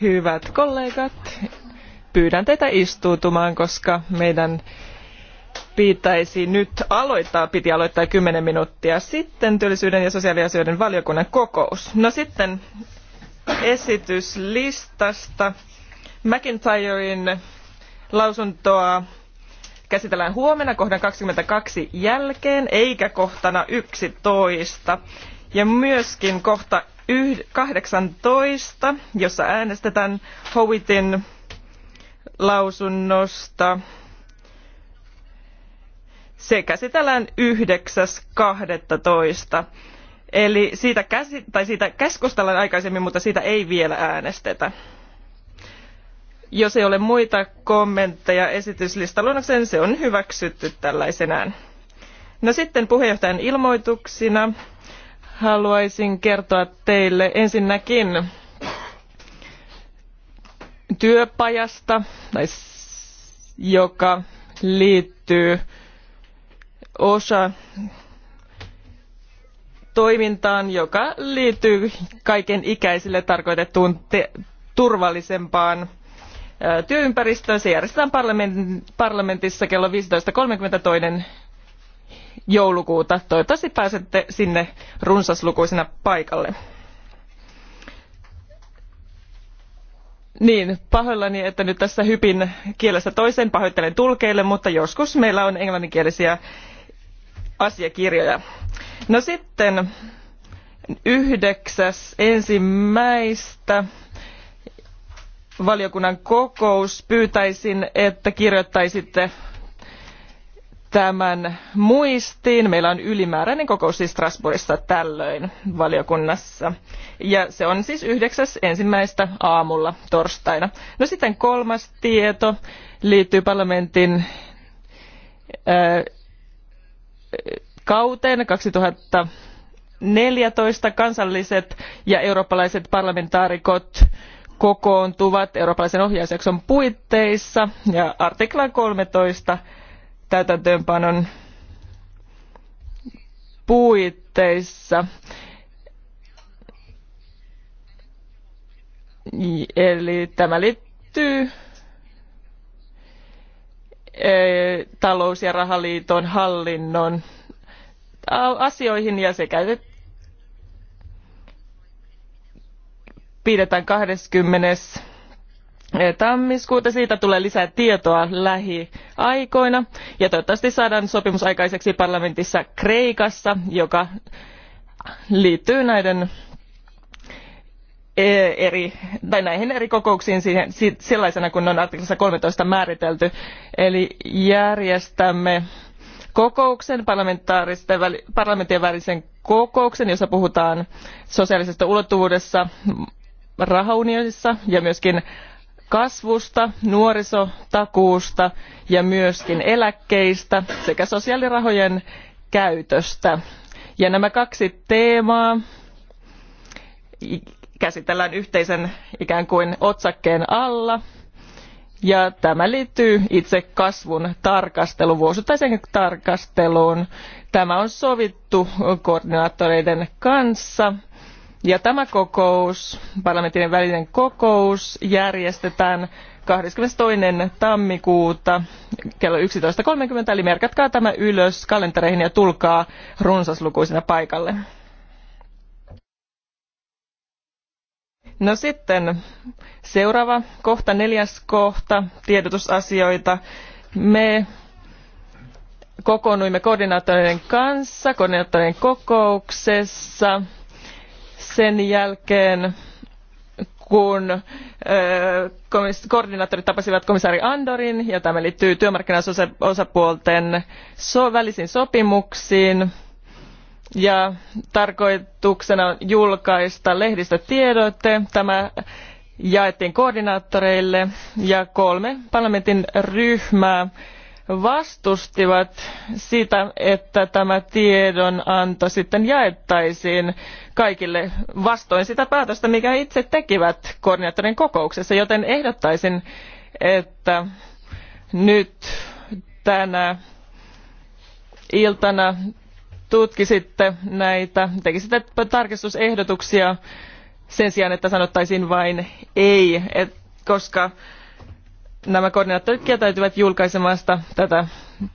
Hyvät kollegat, pyydän teitä istuutumaan, koska meidän pitäisi nyt aloittaa, piti aloittaa kymmenen minuuttia sitten työllisyyden ja sosiaaliasioiden valiokunnan kokous. No sitten esityslistasta McIntyren lausuntoa käsitellään huomenna kohdan 22 jälkeen, eikä kohtana 11. Ja myöskin kohta 18, jossa äänestetään Howitin lausunnosta. Se käsitellään 9.12. Eli siitä, käsi, tai siitä keskustellaan aikaisemmin, mutta siitä ei vielä äänestetä. Jos ei ole muita kommentteja esityslistaluonnokseen, se on hyväksytty tällaisenaan. No sitten puheenjohtajan ilmoituksina haluaisin kertoa teille ensinnäkin työpajasta, joka liittyy osa toimintaan, joka liittyy kaiken ikäisille tarkoitettuun turvallisempaan työympäristöön. Se järjestetään parlamentissa kello 15.30 toinen joulukuuta. Toivottavasti pääsette sinne runsaslukuisena paikalle. Niin, pahoillani, että nyt tässä hypin kielestä toiseen, pahoittelen tulkeille, mutta joskus meillä on englanninkielisiä asiakirjoja. No sitten yhdeksäs ensimmäistä valiokunnan kokous. Pyytäisin, että kirjoittaisitte tämän muistiin. Meillä on ylimääräinen kokous siis Strasbourgissa tällöin valiokunnassa. Ja se on siis yhdeksäs ensimmäistä aamulla torstaina. No sitten kolmas tieto liittyy parlamentin ää, äh, kauteen 2014 kansalliset ja eurooppalaiset parlamentaarikot kokoontuvat eurooppalaisen ohjausjakson puitteissa ja artiklan 13 täytäntöönpanon puitteissa. Eli tämä liittyy talous- ja rahaliiton hallinnon asioihin ja sekä pidetään 20 tammikuuta Siitä tulee lisää tietoa lähiaikoina ja toivottavasti saadaan sopimus aikaiseksi parlamentissa Kreikassa, joka liittyy näiden eri, tai näihin eri kokouksiin siihen, sellaisena kuin ne on artiklassa 13 määritelty. Eli järjestämme kokouksen, parlamenttien välisen kokouksen, jossa puhutaan sosiaalisesta ulottuvuudessa rahaunionissa ja myöskin kasvusta, nuorisotakuusta ja myöskin eläkkeistä sekä sosiaalirahojen käytöstä. Ja nämä kaksi teemaa käsitellään yhteisen ikään kuin otsakkeen alla. Ja tämä liittyy itse kasvun tarkasteluun, vuosittaisen tarkasteluun. Tämä on sovittu koordinaattoreiden kanssa ja tämä kokous, parlamentin välinen kokous, järjestetään 22. tammikuuta kello kolmekymmentä eli merkatkaa tämä ylös kalentereihin ja tulkaa runsaslukuisina paikalle. No sitten seuraava kohta, neljäs kohta, tiedotusasioita. Me kokoonnuimme koordinaattoreiden kanssa koordinaattoreiden kokouksessa sen jälkeen kun koordinaattorit tapasivat komissaari Andorin, ja tämä liittyy työmarkkinaosapuolten välisiin sopimuksiin, ja tarkoituksena on julkaista lehdistötiedote. Tämä jaettiin koordinaattoreille ja kolme parlamentin ryhmää vastustivat sitä, että tämä tiedonanto sitten jaettaisiin kaikille vastoin sitä päätöstä, mikä itse tekivät koordinaattorin kokouksessa, joten ehdottaisin, että nyt tänä iltana tutkisitte näitä, tekisitte tarkistusehdotuksia sen sijaan, että sanottaisiin vain ei, koska nämä koordinaattorit kieltäytyvät julkaisemasta tätä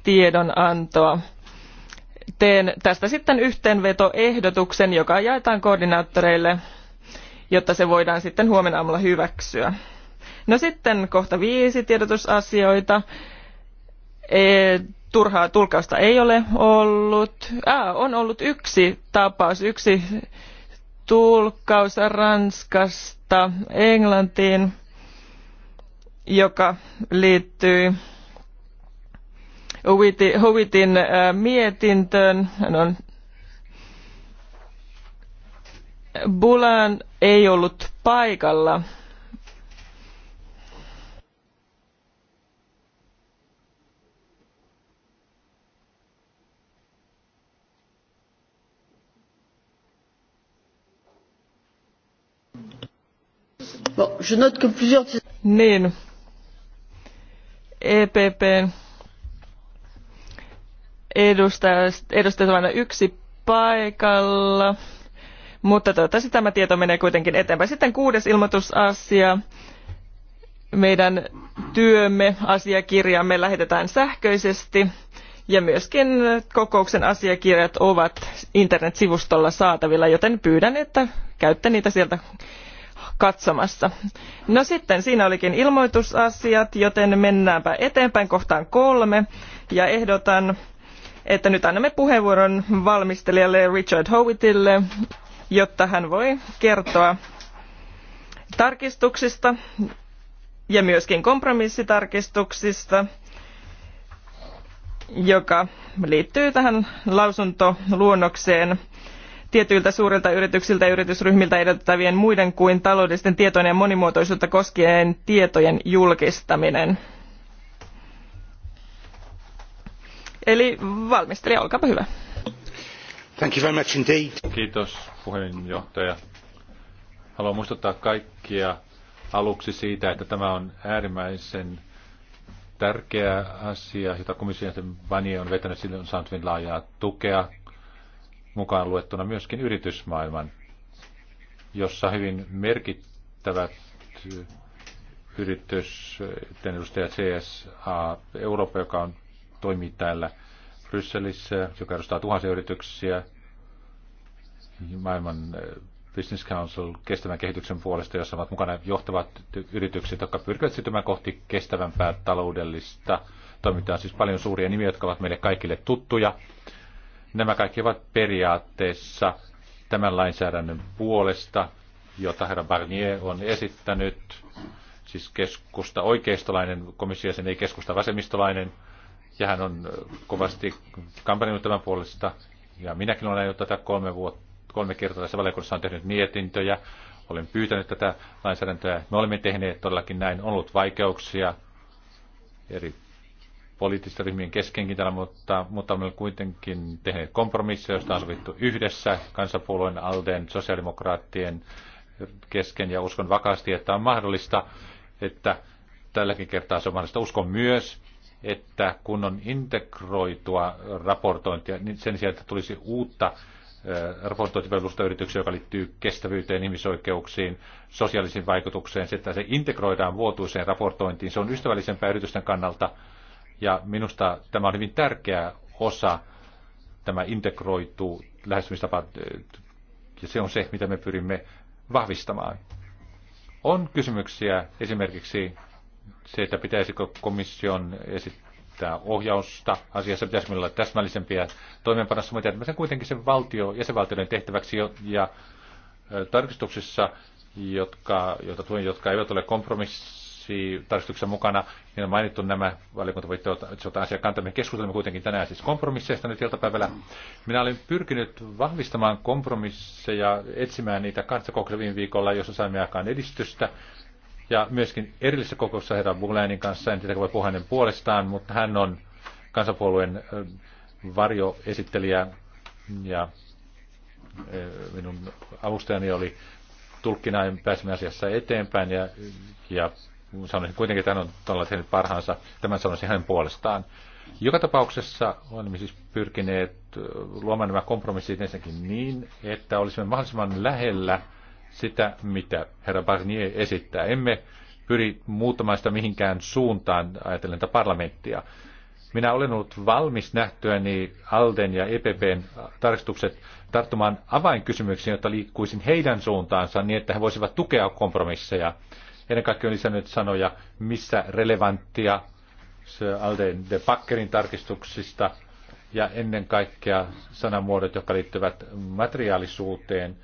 tiedonantoa. Teen tästä sitten yhteenvetoehdotuksen, joka jaetaan koordinaattoreille, jotta se voidaan sitten huomenna aamulla hyväksyä. No sitten kohta viisi tiedotusasioita. E- turhaa tulkausta ei ole ollut. Ah, on ollut yksi tapaus, yksi tulkaus Ranskasta Englantiin joka liittyy Huvitin äh, mietintöön. Hän on Bulan ei ollut paikalla. Niin, EPP edustajat vain yksi paikalla. Mutta toivottavasti tämä tieto menee kuitenkin eteenpäin. Sitten kuudes ilmoitusasia. Meidän työmme asiakirjamme lähetetään sähköisesti ja myöskin kokouksen asiakirjat ovat internetsivustolla saatavilla, joten pyydän, että käytte niitä sieltä katsomassa. No sitten siinä olikin ilmoitusasiat, joten mennäänpä eteenpäin kohtaan kolme ja ehdotan, että nyt annamme puheenvuoron valmistelijalle Richard Howittille, jotta hän voi kertoa tarkistuksista ja myöskin kompromissitarkistuksista, joka liittyy tähän lausuntoluonnokseen tietyiltä suurilta yrityksiltä ja yritysryhmiltä edellytettävien muiden kuin taloudellisten tietojen ja monimuotoisuutta koskien tietojen julkistaminen. Eli valmistelija, olkaapa hyvä. Thank you very much indeed. Kiitos puheenjohtaja. Haluan muistuttaa kaikkia aluksi siitä, että tämä on äärimmäisen tärkeä asia, jota komission jäsen on vetänyt, sille on saanut hyvin laajaa tukea mukaan luettuna myöskin yritysmaailman, jossa hyvin merkittävät yritysten edustaja CSA Eurooppa, joka on, toimii täällä Brysselissä, joka edustaa tuhansia yrityksiä, maailman eh, Business Council kestävän kehityksen puolesta, jossa ovat mukana johtavat yritykset, jotka pyrkivät siirtymään kohti kestävämpää taloudellista toimintaa. Siis paljon suuria nimiä, jotka ovat meille kaikille tuttuja. Nämä kaikki ovat periaatteessa tämän lainsäädännön puolesta, jota herra Barnier on esittänyt, siis keskusta oikeistolainen sen ei keskusta vasemmistolainen, ja hän on äh, kovasti kampanjoinut tämän puolesta, ja minäkin olen jo tätä kolme, vuotta, kolme kertaa tässä valiokunnassa on tehnyt mietintöjä, olen pyytänyt tätä lainsäädäntöä. Me olemme tehneet todellakin näin, on ollut vaikeuksia eri poliittisten ryhmien keskenkin täällä, mutta, mutta olemme kuitenkin tehneet kompromisseja, joista on sovittu yhdessä kansapuolueen, Alden, sosiaalidemokraattien kesken ja uskon vakaasti, että on mahdollista, että tälläkin kertaa se on mahdollista. Uskon myös, että kun on integroitua raportointia, niin sen sijaan, että tulisi uutta raportointivelvollisuutta yrityksiä, joka liittyy kestävyyteen, ihmisoikeuksiin, sosiaalisiin vaikutukseen, se, että se integroidaan vuotuiseen raportointiin. Se on ystävällisempää yritysten kannalta ja minusta tämä on hyvin tärkeä osa, tämä integroitu lähestymistapa, ja se on se, mitä me pyrimme vahvistamaan. On kysymyksiä esimerkiksi se, että pitäisikö komission esittää ohjausta asiassa, pitäisikö olla täsmällisempiä toimeenpanossa, mutta jätämme sen kuitenkin sen valtio, jäsenvaltioiden tehtäväksi ja tarkistuksissa, jotka, joita tuen, jotka eivät ole kompromissi tarkistuksessa mukana. Niin on mainittu nämä valiokunta voitte ottaa asiaa kantaa. Me keskustelemme kuitenkin tänään siis kompromisseista nyt iltapäivällä. Minä olen pyrkinyt vahvistamaan kompromisseja, etsimään niitä kanssa viime viikolla, jossa saimme aikaan edistystä. Ja myöskin erillisessä kokouksessa herra Bulainin kanssa, en tiedä voi puhua hänen puolestaan, mutta hän on kansapuolueen varjoesittelijä ja minun avustajani oli tulkkina ja pääsimme asiassa eteenpäin ja, ja sanoisin kuitenkin, että hän on tällaisen parhaansa, tämän sanoisin hänen puolestaan. Joka tapauksessa olemme siis pyrkineet luomaan nämä kompromissit ensinnäkin niin, että olisimme mahdollisimman lähellä sitä, mitä herra Barnier esittää. Emme pyri muuttamaan sitä mihinkään suuntaan ajatellen tätä parlamenttia. Minä olen ollut valmis nähtyäni Alden ja EPPn tarkistukset tarttumaan avainkysymyksiin, jotta liikkuisin heidän suuntaansa niin, että he voisivat tukea kompromisseja. Ennen kaikkea on lisännyt sanoja, missä relevanttia Alden de Packerin tarkistuksista ja ennen kaikkea sanamuodot, jotka liittyvät materiaalisuuteen,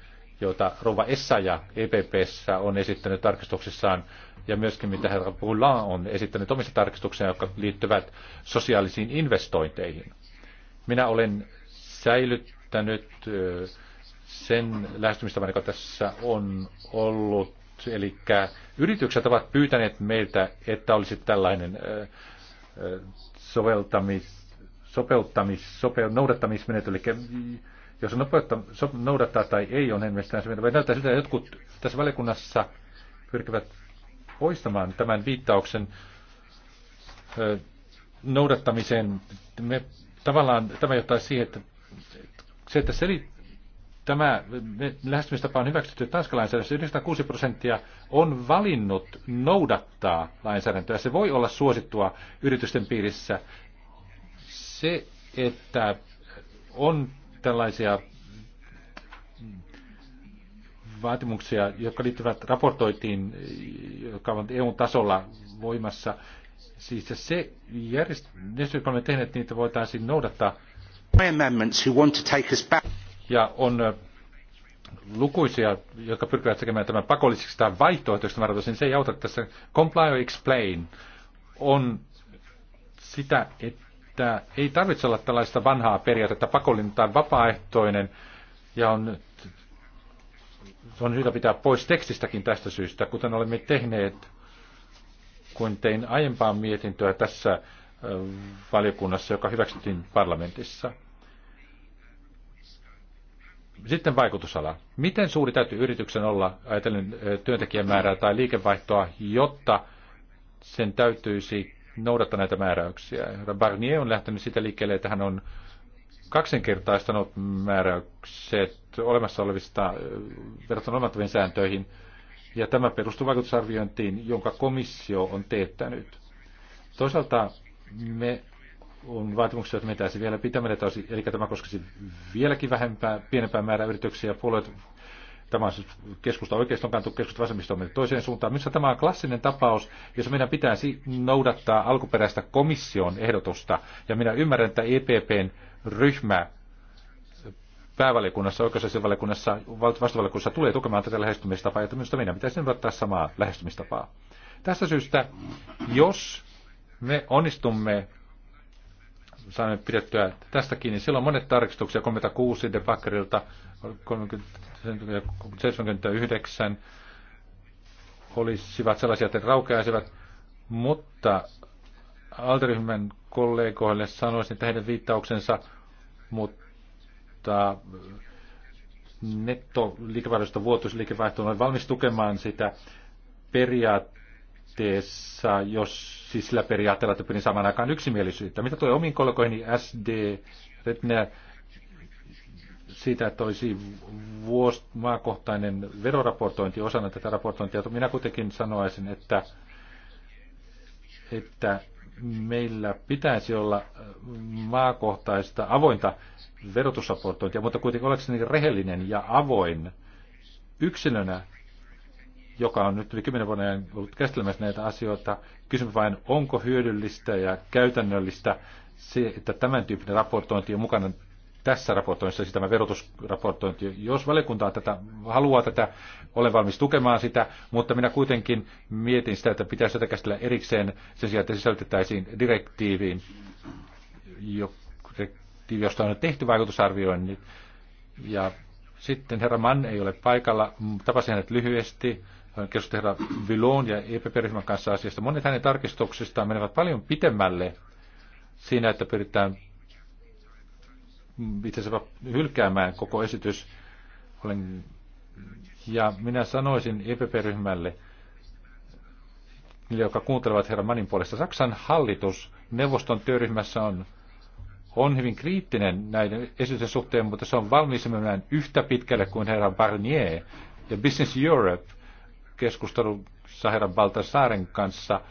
joita Rova Essaja EPPssä on esittänyt tarkistuksissaan ja myöskin mitä herra Poulain on esittänyt omissa tarkistuksissaan, jotka liittyvät sosiaalisiin investointeihin. Minä olen säilyttänyt sen lähestymistavan, joka tässä on ollut Eli yritykset ovat pyytäneet meiltä, että olisi tällainen soveltamis, sopeuttamis, sope, noudattamismenetelmä, eli jos on nopeutta, so, noudattaa tai ei on enemmistään se, vai näyttää siltä, että jotkut tässä valiokunnassa pyrkivät poistamaan tämän viittauksen noudattamiseen. Me, tavallaan tämä johtaa siihen, että se, että selit, Tämä lähestymistapa on hyväksytty Tanskan lainsäädännössä. 96 prosenttia on valinnut noudattaa lainsäädäntöä. Se voi olla suosittua yritysten piirissä. Se, että on tällaisia vaatimuksia, jotka liittyvät raportoitiin, jotka ovat EU-tasolla voimassa. Siis se järjestelmä, olemme tehneet, niitä voitaisiin noudattaa. Ja on äh, lukuisia, jotka pyrkivät tekemään tämän pakolliseksi tai vaihtoehtoiseksi määrätyksi, niin se ei auta tässä. Comply or explain on sitä, että ei tarvitse olla tällaista vanhaa periaatetta, pakollinen tai vapaaehtoinen, ja on, on syytä pitää pois tekstistäkin tästä syystä, kuten olemme tehneet, kun tein aiempaa mietintöä tässä äh, valiokunnassa, joka hyväksyttiin parlamentissa. Sitten vaikutusala. Miten suuri täytyy yrityksen olla, ajatellen työntekijämäärää tai liikevaihtoa, jotta sen täytyisi noudattaa näitä määräyksiä? Barnier on lähtenyt sitä liikkeelle, että hän on kaksinkertaistanut määräykset olemassa olevista verrattuna omattaviin sääntöihin, ja tämä perustuu vaikutusarviointiin, jonka komissio on teettänyt. Toisaalta me on vaatimuksia, että mentäisiin vielä pitämällä, eli tämä koskisi vieläkin vähempää, pienempää määrää yrityksiä ja puolueet. Tämä on siis keskusta oikeiston kantu, keskusta vasemmiston mennyt toiseen suuntaan. Missä tämä on klassinen tapaus, jossa meidän pitäisi noudattaa alkuperäistä komission ehdotusta. Ja minä ymmärrän, että EPPn ryhmä päävalikunnassa, oikeusasianvaliokunnassa, vastuvalikunnassa tulee tukemaan tätä lähestymistapaa, ja minusta meidän pitäisi noudattaa samaa lähestymistapaa. Tästä syystä, jos me onnistumme saimme pidettyä tästä kiinni. Silloin monet tarkistuksia, 36 Debakkerilta, 79 olisivat sellaisia, että raukeaisivat, mutta Alteryhmän kollegoille sanoisin, että heidän viittauksensa, mutta nettoliikevaihdosta vuotuisliikevaihto on valmis tukemaan sitä periaatteessa, jos siis sillä periaatteella, että pyrin samaan aikaan yksimielisyyttä. Mitä tulee omiin kollegoihini SD, ne siitä, että olisi vuos, maakohtainen veroraportointi osana tätä raportointia. Minä kuitenkin sanoisin, että, että meillä pitäisi olla maakohtaista avointa verotusraportointia, mutta kuitenkin niin rehellinen ja avoin yksilönä joka on nyt yli kymmenen vuoden ajan ollut käsittelemässä näitä asioita. Kysymys vain, onko hyödyllistä ja käytännöllistä se, että tämän tyyppinen raportointi on mukana tässä raportoinnissa, siis tämä verotusraportointi. Jos valiokunta tätä, haluaa tätä, olen valmis tukemaan sitä, mutta minä kuitenkin mietin sitä, että pitäisi tätä käsitellä erikseen sen sijaan, että sisältettäisiin direktiiviin, direktiivi, josta on tehty vaikutusarvioinnit. Ja sitten herra Mann ei ole paikalla, tapasin hänet lyhyesti hän keskusteli herra Villon ja EPP-ryhmän kanssa asiasta. Monet hänen tarkistuksistaan menevät paljon pitemmälle siinä, että pyritään itse asiassa hylkäämään koko esitys. Olen, ja minä sanoisin EPP-ryhmälle, niille, jotka kuuntelevat herra Manin puolesta, Saksan hallitus neuvoston työryhmässä on, on hyvin kriittinen näiden esitysten suhteen, mutta se on valmis menemään yhtä pitkälle kuin herra Barnier ja Business Europe – keskustelu Saheran Baltasaaren kanssa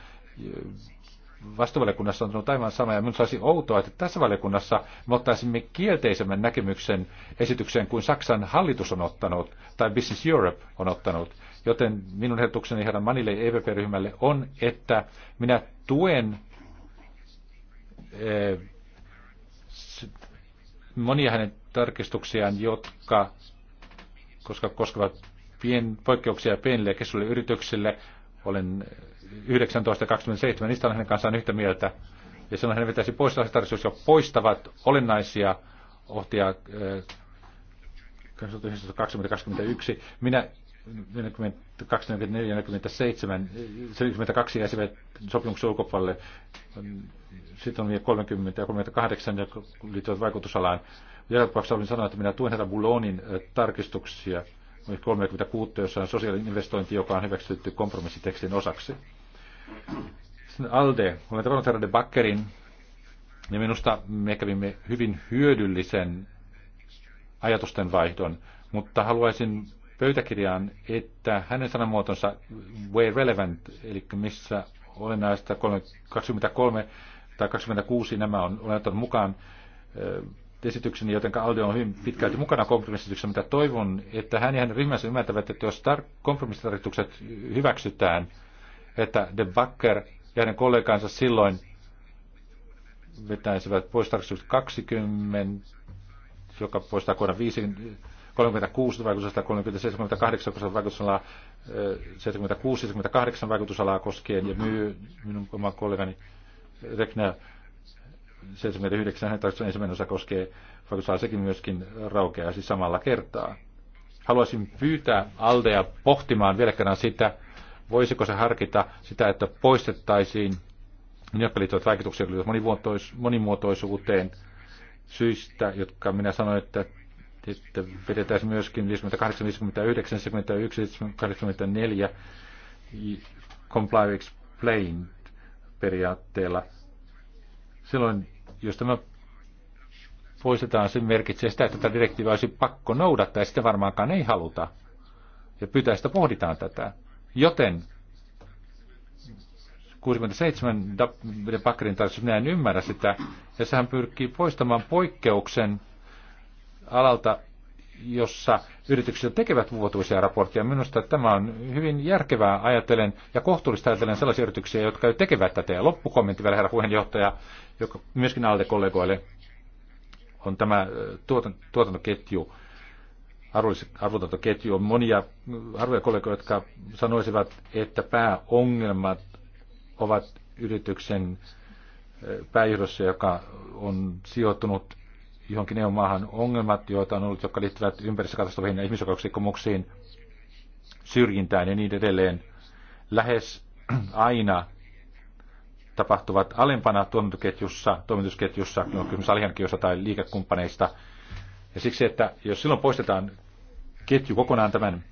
vastuvaliokunnassa on tullut aivan sama, ja minusta olisi outoa, että tässä valiokunnassa me ottaisimme kielteisemmän näkemyksen esitykseen kuin Saksan hallitus on ottanut, tai Business Europe on ottanut. Joten minun ehdotukseni herran Manille ja EVP-ryhmälle on, että minä tuen eh, monia hänen tarkistuksiaan, jotka koska koskevat pien, poikkeuksia pienille ja keskisuurille yrityksille. Olen 19.27, niistä olen hänen kanssaan yhtä mieltä. Ja silloin hän vetäisi pois tarkistus, jo poistavat olennaisia ohtia 2021. Eh, minä 42, 44, 47, 72 jäisivät sopimuksen ulkopuolelle. Sitten on vielä 30 ja 38, jotka liittyvät vaikutusalaan. Joka tapauksessa olin sanonut, että minä tuen herra Bulonin eh, tarkistuksia 36, jossa on sosiaalinen investointi, joka on hyväksytty kompromissitekstin osaksi. Sitten ALDE, olen tavannut herra de Bakkerin, ja minusta me kävimme hyvin hyödyllisen ajatusten vaihdon, mutta haluaisin pöytäkirjaan, että hänen sanamuotonsa way relevant, eli missä olennaista 23 tai 26 nämä on olennaton mukaan esityksen, joten aldi on hyvin pitkälti mukana kompromissityksessä, mitä toivon, että hän ja hänen ryhmänsä ymmärtävät, että jos tar- kompromissitarjoitukset hyväksytään, että De Backer ja hänen kollegansa silloin vetäisivät pois 20, joka poistaa kohdan 5, 36 vaikutusalaa, 37, 38 vaikutusalaa, 76, 78 vaikutusalaa koskien, ja myy minun oma kollegani Rekner 79 tarkistuksen ensimmäinen osa koskee, saa sekin myöskin raukeaa siis samalla kertaa. Haluaisin pyytää Aldea pohtimaan vielä kerran sitä, voisiko se harkita sitä, että poistettaisiin ne, jotka liittyvät vaikutuksia monimuotoisuuteen syistä, jotka minä sanoin, että että vedetään myöskin 58, 59, 71, 84 comply explained periaatteella. Silloin jos tämä poistetaan, se merkitsee sitä, että tätä direktiiviä olisi pakko noudattaa, ja sitä varmaankaan ei haluta. Ja pyytäistä pohditaan tätä. Joten 67 pakkerin tarkoitus, minä en ymmärrä sitä, ja sehän pyrkii poistamaan poikkeuksen alalta, jossa yritykset tekevät vuotuisia raportteja. Minusta tämä on hyvin järkevää ajatellen ja kohtuullista ajatellen sellaisia yrityksiä, jotka jo tekevät tätä. Ja loppukommentti vielä, herra puheenjohtaja, joka myöskin alle kollegoille on tämä äh, tuotantoketju, arvotantoketju. On monia äh, arvoja kollegoja, jotka sanoisivat, että pääongelmat ovat yrityksen äh, pääjohdossa, joka on sijoittunut johonkin eu maahan ongelmat, joita on ollut, jotka liittyvät ympäristökatastrofiin ja ihmisoikeuksikkomuksiin, syrjintään ja niin edelleen. Lähes aina tapahtuvat alempana tuotantoketjussa, toimitusketjussa, kun on kysymys alihankkijoista tai liikekumppaneista. Ja siksi, että jos silloin poistetaan ketju kokonaan tämän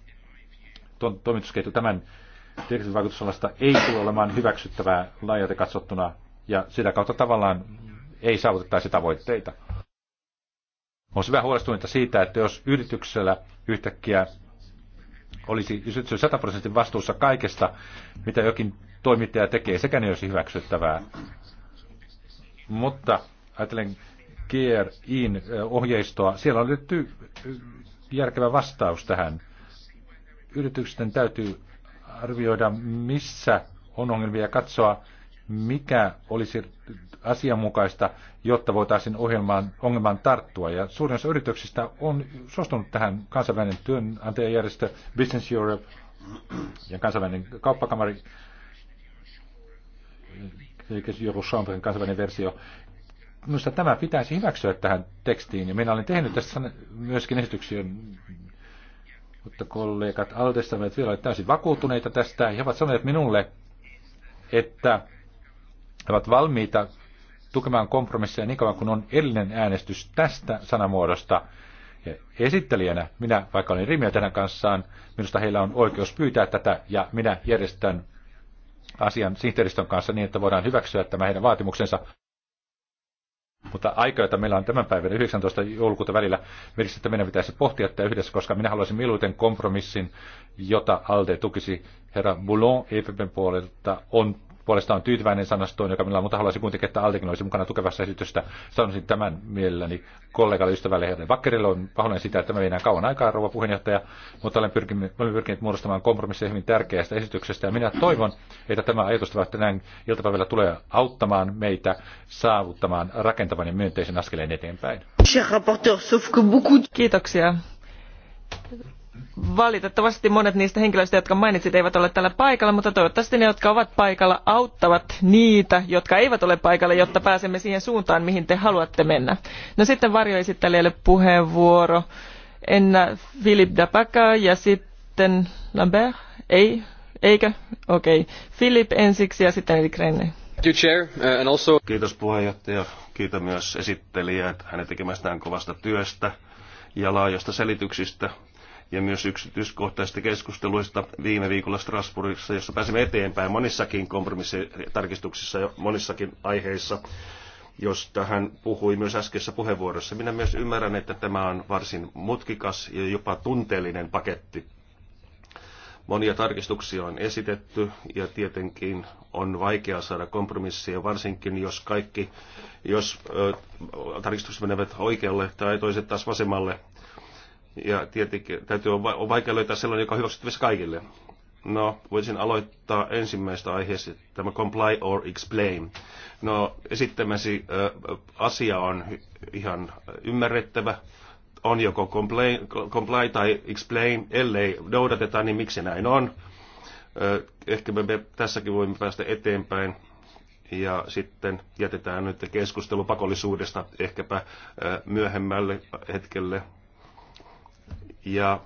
toimitusketju tämän direktiivin vaikutusalasta ei tule olemaan hyväksyttävää laajalta katsottuna ja sitä kautta tavallaan ei saavutettaisi tavoitteita. On hyvä huolestunut siitä, että jos yrityksellä yhtäkkiä olisi sataprosenttisesti vastuussa kaikesta, mitä jokin toimittaja tekee, sekä ne olisi hyväksyttävää. Mutta ajattelen GRIin ohjeistoa, siellä on löytyy järkevä vastaus tähän. Yritysten täytyy arvioida, missä on ongelmia ja katsoa, mikä olisi asianmukaista, jotta voitaisiin ohjelmaan, ongelman tarttua. Ja suurin osa yrityksistä on suostunut tähän kansainvälinen työnantajajärjestö Business Europe ja kansainvälinen kauppakamari, joku Eurochambren kansainvälinen versio. Minusta tämä pitäisi hyväksyä tähän tekstiin, ja minä olen tehnyt tässä myöskin esityksiä mutta kollegat Aldessa ovat vielä täysin vakuuttuneita tästä. He ovat sanoneet minulle, että he ovat valmiita tukemaan kompromisseja niin kauan kuin on erillinen äänestys tästä sanamuodosta. Ja esittelijänä, minä vaikka olin rimiä tänä kanssaan, minusta heillä on oikeus pyytää tätä ja minä järjestän asian sihteeristön kanssa niin, että voidaan hyväksyä tämä heidän vaatimuksensa. Mutta aika, jota meillä on tämän päivän 19. joulukuuta välillä, merkitsee, että meidän pitäisi pohtia tätä yhdessä, koska minä haluaisin mieluiten kompromissin, jota ALDE tukisi. Herra Boulon EPPn puolelta on puolesta on tyytyväinen sanastoon, joka minulla on, mutta haluaisin kuitenkin, että Altikin olisi mukana tukevassa esitystä. Sanoisin tämän mielelläni kollegalle, ystävälle Herran Vakkerille. on pahoin sitä, että me meinaa kauan aikaa, rouva puheenjohtaja, mutta olen pyrkinyt, olen pyrkinyt muodostamaan kompromisseja hyvin tärkeästä esityksestä. Ja minä toivon, että tämä ajatus tänään iltapäivällä tulee auttamaan meitä saavuttamaan rakentavan ja myönteisen askeleen eteenpäin. Kiitoksia Valitettavasti monet niistä henkilöistä, jotka mainitsit, eivät ole tällä paikalla, mutta toivottavasti ne, jotka ovat paikalla, auttavat niitä, jotka eivät ole paikalla, jotta pääsemme siihen suuntaan, mihin te haluatte mennä. No sitten varjoesittelijälle puheenvuoro. Enna Philip Dapaka ja sitten Lambert? Ei? Eikö? Okei. Okay. Philip ensiksi ja sitten Erik Renne. Uh, Kiitos puheenjohtaja. Kiitos myös esittelijää hänen tekemästään kovasta työstä ja laajasta selityksistä ja myös yksityiskohtaisista keskusteluista viime viikolla Strasbourgissa, jossa pääsimme eteenpäin monissakin kompromissitarkistuksissa ja monissakin aiheissa, josta hän puhui myös äskeisessä puheenvuorossa. Minä myös ymmärrän, että tämä on varsin mutkikas ja jopa tunteellinen paketti. Monia tarkistuksia on esitetty ja tietenkin on vaikea saada kompromissia, varsinkin jos kaikki, jos ö, tarkistukset menevät oikealle tai toiset taas vasemmalle, ja tietenkin täytyy, on vaikea löytää sellainen, joka on hyväksyttävissä kaikille. No, voisin aloittaa ensimmäistä aiheesta, tämä comply or explain. No, esittämäsi äh, asia on ihan ymmärrettävä. On joko comply, comply tai explain, ellei noudateta, niin miksi näin on. Äh, ehkä me, me tässäkin voimme päästä eteenpäin. Ja sitten jätetään nyt keskustelu pakollisuudesta ehkäpä myöhemmälle hetkelle ja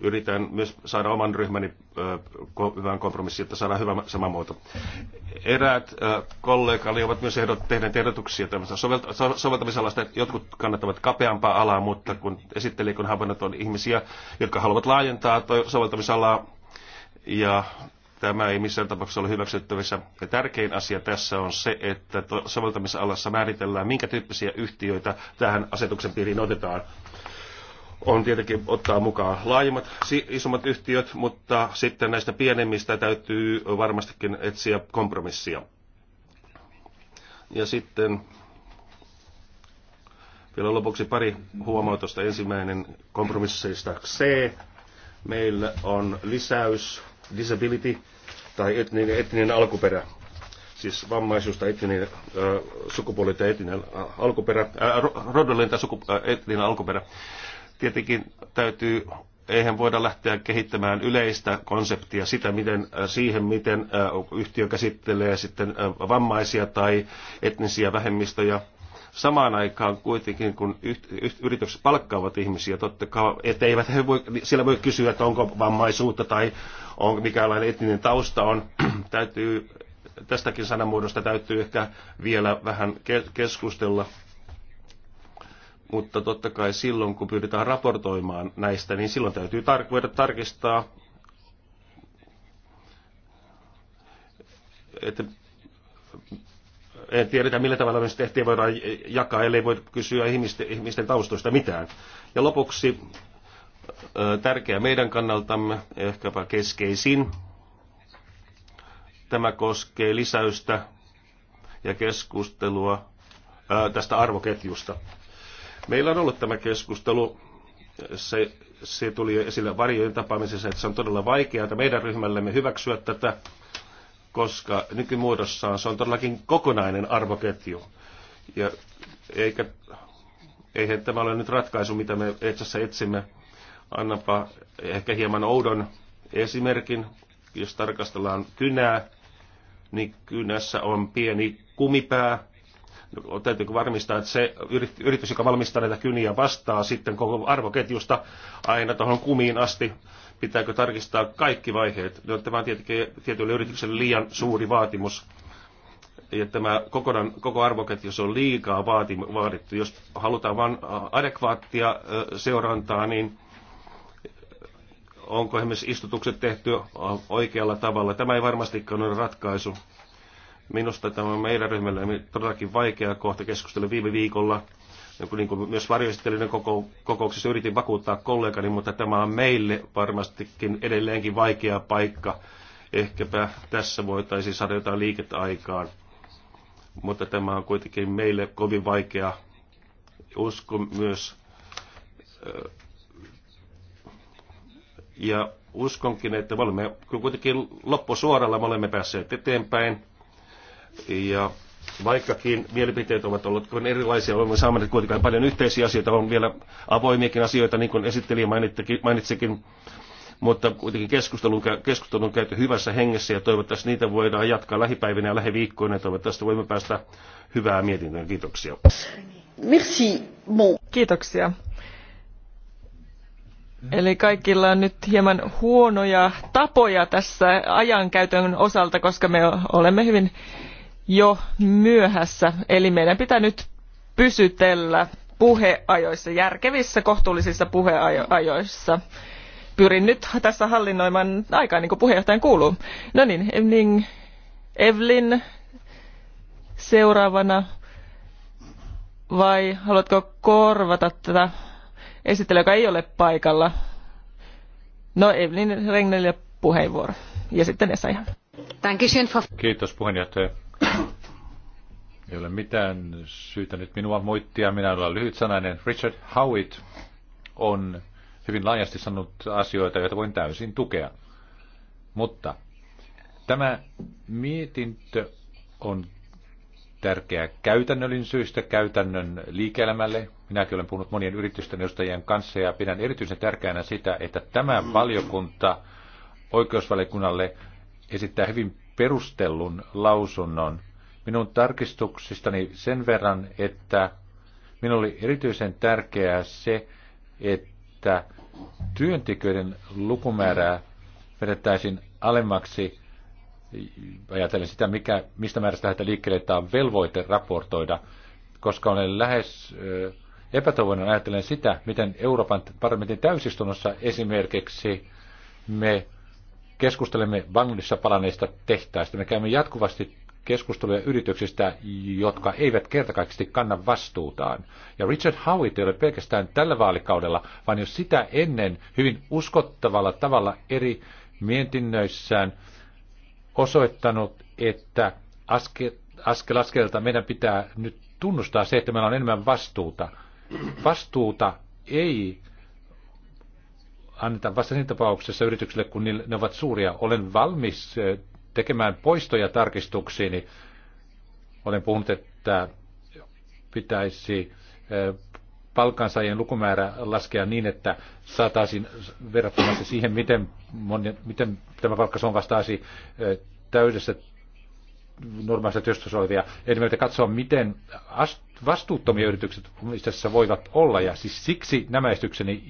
yritän myös saada oman ryhmäni hyvän kompromissin, että saadaan hyvä sama muoto. Eräät kollegani ovat myös ehdot, tehneet ehdotuksia tämmöistä soveltamisalasta. Jotkut kannattavat kapeampaa alaa, mutta kun esitteli, kun havainnot on ihmisiä, jotka haluavat laajentaa soveltamisalaa, ja tämä ei missään tapauksessa ole hyväksyttävissä. Ja tärkein asia tässä on se, että soveltamisalassa määritellään, minkä tyyppisiä yhtiöitä tähän asetuksen piiriin otetaan on tietenkin ottaa mukaan laajemmat, isommat yhtiöt, mutta sitten näistä pienemmistä täytyy varmastikin etsiä kompromissia. Ja sitten vielä lopuksi pari huomautusta. Ensimmäinen kompromisseista C. Meillä on lisäys, disability tai etninen, etninen alkuperä. Siis vammaisuus tai etninen, äh, sukupuoli tai etninen alkuperä, äh, rodollinen tai suku, äh, etninen alkuperä. Tietenkin täytyy, eihän voida lähteä kehittämään yleistä konseptia sitä, miten, äh, siihen, miten äh, yhtiö käsittelee sitten äh, vammaisia tai etnisiä vähemmistöjä. Samaan aikaan kuitenkin, kun yritykset palkkaavat ihmisiä, totta kai, etteivät he voi, siellä voi kysyä, että onko vammaisuutta tai on, mikälainen etninen tausta on, täytyy tästäkin sanamuodosta täytyy ehkä vielä vähän keskustella mutta totta kai silloin, kun pyydetään raportoimaan näistä, niin silloin täytyy tar- voida tarkistaa, että en tiedetä, millä tavalla myös tehtiä voidaan jakaa, ellei voi kysyä ihmisten, ihmisten taustoista mitään. Ja lopuksi tärkeä meidän kannaltamme, ehkäpä keskeisin, tämä koskee lisäystä ja keskustelua tästä arvoketjusta. Meillä on ollut tämä keskustelu, se, se tuli esille varjojen tapaamisessa, että se on todella vaikeaa meidän ryhmällemme hyväksyä tätä, koska nykymuodossaan se on todellakin kokonainen arvoketju. Ja eikä, eihän tämä ole nyt ratkaisu, mitä me etsässä etsimme. Annapa ehkä hieman oudon esimerkin, jos tarkastellaan kynää, niin kynässä on pieni kumipää, täytyy varmistaa, että se yritys, joka valmistaa näitä kyniä, vastaa sitten koko arvoketjusta aina tuohon kumiin asti? Pitääkö tarkistaa kaikki vaiheet? No, tämä on tietenkin tietylle yritykselle liian suuri vaatimus. Ja tämä kokonaan, koko arvoketju on liikaa vaati, vaadittu. Jos halutaan vain adekvaattia seurantaa, niin onko esimerkiksi istutukset tehty oikealla tavalla. Tämä ei varmastikaan ole ratkaisu. Minusta tämä on meidän ryhmälle todellakin vaikea kohta keskustella viime viikolla. Niin kuin myös varjoistelijan koko, kokouksessa yritin vakuuttaa kollegani, mutta tämä on meille varmastikin edelleenkin vaikea paikka. Ehkäpä tässä voitaisiin saada jotain liikettä aikaan. Mutta tämä on kuitenkin meille kovin vaikea. Uskon myös ja uskonkin, että me olemme kuitenkin loppusuoralla, me olemme päässeet eteenpäin. Ja vaikkakin mielipiteet ovat olleet kovin erilaisia, olemme saaneet kuitenkin paljon yhteisiä asioita, on vielä avoimiakin asioita, niin kuin esittelijä mainitsikin, mutta kuitenkin keskustelun, keskustelu on käyty hyvässä hengessä ja toivottavasti niitä voidaan jatkaa lähipäivinä ja lähiviikkoina ja toivottavasti voimme päästä hyvää mietintöön. Kiitoksia. Merci. Bon. Kiitoksia. Eli kaikilla on nyt hieman huonoja tapoja tässä ajankäytön osalta, koska me olemme hyvin jo myöhässä, eli meidän pitää nyt pysytellä puheajoissa, järkevissä, kohtuullisissa puheajoissa. Pyrin nyt tässä hallinnoimaan aikaa, niin kuin puheenjohtajan kuuluu. No niin, Evning, Evlin seuraavana. Vai haluatko korvata tätä esittelyä, joka ei ole paikalla? No Evelyn Regnelille puheenvuoro. Ja sitten Esa ihan. Kiitos puheenjohtaja. Ei ole mitään syytä nyt minua moittia, minä olen sanainen. Richard Howitt on hyvin laajasti sanonut asioita, joita voin täysin tukea. Mutta tämä mietintö on tärkeä käytännöllin syystä käytännön liike-elämälle. Minäkin olen puhunut monien yritysten edustajien kanssa ja pidän erityisen tärkeänä sitä, että tämä valiokunta oikeusvaliokunnalle esittää hyvin perustellun lausunnon minun tarkistuksistani sen verran, että minulle oli erityisen tärkeää se, että työntekijöiden lukumäärää vedettäisiin alemmaksi ajatellen sitä, mikä, mistä määrästä heitä liikkeelle, että on velvoite raportoida, koska olen lähes epätoivoinen ajatellen sitä, miten Euroopan parlamentin täysistunnossa esimerkiksi me keskustelemme Bangladesissa palaneista tehtaista. Me käymme jatkuvasti keskusteluja yrityksistä, jotka eivät kertakaikkisesti kanna vastuutaan. Ja Richard Howitt ei ole pelkästään tällä vaalikaudella, vaan jo sitä ennen hyvin uskottavalla tavalla eri mietinnöissään osoittanut, että aske, askel askelta meidän pitää nyt tunnustaa se, että meillä on enemmän vastuuta. Vastuuta ei annetaan vasta siinä tapauksessa yrityksille, kun ne ovat suuria. Olen valmis eh, tekemään poistoja tarkistuksiin. Olen puhunut, että pitäisi eh, palkansaajien lukumäärä laskea niin, että saataisiin verrattuna siihen, miten, moni, miten tämä palkka on vastaasi eh, täydessä normaalista työstössä olevia. Eli meitä katsoa, miten ast- vastuuttomia yritykset tässä voivat olla, ja siis siksi nämä esitykseni,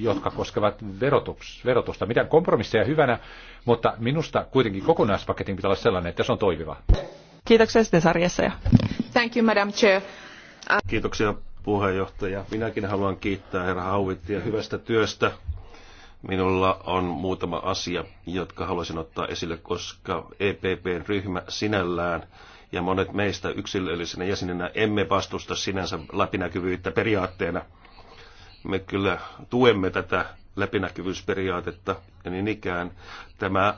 jotka koskevat verotus, verotusta, mitään kompromisseja hyvänä, mutta minusta kuitenkin kokonaispaketin pitää olla sellainen, että se on toimiva. Kiitoksia sitten sarjassa. Ja. Thank you, Madam Chair. Kiitoksia puheenjohtaja. Minäkin haluan kiittää herra Hauittia hyvästä työstä. Minulla on muutama asia, jotka haluaisin ottaa esille, koska EPPn ryhmä sinällään – ja monet meistä yksilöllisenä jäsenenä emme vastusta sinänsä läpinäkyvyyttä periaatteena. Me kyllä tuemme tätä läpinäkyvyysperiaatetta ja niin ikään tämä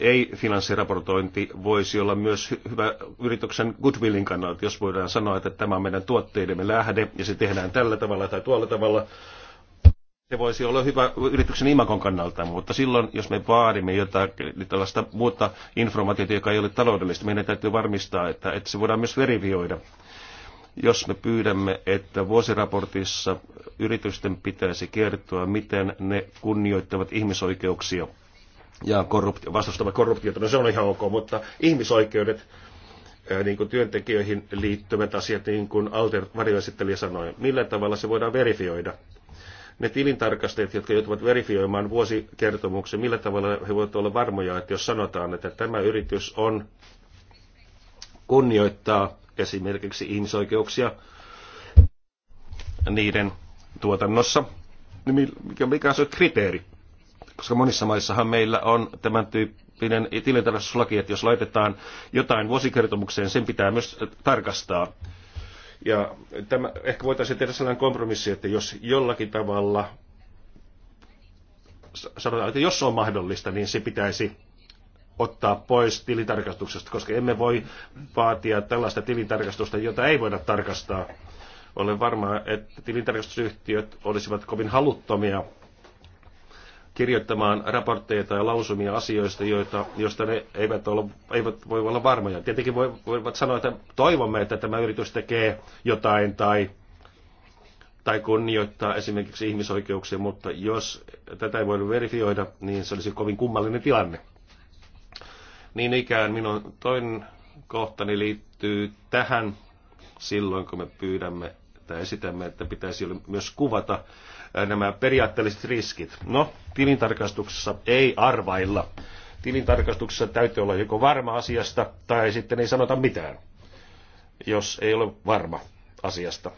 ei-finanssiraportointi voisi olla myös hyvä yrityksen goodwillin kannalta, jos voidaan sanoa, että tämä on meidän tuotteidemme lähde ja se tehdään tällä tavalla tai tuolla tavalla se voisi olla hyvä yrityksen imakon kannalta, mutta silloin, jos me vaadimme jotain tällaista muuta informaatiota, joka ei ole taloudellista, meidän täytyy varmistaa, että, että se voidaan myös verifioida. Jos me pyydämme, että vuosiraportissa yritysten pitäisi kertoa, miten ne kunnioittavat ihmisoikeuksia ja korrupti- vastustavat korruptiota, no se on ihan ok, mutta ihmisoikeudet, niin kuin työntekijöihin liittyvät asiat, niin kuin Alter varjoesittelijä sanoi, millä tavalla se voidaan verifioida – ne tilintarkastajat, jotka joutuvat verifioimaan vuosikertomuksen, millä tavalla he voivat olla varmoja, että jos sanotaan, että tämä yritys on kunnioittaa esimerkiksi ihmisoikeuksia niiden tuotannossa, niin mikä, mikä on se kriteeri? Koska monissa maissahan meillä on tämän tyyppinen tilintarkastuslaki, että jos laitetaan jotain vuosikertomukseen, sen pitää myös tarkastaa ja tämä, ehkä voitaisiin tehdä sellainen kompromissi, että jos jollakin tavalla, sanotaan, että jos on mahdollista, niin se pitäisi ottaa pois tilintarkastuksesta, koska emme voi vaatia tällaista tilintarkastusta, jota ei voida tarkastaa. Olen varma, että tilintarkastusyhtiöt olisivat kovin haluttomia kirjoittamaan raportteja tai lausumia asioista, joita, joista ne eivät, ole, eivät voi olla varmoja. Tietenkin voi, voivat sanoa, että toivomme, että tämä yritys tekee jotain tai, tai kunnioittaa esimerkiksi ihmisoikeuksia, mutta jos tätä ei voida verifioida, niin se olisi kovin kummallinen tilanne. Niin ikään minun toinen kohtani liittyy tähän silloin, kun me pyydämme tai esitämme, että pitäisi myös kuvata Äh, nämä periaatteelliset riskit. No, tilintarkastuksessa ei arvailla. Tilintarkastuksessa täytyy olla joko varma asiasta tai sitten ei sanota mitään, jos ei ole varma asiasta.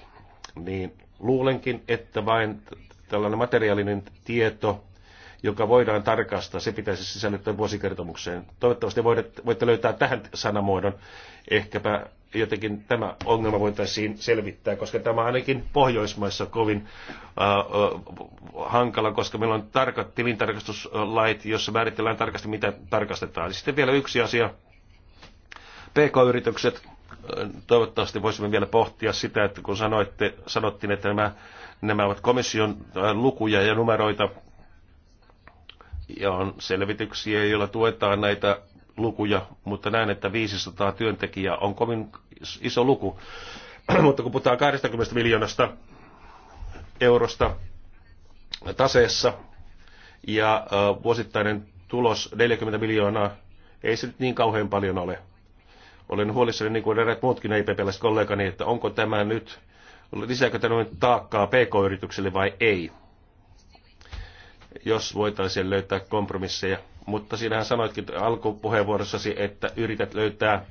Niin luulenkin, että vain tällainen materiaalinen tieto, joka voidaan tarkastaa, se pitäisi sisällyttää vuosikertomukseen. Toivottavasti voitte löytää tähän sanamuodon. Ehkäpä jotenkin tämä ongelma voitaisiin selvittää, koska tämä on ainakin Pohjoismaissa kovin äh, hankala, koska meillä on tarkat tilintarkastuslait, jossa määritellään tarkasti, mitä tarkastetaan. Sitten vielä yksi asia. PK-yritykset, toivottavasti voisimme vielä pohtia sitä, että kun sanoitte, sanottiin, että nämä, nämä ovat komission lukuja ja numeroita, ja on selvityksiä, joilla tuetaan näitä lukuja, mutta näen, että 500 työntekijää on kovin iso luku. mutta kun puhutaan 20 miljoonasta eurosta taseessa ja vuosittainen tulos 40 miljoonaa, ei se nyt niin kauhean paljon ole. Olen huolissani, niin kuin eräät muutkin IPP-läiset kollegani, että onko tämä nyt, lisääkö tämä nyt taakkaa PK-yritykselle vai ei. Jos voitaisiin löytää kompromisseja mutta siinähän sanoitkin alkupuheenvuorossasi, että yrität löytää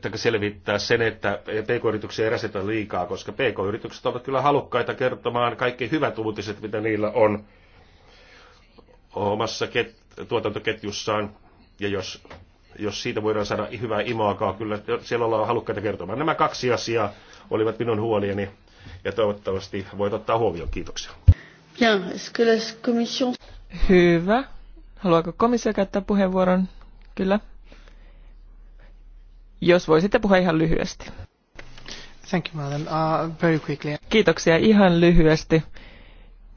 tai selvittää sen, että pk-yrityksiä ei rasita liikaa, koska pk-yritykset ovat kyllä halukkaita kertomaan kaikki hyvät uutiset, mitä niillä on omassa ket- tuotantoketjussaan. Ja jos, jos siitä voidaan saada hyvää imakaa, kyllä siellä ollaan halukkaita kertomaan. Nämä kaksi asiaa olivat minun huolieni ja toivottavasti voit ottaa huomioon. Kiitoksia. Bien, est-ce que la commission... Hyvä. Haluaako komissio käyttää puheenvuoron? Kyllä. Jos voisitte puhua ihan lyhyesti. Thank you, madam. Uh, very quickly. Kiitoksia ihan lyhyesti.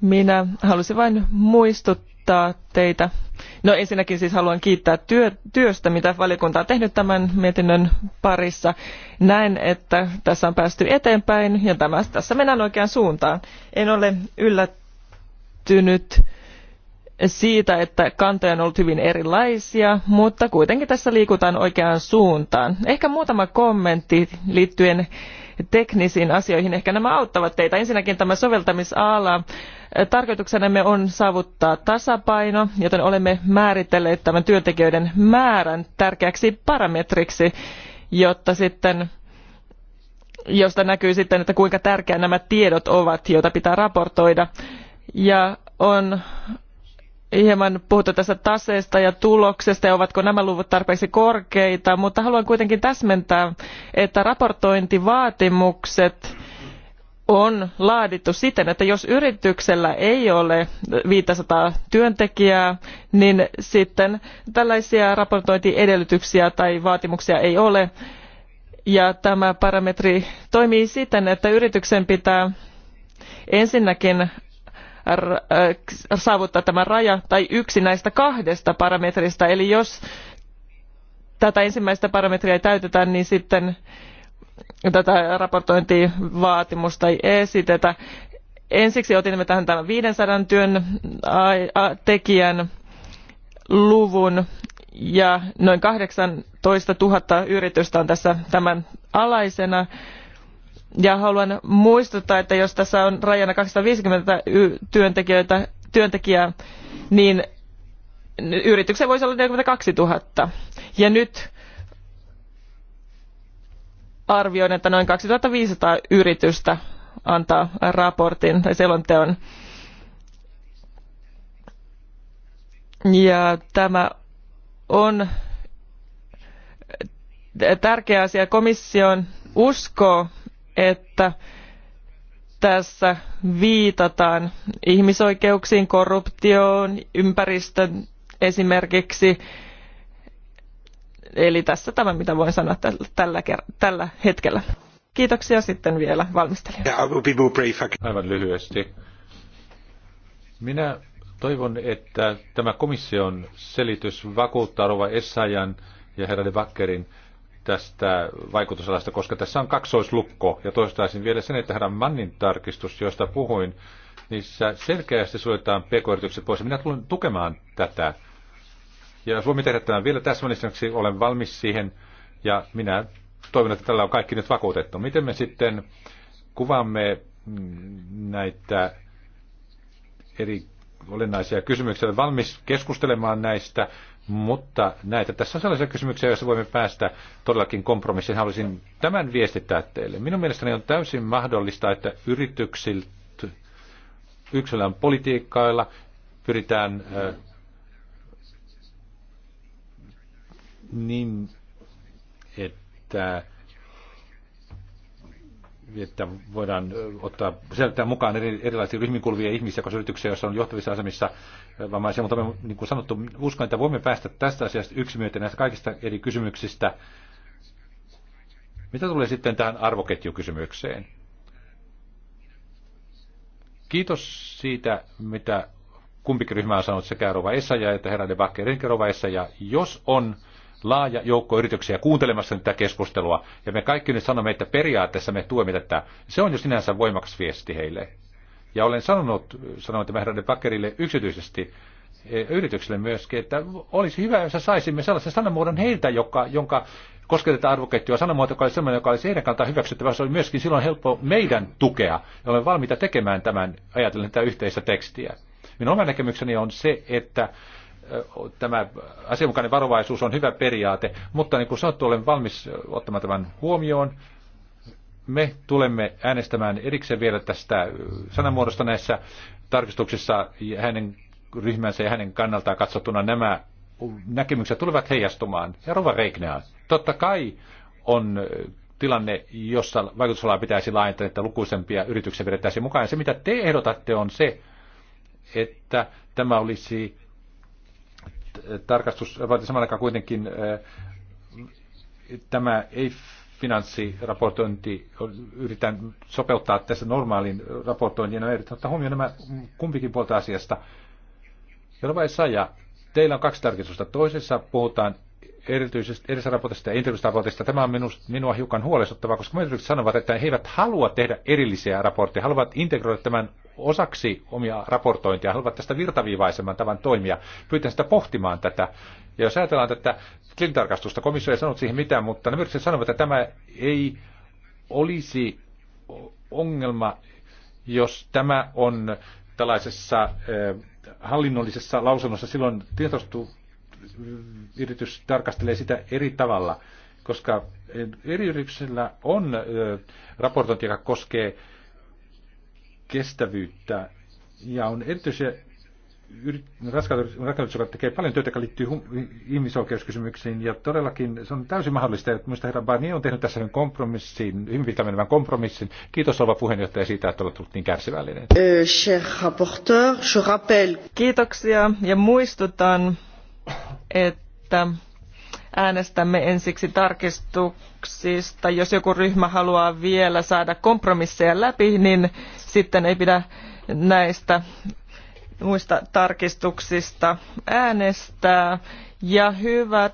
Minä halusin vain muistuttaa teitä. No ensinnäkin siis haluan kiittää työ, työstä, mitä valiokunta on tehnyt tämän mietinnön parissa. Näen, että tässä on päästy eteenpäin ja tämä, tässä mennään oikeaan suuntaan. En ole yllättynyt siitä, että kantoja on ollut hyvin erilaisia, mutta kuitenkin tässä liikutaan oikeaan suuntaan. Ehkä muutama kommentti liittyen teknisiin asioihin. Ehkä nämä auttavat teitä. Ensinnäkin tämä soveltamisala. Tarkoituksenamme on saavuttaa tasapaino, joten olemme määritelleet tämän työntekijöiden määrän tärkeäksi parametriksi, jotta sitten josta näkyy sitten, että kuinka tärkeä nämä tiedot ovat, joita pitää raportoida. Ja on hieman puhuttu tästä taseesta ja tuloksesta ja ovatko nämä luvut tarpeeksi korkeita, mutta haluan kuitenkin täsmentää, että raportointivaatimukset on laadittu siten, että jos yrityksellä ei ole 500 työntekijää, niin sitten tällaisia raportointiedellytyksiä tai vaatimuksia ei ole. Ja tämä parametri toimii siten, että yrityksen pitää ensinnäkin saavuttaa tämä raja tai yksi näistä kahdesta parametrista. Eli jos tätä ensimmäistä parametria ei täytetä, niin sitten tätä raportointivaatimusta ei esitetä. Ensiksi otimme tähän tämän 500 työn tekijän luvun ja noin 18 000 yritystä on tässä tämän alaisena. Ja haluan muistuttaa, että jos tässä on rajana kaksisataaviisikymmentä työntekijöitä, työntekijää, niin yrityksen voisi olla 42 000. Ja nyt arvioin, että noin kaksituhattaviisisataa yritystä antaa raportin tai selonteon. Ja tämä on tärkeä asia. Komission uskoo että tässä viitataan ihmisoikeuksiin, korruptioon, ympäristön esimerkiksi. Eli tässä tämä, mitä voin sanoa tällä, tällä hetkellä. Kiitoksia sitten vielä valmistelija. Aivan lyhyesti. Minä toivon, että tämä komission selitys vakuuttaa Rova Essayan ja herra De Bakkerin tästä vaikutusalasta, koska tässä on kaksoislukko. Ja toistaisin vielä sen, että herran Mannin tarkistus, josta puhuin, niissä selkeästi suljetaan pk-yritykset pois. Minä tulen tukemaan tätä. Ja jos voimme tehdä tämän vielä täsmälliseksi, olen valmis siihen. Ja minä toivon, että tällä on kaikki nyt vakuutettu. Miten me sitten kuvaamme mm, näitä eri olennaisia kysymyksiä. Olen valmis keskustelemaan näistä mutta näitä tässä on sellaisia kysymyksiä, joissa voimme päästä todellakin kompromissiin. Haluaisin tämän viestittää teille. Minun mielestäni on täysin mahdollista, että yrityksiltä yksilön politiikkailla pyritään niin, että että voidaan ottaa selittää mukaan eri, erilaisia ryhmikulvia ihmisiä, koska yrityksiä, joissa on johtavissa asemissa äh, vammaisia, mutta me, niin kuin sanottu, uskon, että voimme päästä tästä asiasta yksimielisyyteen näistä kaikista eri kysymyksistä. Mitä tulee sitten tähän arvoketjukysymykseen? Kiitos siitä, mitä kumpikin ryhmä on sanonut sekä Rova Essaja että herra de Bakker, Rova Essaja. Jos on laaja joukko yrityksiä kuuntelemassa tätä keskustelua. Ja me kaikki nyt sanomme, että periaatteessa me tuemme tätä. Se on jo sinänsä voimakas viesti heille. Ja olen sanonut, sanoin tämän herran Packerille yksityisesti, e, yrityksille myöskin, että olisi hyvä, jos saisimme sellaisen sanamuodon heiltä, joka, jonka kosketetaan arvoketjua sanamuoto, joka oli sellainen, joka olisi heidän kantaa hyväksyttävä. Se oli myöskin silloin helppo meidän tukea ja olen valmiita tekemään tämän ajatellen tätä yhteistä tekstiä. Minun oma näkemykseni on se, että tämä asianmukainen varovaisuus on hyvä periaate, mutta niin kuin sanottu, olen valmis ottamaan tämän huomioon. Me tulemme äänestämään erikseen vielä tästä sanamuodosta näissä tarkistuksissa hänen ryhmänsä ja hänen kannaltaan katsottuna nämä näkemykset tulevat heijastumaan. Ja Rova Reignea, totta kai on tilanne, jossa vaikutusalaa pitäisi laajentaa, että lukuisempia yrityksiä vedettäisiin mukaan. Ja se, mitä te ehdotatte, on se, että tämä olisi tarkastus, samalla aikaan kuitenkin eh, tämä ei finanssiraportointi yritän sopeuttaa tässä normaaliin raportointiin ja yritän ottaa huomioon nämä kumpikin puolta asiasta. vai Saja, teillä on kaksi tarkistusta. Toisessa puhutaan erityisesti edellisestä raportista ja raportista. Tämä on minu, minua hiukan huolestuttavaa, koska monet sanovat, että he eivät halua tehdä erillisiä raportteja, haluavat integroida tämän osaksi omia raportointia, haluavat tästä virtaviivaisemman tavan toimia. Pyytän sitä pohtimaan tätä. Ja jos ajatellaan tätä tilintarkastusta, komissio ei sanonut siihen mitään, mutta ne myöskin sanovat, että tämä ei olisi ongelma, jos tämä on tällaisessa eh, hallinnollisessa lausunnossa, silloin tilintarkastusyritys eh, tarkastelee sitä eri tavalla, koska eri yrityksillä on eh, raportointi, joka koskee kestävyyttä ja on erityisiä rakennukset, joka tekee paljon työtä, joka liittyy ihmisoikeuskysymyksiin, ja todellakin se on täysin mahdollista, että minusta herra Barnier on tehnyt tässä kompromissin, hyvin pitkän menevän kompromissin. Kiitos olva puheenjohtaja siitä, että olet ollut niin kärsivällinen. Eh, Kiitoksia, ja muistutan, että Äänestämme ensiksi tarkistuksista. Jos joku ryhmä haluaa vielä saada kompromisseja läpi, niin sitten ei pidä näistä muista tarkistuksista äänestää. Ja hyvä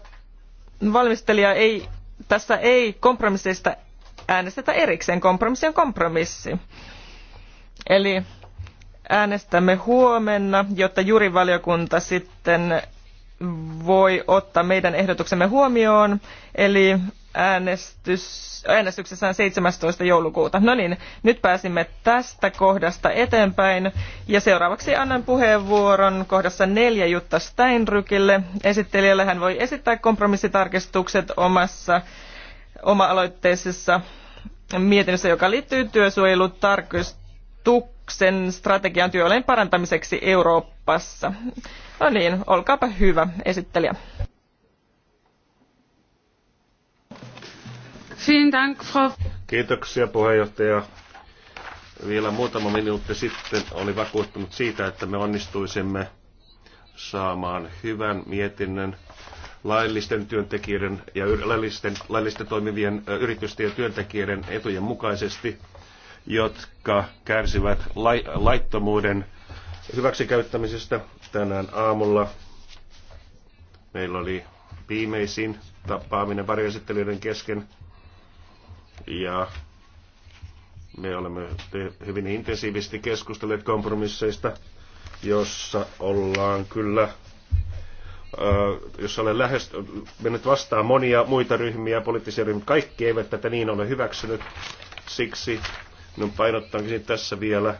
valmistelija, ei, tässä ei kompromisseista äänestetä erikseen. Kompromissi on kompromissi. Eli äänestämme huomenna, jotta jurivaliokunta sitten voi ottaa meidän ehdotuksemme huomioon, eli äänestys, on 17. joulukuuta. No niin, nyt pääsimme tästä kohdasta eteenpäin. Ja seuraavaksi annan puheenvuoron kohdassa neljä Jutta Steinrykille. Esittelijälle hän voi esittää kompromissitarkistukset omassa oma-aloitteisessa mietinnössä, joka liittyy työsuojelutarkistukseen hallituksen strategian työolojen parantamiseksi Euroopassa. No niin, olkaapa hyvä esittelijä. Kiitoksia puheenjohtaja. Vielä muutama minuutti sitten oli vakuuttunut siitä, että me onnistuisimme saamaan hyvän mietinnön laillisten työntekijöiden ja laillisten, laillisten toimivien yritysten ja työntekijöiden etujen mukaisesti – jotka kärsivät laittomuuden hyväksikäyttämisestä. Tänään aamulla meillä oli viimeisin tapaaminen varjoesittelijöiden kesken ja me olemme hyvin intensiivisesti keskustelleet kompromisseista, jossa ollaan kyllä jossa olen lähes, mennyt vastaan monia muita ryhmiä, poliittisia ryhmiä, kaikki eivät tätä niin ole hyväksynyt. Siksi No painottankin tässä vielä,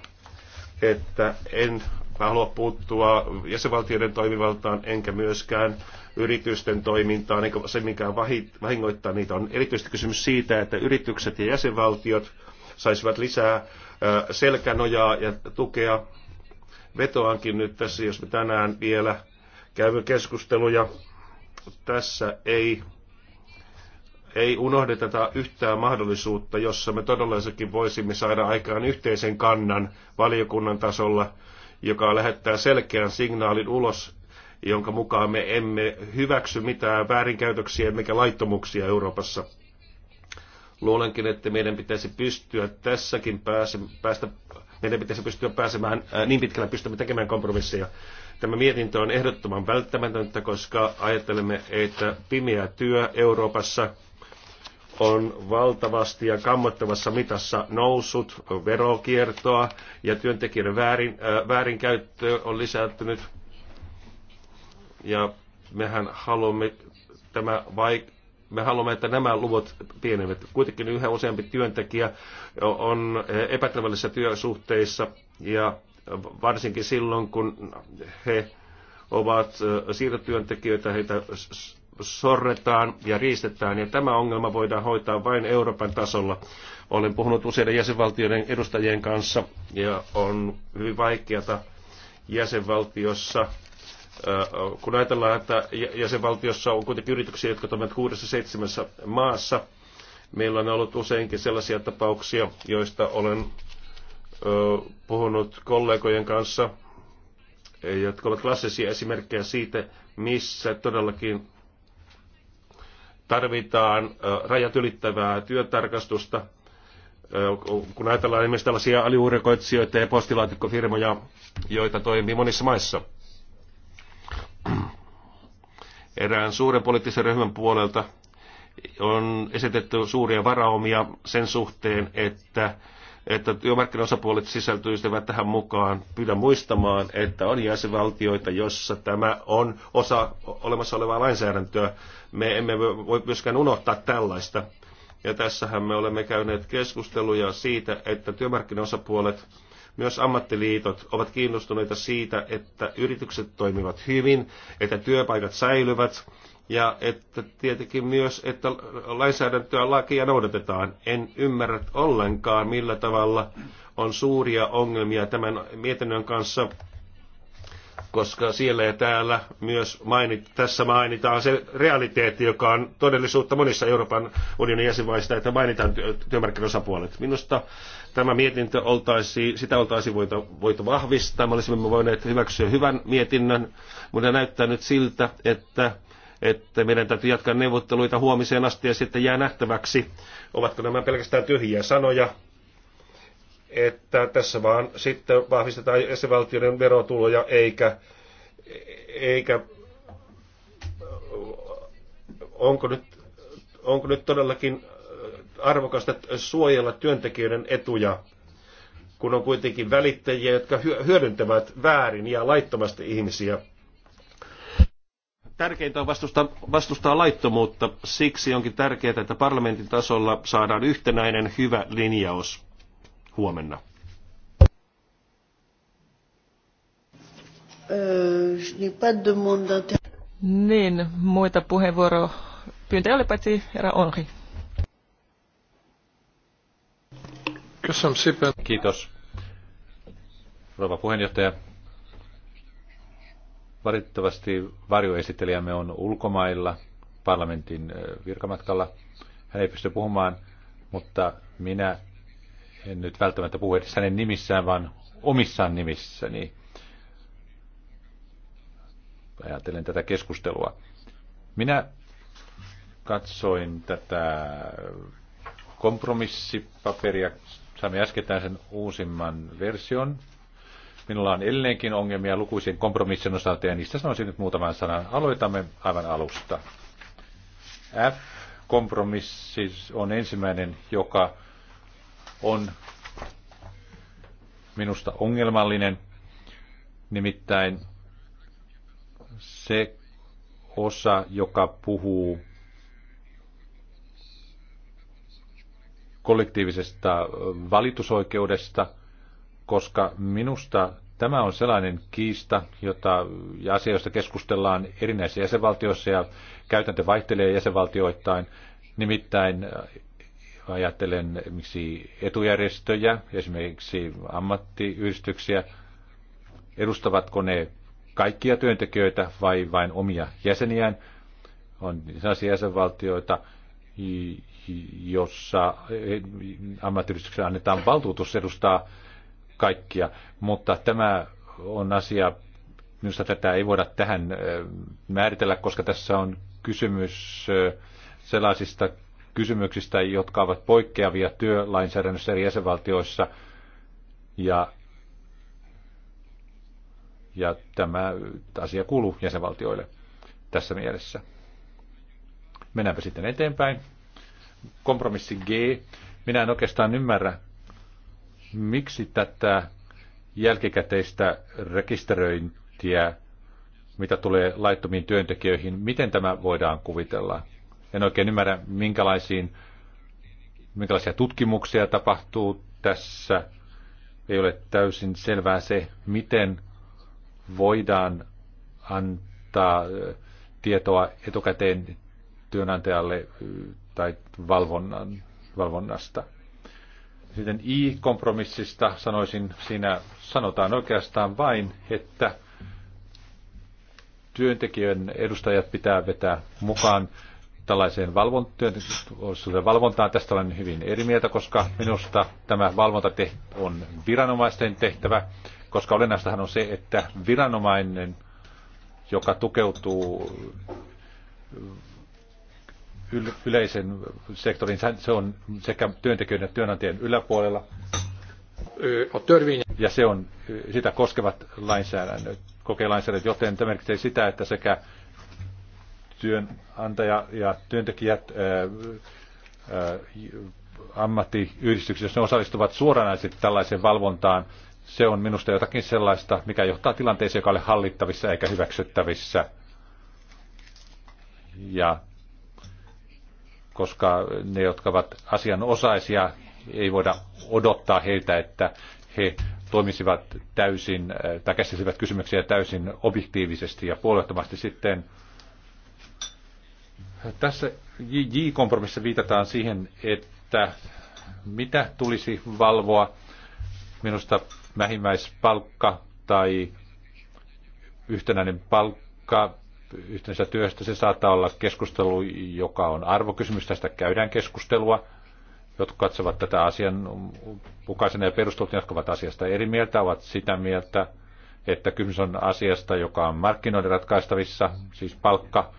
että en halua puuttua jäsenvaltioiden toimivaltaan enkä myöskään yritysten toimintaan, eikä se mikä vahingoittaa niitä. On erityisesti kysymys siitä, että yritykset ja jäsenvaltiot saisivat lisää selkänojaa ja tukea. Vetoankin nyt tässä, jos me tänään vielä käymme keskusteluja. Tässä ei ei unohdeteta yhtään mahdollisuutta, jossa me todellakin voisimme saada aikaan yhteisen kannan valiokunnan tasolla, joka lähettää selkeän signaalin ulos, jonka mukaan me emme hyväksy mitään väärinkäytöksiä emmekä laittomuuksia Euroopassa. Luulenkin, että meidän pitäisi pystyä tässäkin pääse, päästä, meidän pitäisi pystyä pääsemään ää, äh, niin pitkälle pystymme tekemään kompromisseja. Tämä mietintö on ehdottoman välttämätöntä, koska ajattelemme, että pimeä työ Euroopassa – on valtavasti ja kammottavassa mitassa noussut, verokiertoa ja työntekijöiden väärin, äh, väärinkäyttö on lisääntynyt. Ja mehän haluamme, tämä vaik- me haluamme, että nämä luvut pienevät. Kuitenkin yhä useampi työntekijä on epätavallisissa työsuhteissa ja varsinkin silloin, kun he ovat äh, siirtotyöntekijöitä, heitä sorretaan ja riistetään, ja tämä ongelma voidaan hoitaa vain Euroopan tasolla. Olen puhunut useiden jäsenvaltioiden edustajien kanssa, ja on hyvin vaikeata jäsenvaltiossa äh, kun ajatellaan, että jäsenvaltiossa on kuitenkin yrityksiä, jotka toimivat kuudessa seitsemässä maassa, meillä on ollut useinkin sellaisia tapauksia, joista olen äh, puhunut kollegojen kanssa, jotka ovat klassisia esimerkkejä siitä, missä todellakin Tarvitaan rajat ylittävää työtarkastusta. Kun ajatellaan esimerkiksi tällaisia aliurikoitsijoita ja postilaatikkofirmoja, joita toimii monissa maissa. Erään suuren poliittisen ryhmän puolelta on esitetty suuria varaumia sen suhteen, että että työmarkkinaosapuolet sisältyisivät tähän mukaan. Pyydän muistamaan, että on jäsenvaltioita, jossa tämä on osa olemassa olevaa lainsäädäntöä. Me emme voi myöskään unohtaa tällaista. Ja tässähän me olemme käyneet keskusteluja siitä, että työmarkkinaosapuolet, myös ammattiliitot ovat kiinnostuneita siitä, että yritykset toimivat hyvin, että työpaikat säilyvät ja että tietenkin myös, että lainsäädäntöä lakia noudatetaan. En ymmärrä ollenkaan, millä tavalla on suuria ongelmia tämän mietinnön kanssa, koska siellä ja täällä myös mainit, tässä mainitaan se realiteetti, joka on todellisuutta monissa Euroopan unionin jäsenmaista, että mainitaan työ, työmarkkinosapuolet. Minusta tämä mietintö oltaisi, sitä oltaisiin voitu, voitu vahvistaa. Me olisimme voineet hyväksyä hyvän mietinnön, mutta näyttää nyt siltä, että että meidän täytyy jatkaa neuvotteluita huomiseen asti ja sitten jää nähtäväksi, ovatko nämä pelkästään tyhjiä sanoja, että tässä vaan sitten vahvistetaan jäsenvaltioiden verotuloja eikä, eikä onko nyt, onko nyt todellakin arvokasta suojella työntekijöiden etuja, kun on kuitenkin välittäjiä, jotka hyödyntävät väärin ja laittomasti ihmisiä. Tärkeintä on vastustaa, vastustaa laittomuutta. Siksi onkin tärkeää, että parlamentin tasolla saadaan yhtenäinen hyvä linjaus huomenna. Niin, niin, muita puheenvuoropyyntöjä oli paitsi herra Onri. Kiitos. Rouva puheenjohtaja, Valitettavasti varjoesittelijämme on ulkomailla parlamentin virkamatkalla. Hän ei pysty puhumaan, mutta minä en nyt välttämättä puhu edes hänen nimissään, vaan omissaan nimissäni. Ajattelen tätä keskustelua. Minä katsoin tätä kompromissipaperia. Saimme äskettäin sen uusimman version. Minulla on edelleenkin ongelmia lukuisien kompromissin osalta ja niistä sanoisin nyt muutaman sanan. Aloitamme aivan alusta. F-kompromissi on ensimmäinen, joka on minusta ongelmallinen. Nimittäin se osa, joka puhuu kollektiivisesta valitusoikeudesta, koska minusta Tämä on sellainen kiista jota, ja asia, josta keskustellaan erinäisissä jäsenvaltioissa ja käytäntö vaihtelee jäsenvaltioittain. Nimittäin äh, ajattelen miksi etujärjestöjä, esimerkiksi ammattiyhdistyksiä, edustavatko ne kaikkia työntekijöitä vai vain omia jäseniään. On sellaisia jäsenvaltioita, jossa eh, ammattiyhdistyksellä annetaan valtuutus edustaa kaikkia, mutta tämä on asia, minusta tätä ei voida tähän määritellä, koska tässä on kysymys sellaisista kysymyksistä, jotka ovat poikkeavia työlainsäädännössä eri jäsenvaltioissa. Ja, ja tämä asia kuuluu jäsenvaltioille tässä mielessä. Mennäänpä sitten eteenpäin. Kompromissi G. Minä en oikeastaan ymmärrä Miksi tätä jälkikäteistä rekisteröintiä, mitä tulee laittomiin työntekijöihin, miten tämä voidaan kuvitella? En oikein ymmärrä, minkälaisiin, minkälaisia tutkimuksia tapahtuu tässä. Ei ole täysin selvää se, miten voidaan antaa äh, tietoa etukäteen työnantajalle äh, tai valvonnan, valvonnasta. Sitten I-kompromissista sanoisin, siinä sanotaan oikeastaan vain, että työntekijöiden edustajat pitää vetää mukaan tällaiseen valvontaan. Tästä olen hyvin eri mieltä, koska minusta tämä valvonta on viranomaisten tehtävä, koska olennaistahan on se, että viranomainen, joka tukeutuu yleisen sektorin, se on sekä työntekijöiden että työnantajien yläpuolella. Ja se on, sitä koskevat lainsäädännöt, kokeilainsäädännöt, joten tämä merkitsee sitä, että sekä työnantaja ja työntekijät ammattiyhdistyksissä, ne osallistuvat suoranaisesti tällaiseen valvontaan, se on minusta jotakin sellaista, mikä johtaa tilanteeseen, joka ole hallittavissa eikä hyväksyttävissä. Ja koska ne, jotka ovat asianosaisia, ei voida odottaa heiltä, että he toimisivat täysin äh, tai käsisivät kysymyksiä täysin objektiivisesti ja puolueettomasti sitten. Tässä J-kompromississa viitataan siihen, että mitä tulisi valvoa minusta vähimmäispalkka tai yhtenäinen palkka yhteensä työstä. Se saattaa olla keskustelu, joka on arvokysymys. Tästä käydään keskustelua. Jotkut katsovat tätä asian mukaisena ja perustelut, jotka ovat asiasta eri mieltä, ovat sitä mieltä, että kysymys on asiasta, joka on markkinoiden ratkaistavissa, siis palkka.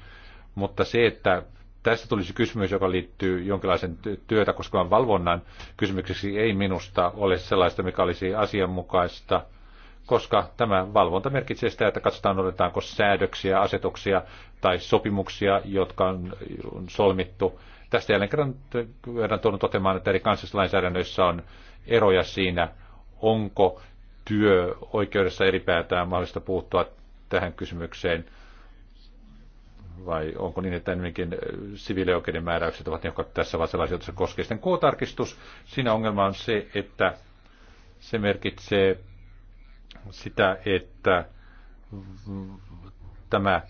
Mutta se, että tässä tulisi kysymys, joka liittyy jonkinlaisen työtä koskevan valvonnan kysymykseksi, ei minusta ole sellaista, mikä olisi asianmukaista – koska tämä valvonta merkitsee sitä, että katsotaan odotetaanko säädöksiä, asetuksia tai sopimuksia, jotka on, on solmittu. Tästä jälleen kerran voidaan tuonut totemaan, että eri kansallislainsäädännöissä on eroja siinä, onko työoikeudessa päätään mahdollista puuttua tähän kysymykseen, vai onko niin, että enemmänkin siviilioikeuden määräykset ovat ne, jotka tässä ovat sellaisia, joita se koskee. Sitten K-tarkistus, siinä ongelma on se, että se merkitsee sitä, että tämä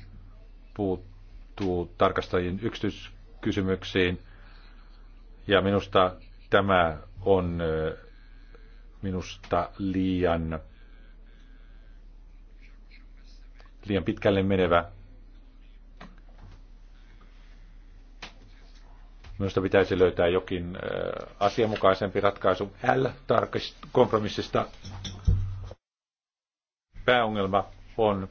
puuttuu tarkastajien yksityiskysymyksiin. Ja minusta tämä on minusta liian, liian pitkälle menevä. Minusta pitäisi löytää jokin asianmukaisempi ratkaisu L-kompromissista pääongelma on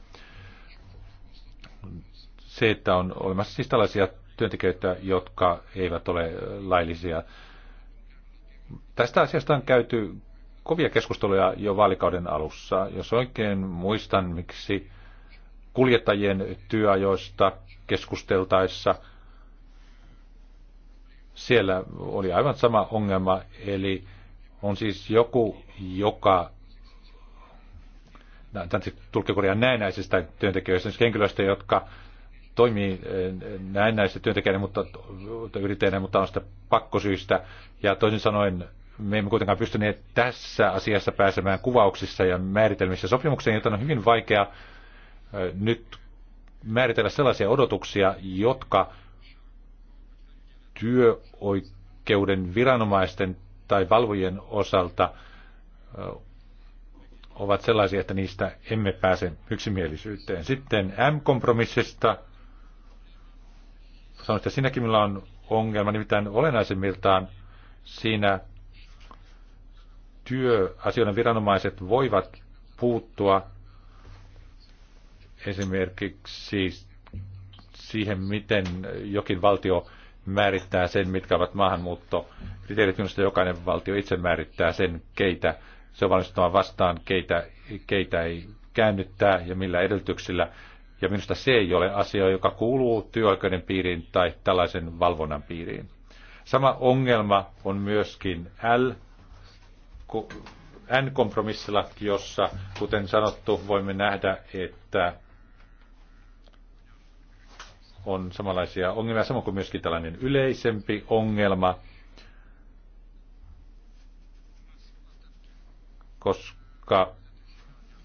se, että on olemassa siis tällaisia työntekijöitä, jotka eivät ole laillisia. Tästä asiasta on käyty kovia keskusteluja jo vaalikauden alussa. Jos oikein muistan, miksi kuljettajien työajoista keskusteltaessa siellä oli aivan sama ongelma, eli on siis joku, joka tulkkikorjaan näennäisistä työntekijöistä, siis henkilöistä, jotka toimii eh, näennäisistä työntekijänä, mutta yrittäjänä, mutta on sitä pakkosyistä. Ja toisin sanoen me emme kuitenkaan pystyneet tässä asiassa pääsemään kuvauksissa ja määritelmissä sopimukseen, joten on hyvin vaikea eh, nyt määritellä sellaisia odotuksia, jotka työoikeuden viranomaisten tai valvojien osalta eh, ovat sellaisia, että niistä emme pääse yksimielisyyteen. Sitten M-kompromissista. Sanoin, että siinäkin meillä on ongelma, nimittäin olennaisemmiltaan siinä työasioiden viranomaiset voivat puuttua esimerkiksi siihen, miten jokin valtio määrittää sen, mitkä ovat maahanmuuttokriteerit, minusta jokainen valtio itse määrittää sen, keitä se on valmistuttava vastaan, keitä, keitä ei käännyttää ja millä edellytyksillä. Ja minusta se ei ole asia, joka kuuluu työoikeuden piiriin tai tällaisen valvonnan piiriin. Sama ongelma on myöskin L, N-kompromissilla, jossa, kuten sanottu, voimme nähdä, että on samanlaisia ongelmia, samoin kuin myöskin tällainen yleisempi ongelma – koska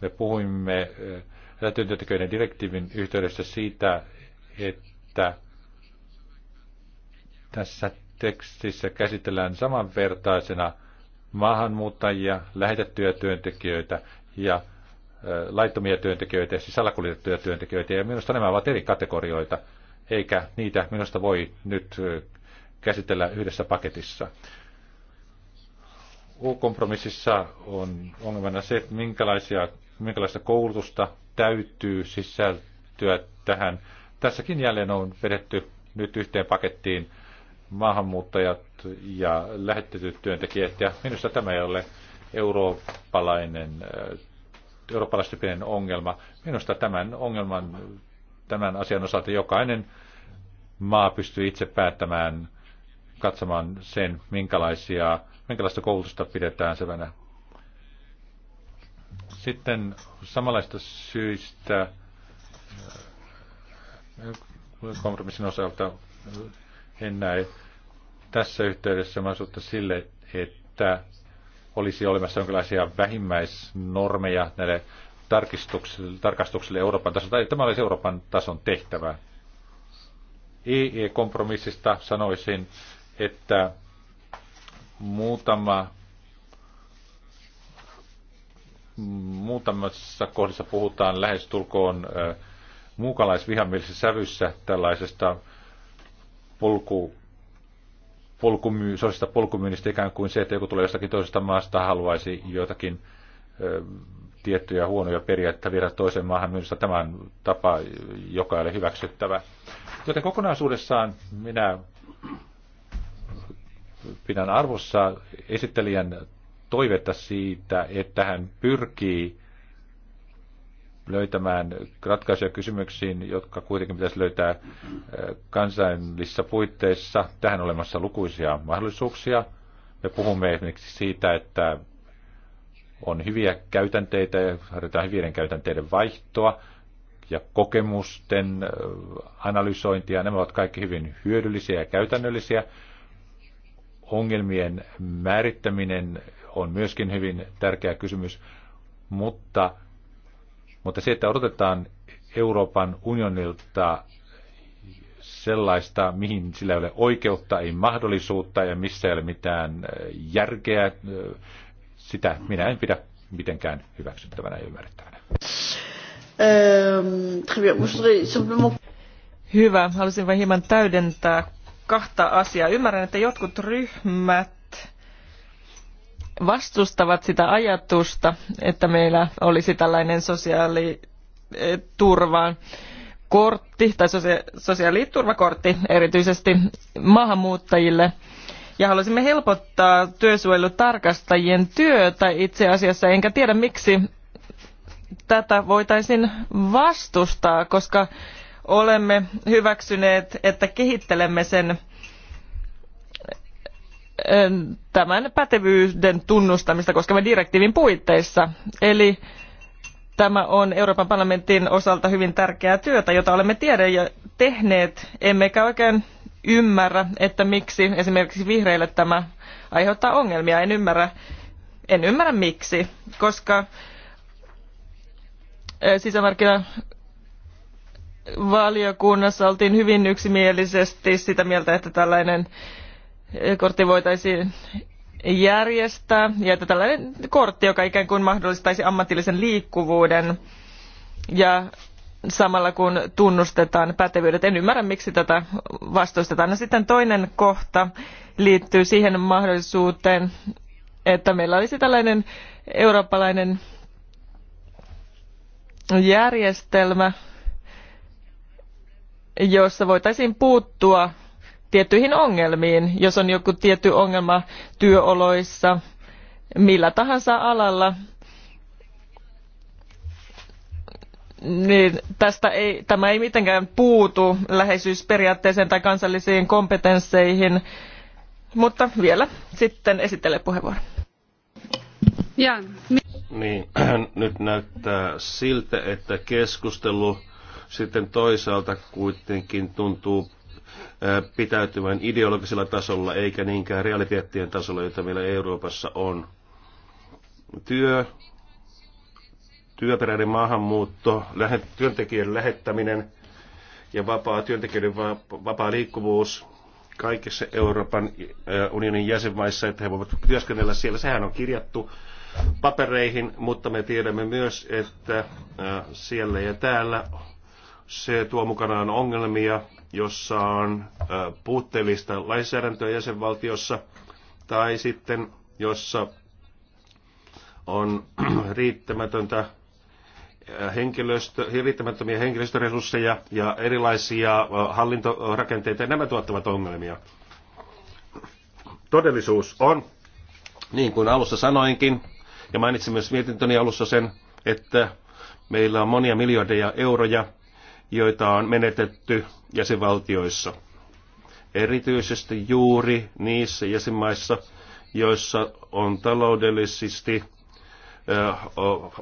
me puhuimme eh, elätyöntekijöiden direktiivin yhteydessä siitä, että tässä tekstissä käsitellään samanvertaisena maahanmuuttajia, lähetettyjä työntekijöitä ja eh, laittomia työntekijöitä ja sisällä työntekijöitä. Ja minusta nämä ovat eri kategorioita, eikä niitä minusta voi nyt eh, käsitellä yhdessä paketissa. U-kompromississa on ongelmana se, että minkälaisia, minkälaista koulutusta täytyy sisältyä tähän. Tässäkin jälleen on vedetty nyt yhteen pakettiin maahanmuuttajat ja lähetetyt työntekijät. Ja minusta tämä ei ole eurooppalainen, äh, eurooppalaistyyppinen ongelma. Minusta tämän ongelman, tämän asian osalta jokainen maa pystyy itse päättämään, katsomaan sen, minkälaisia minkälaista koulutusta pidetään sevänä. Sitten samanlaista syistä äh, kompromissin osalta äh, en näe tässä yhteydessä mahdollisuutta sille, että olisi olemassa jonkinlaisia vähimmäisnormeja näille tarkistuksille, tarkastuksille Euroopan tasolla. Tämä olisi Euroopan tason tehtävä. EE-kompromissista sanoisin, että Muutama muutamassa kohdassa puhutaan lähestulkoon muukalaisvihamielisessä sävyssä tällaisesta polku, polkumy, sosiaalista polkumyynnistä ikään kuin se, että joku tulee jostakin toisesta maasta haluaisi joitakin ö, tiettyjä huonoja periaatteita viedä toiseen maahan. Minusta tämä on tapa, joka ei ole hyväksyttävä. Joten kokonaisuudessaan minä pidän arvossa esittelijän toivetta siitä, että hän pyrkii löytämään ratkaisuja kysymyksiin, jotka kuitenkin pitäisi löytää äh, kansainvälisissä puitteissa. Tähän olemassa lukuisia mahdollisuuksia. Me puhumme esimerkiksi siitä, että on hyviä käytänteitä ja harjoitetaan hyvien käytänteiden vaihtoa ja kokemusten äh, analysointia. Nämä ovat kaikki hyvin hyödyllisiä ja käytännöllisiä ongelmien määrittäminen on myöskin hyvin tärkeä kysymys, mutta, mutta se, että odotetaan Euroopan unionilta sellaista, mihin sillä ei ole oikeutta, ei mahdollisuutta ja missä ei ole mitään äh, järkeä, äh, sitä minä en pidä mitenkään hyväksyttävänä ja ymmärrettävänä. Ähm, Hyvä. Haluaisin vain hieman täydentää kahta asiaa. Ymmärrän, että jotkut ryhmät vastustavat sitä ajatusta, että meillä olisi tällainen sosiaaliturvan kortti tai sosiaaliturvakortti erityisesti maahanmuuttajille. Ja haluaisimme helpottaa työsuojelutarkastajien työtä itse asiassa, enkä tiedä miksi tätä voitaisiin vastustaa, koska olemme hyväksyneet, että kehittelemme sen eh, tämän pätevyyden tunnustamista koskevan direktiivin puitteissa. Eli tämä on Euroopan parlamentin osalta hyvin tärkeää työtä, jota olemme tiede ja tehneet, emmekä oikein ymmärrä, että miksi esimerkiksi vihreille tämä aiheuttaa ongelmia. En ymmärrä, en ymmärrä miksi, koska eh, sisämarkkina valiokunnassa oltiin hyvin yksimielisesti sitä mieltä, että tällainen kortti voitaisiin järjestää ja että tällainen kortti, joka ikään kuin mahdollistaisi ammatillisen liikkuvuuden ja samalla kun tunnustetaan pätevyydet. En ymmärrä, miksi tätä vastustetaan. No sitten toinen kohta liittyy siihen mahdollisuuteen, että meillä olisi tällainen eurooppalainen järjestelmä, jossa voitaisiin puuttua tiettyihin ongelmiin, jos on joku tietty ongelma työoloissa, millä tahansa alalla, niin tästä ei, tämä ei mitenkään puutu läheisyysperiaatteeseen tai kansallisiin kompetensseihin, mutta vielä sitten esittele puheenvuoron. Ja. Niin, nyt näyttää siltä, että keskustelu sitten toisaalta kuitenkin tuntuu pitäytyvän ideologisella tasolla eikä niinkään realiteettien tasolla, joita meillä Euroopassa on. Työ, työperäinen maahanmuutto, lähet, työntekijöiden lähettäminen ja vapaa työntekijöiden vapaa liikkuvuus kaikissa Euroopan unionin jäsenmaissa, että he voivat työskennellä siellä. Sehän on kirjattu papereihin, mutta me tiedämme myös, että siellä ja täällä se tuo mukanaan ongelmia, jossa on puutteellista lainsäädäntöä jäsenvaltiossa tai sitten jossa on riittämätöntä henkilöstö, riittämättömiä henkilöstöresursseja ja erilaisia hallintorakenteita, ja nämä tuottavat ongelmia. Todellisuus on, niin kuin alussa sanoinkin, ja mainitsin myös mietintöni alussa sen, että meillä on monia miljardeja euroja joita on menetetty jäsenvaltioissa. Erityisesti juuri niissä jäsenmaissa, joissa on taloudellisesti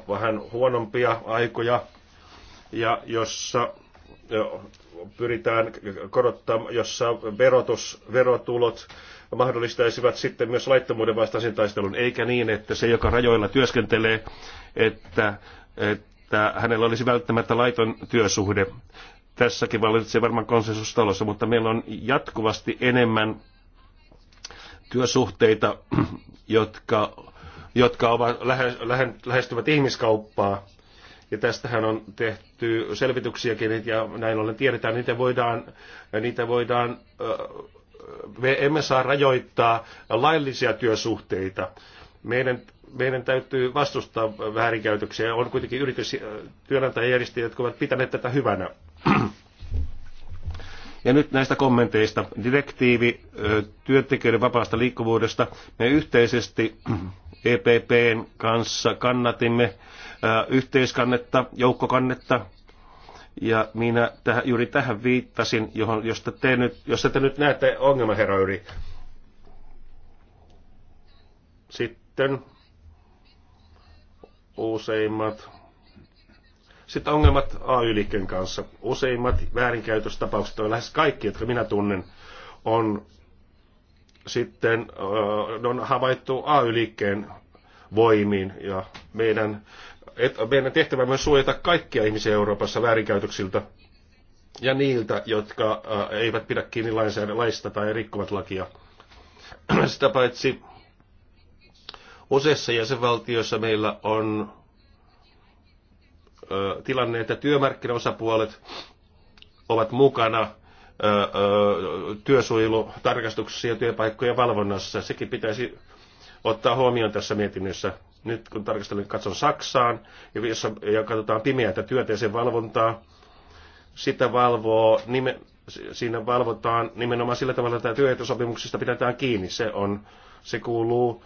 vähän huonompia aikoja ja jossa pyritään korottamaan, jossa verotus, verotulot mahdollistaisivat sitten myös laittomuuden vastaisen taistelun, eikä niin, että se, joka rajoilla työskentelee, että, että että hänellä olisi välttämättä laiton työsuhde. Tässäkin valitsee varmaan konsensus talossa, mutta meillä on jatkuvasti enemmän työsuhteita, jotka, jotka ovat, lähestyvät ihmiskauppaa. Ja tästähän on tehty selvityksiäkin, ja näin ollen tiedetään, niitä voidaan, niitä voidaan me emme saa rajoittaa laillisia työsuhteita. Meidän meidän täytyy vastustaa väärinkäytöksiä. On kuitenkin yritys, työnantajajärjestöjä, jotka ovat pitäneet tätä hyvänä. Ja nyt näistä kommenteista. Direktiivi työntekijöiden vapaasta liikkuvuudesta. Me yhteisesti EPPn kanssa kannatimme yhteiskannetta, joukkokannetta. Ja minä tähän, juuri tähän viittasin, johon, josta te nyt, josta te nyt näette Yri. Sitten useimmat sitten ongelmat AY-liikkeen kanssa. Useimmat väärinkäytöstapaukset, on lähes kaikki, jotka minä tunnen, on sitten on havaittu AY-liikkeen voimiin ja meidän, et, meidän tehtävämme on suojata kaikkia ihmisiä Euroopassa väärinkäytöksiltä ja niiltä, jotka eivät pidä kiinni lainsäädännöstä tai rikkovat lakia. Sitä paitsi Useissa jäsenvaltioissa meillä on tilanne, että työmarkkinaosapuolet ovat mukana työsuojelutarkastuksessa ja työpaikkojen valvonnassa. Sekin pitäisi ottaa huomioon tässä mietinnössä. Nyt kun tarkastelen katson Saksaan ja, jossa, ja katsotaan pimeätä työtä ja sen valvontaa, sitä valvoo, nime, siinä valvotaan nimenomaan sillä tavalla, että työehtosopimuksista pidetään kiinni. Se, on, se kuuluu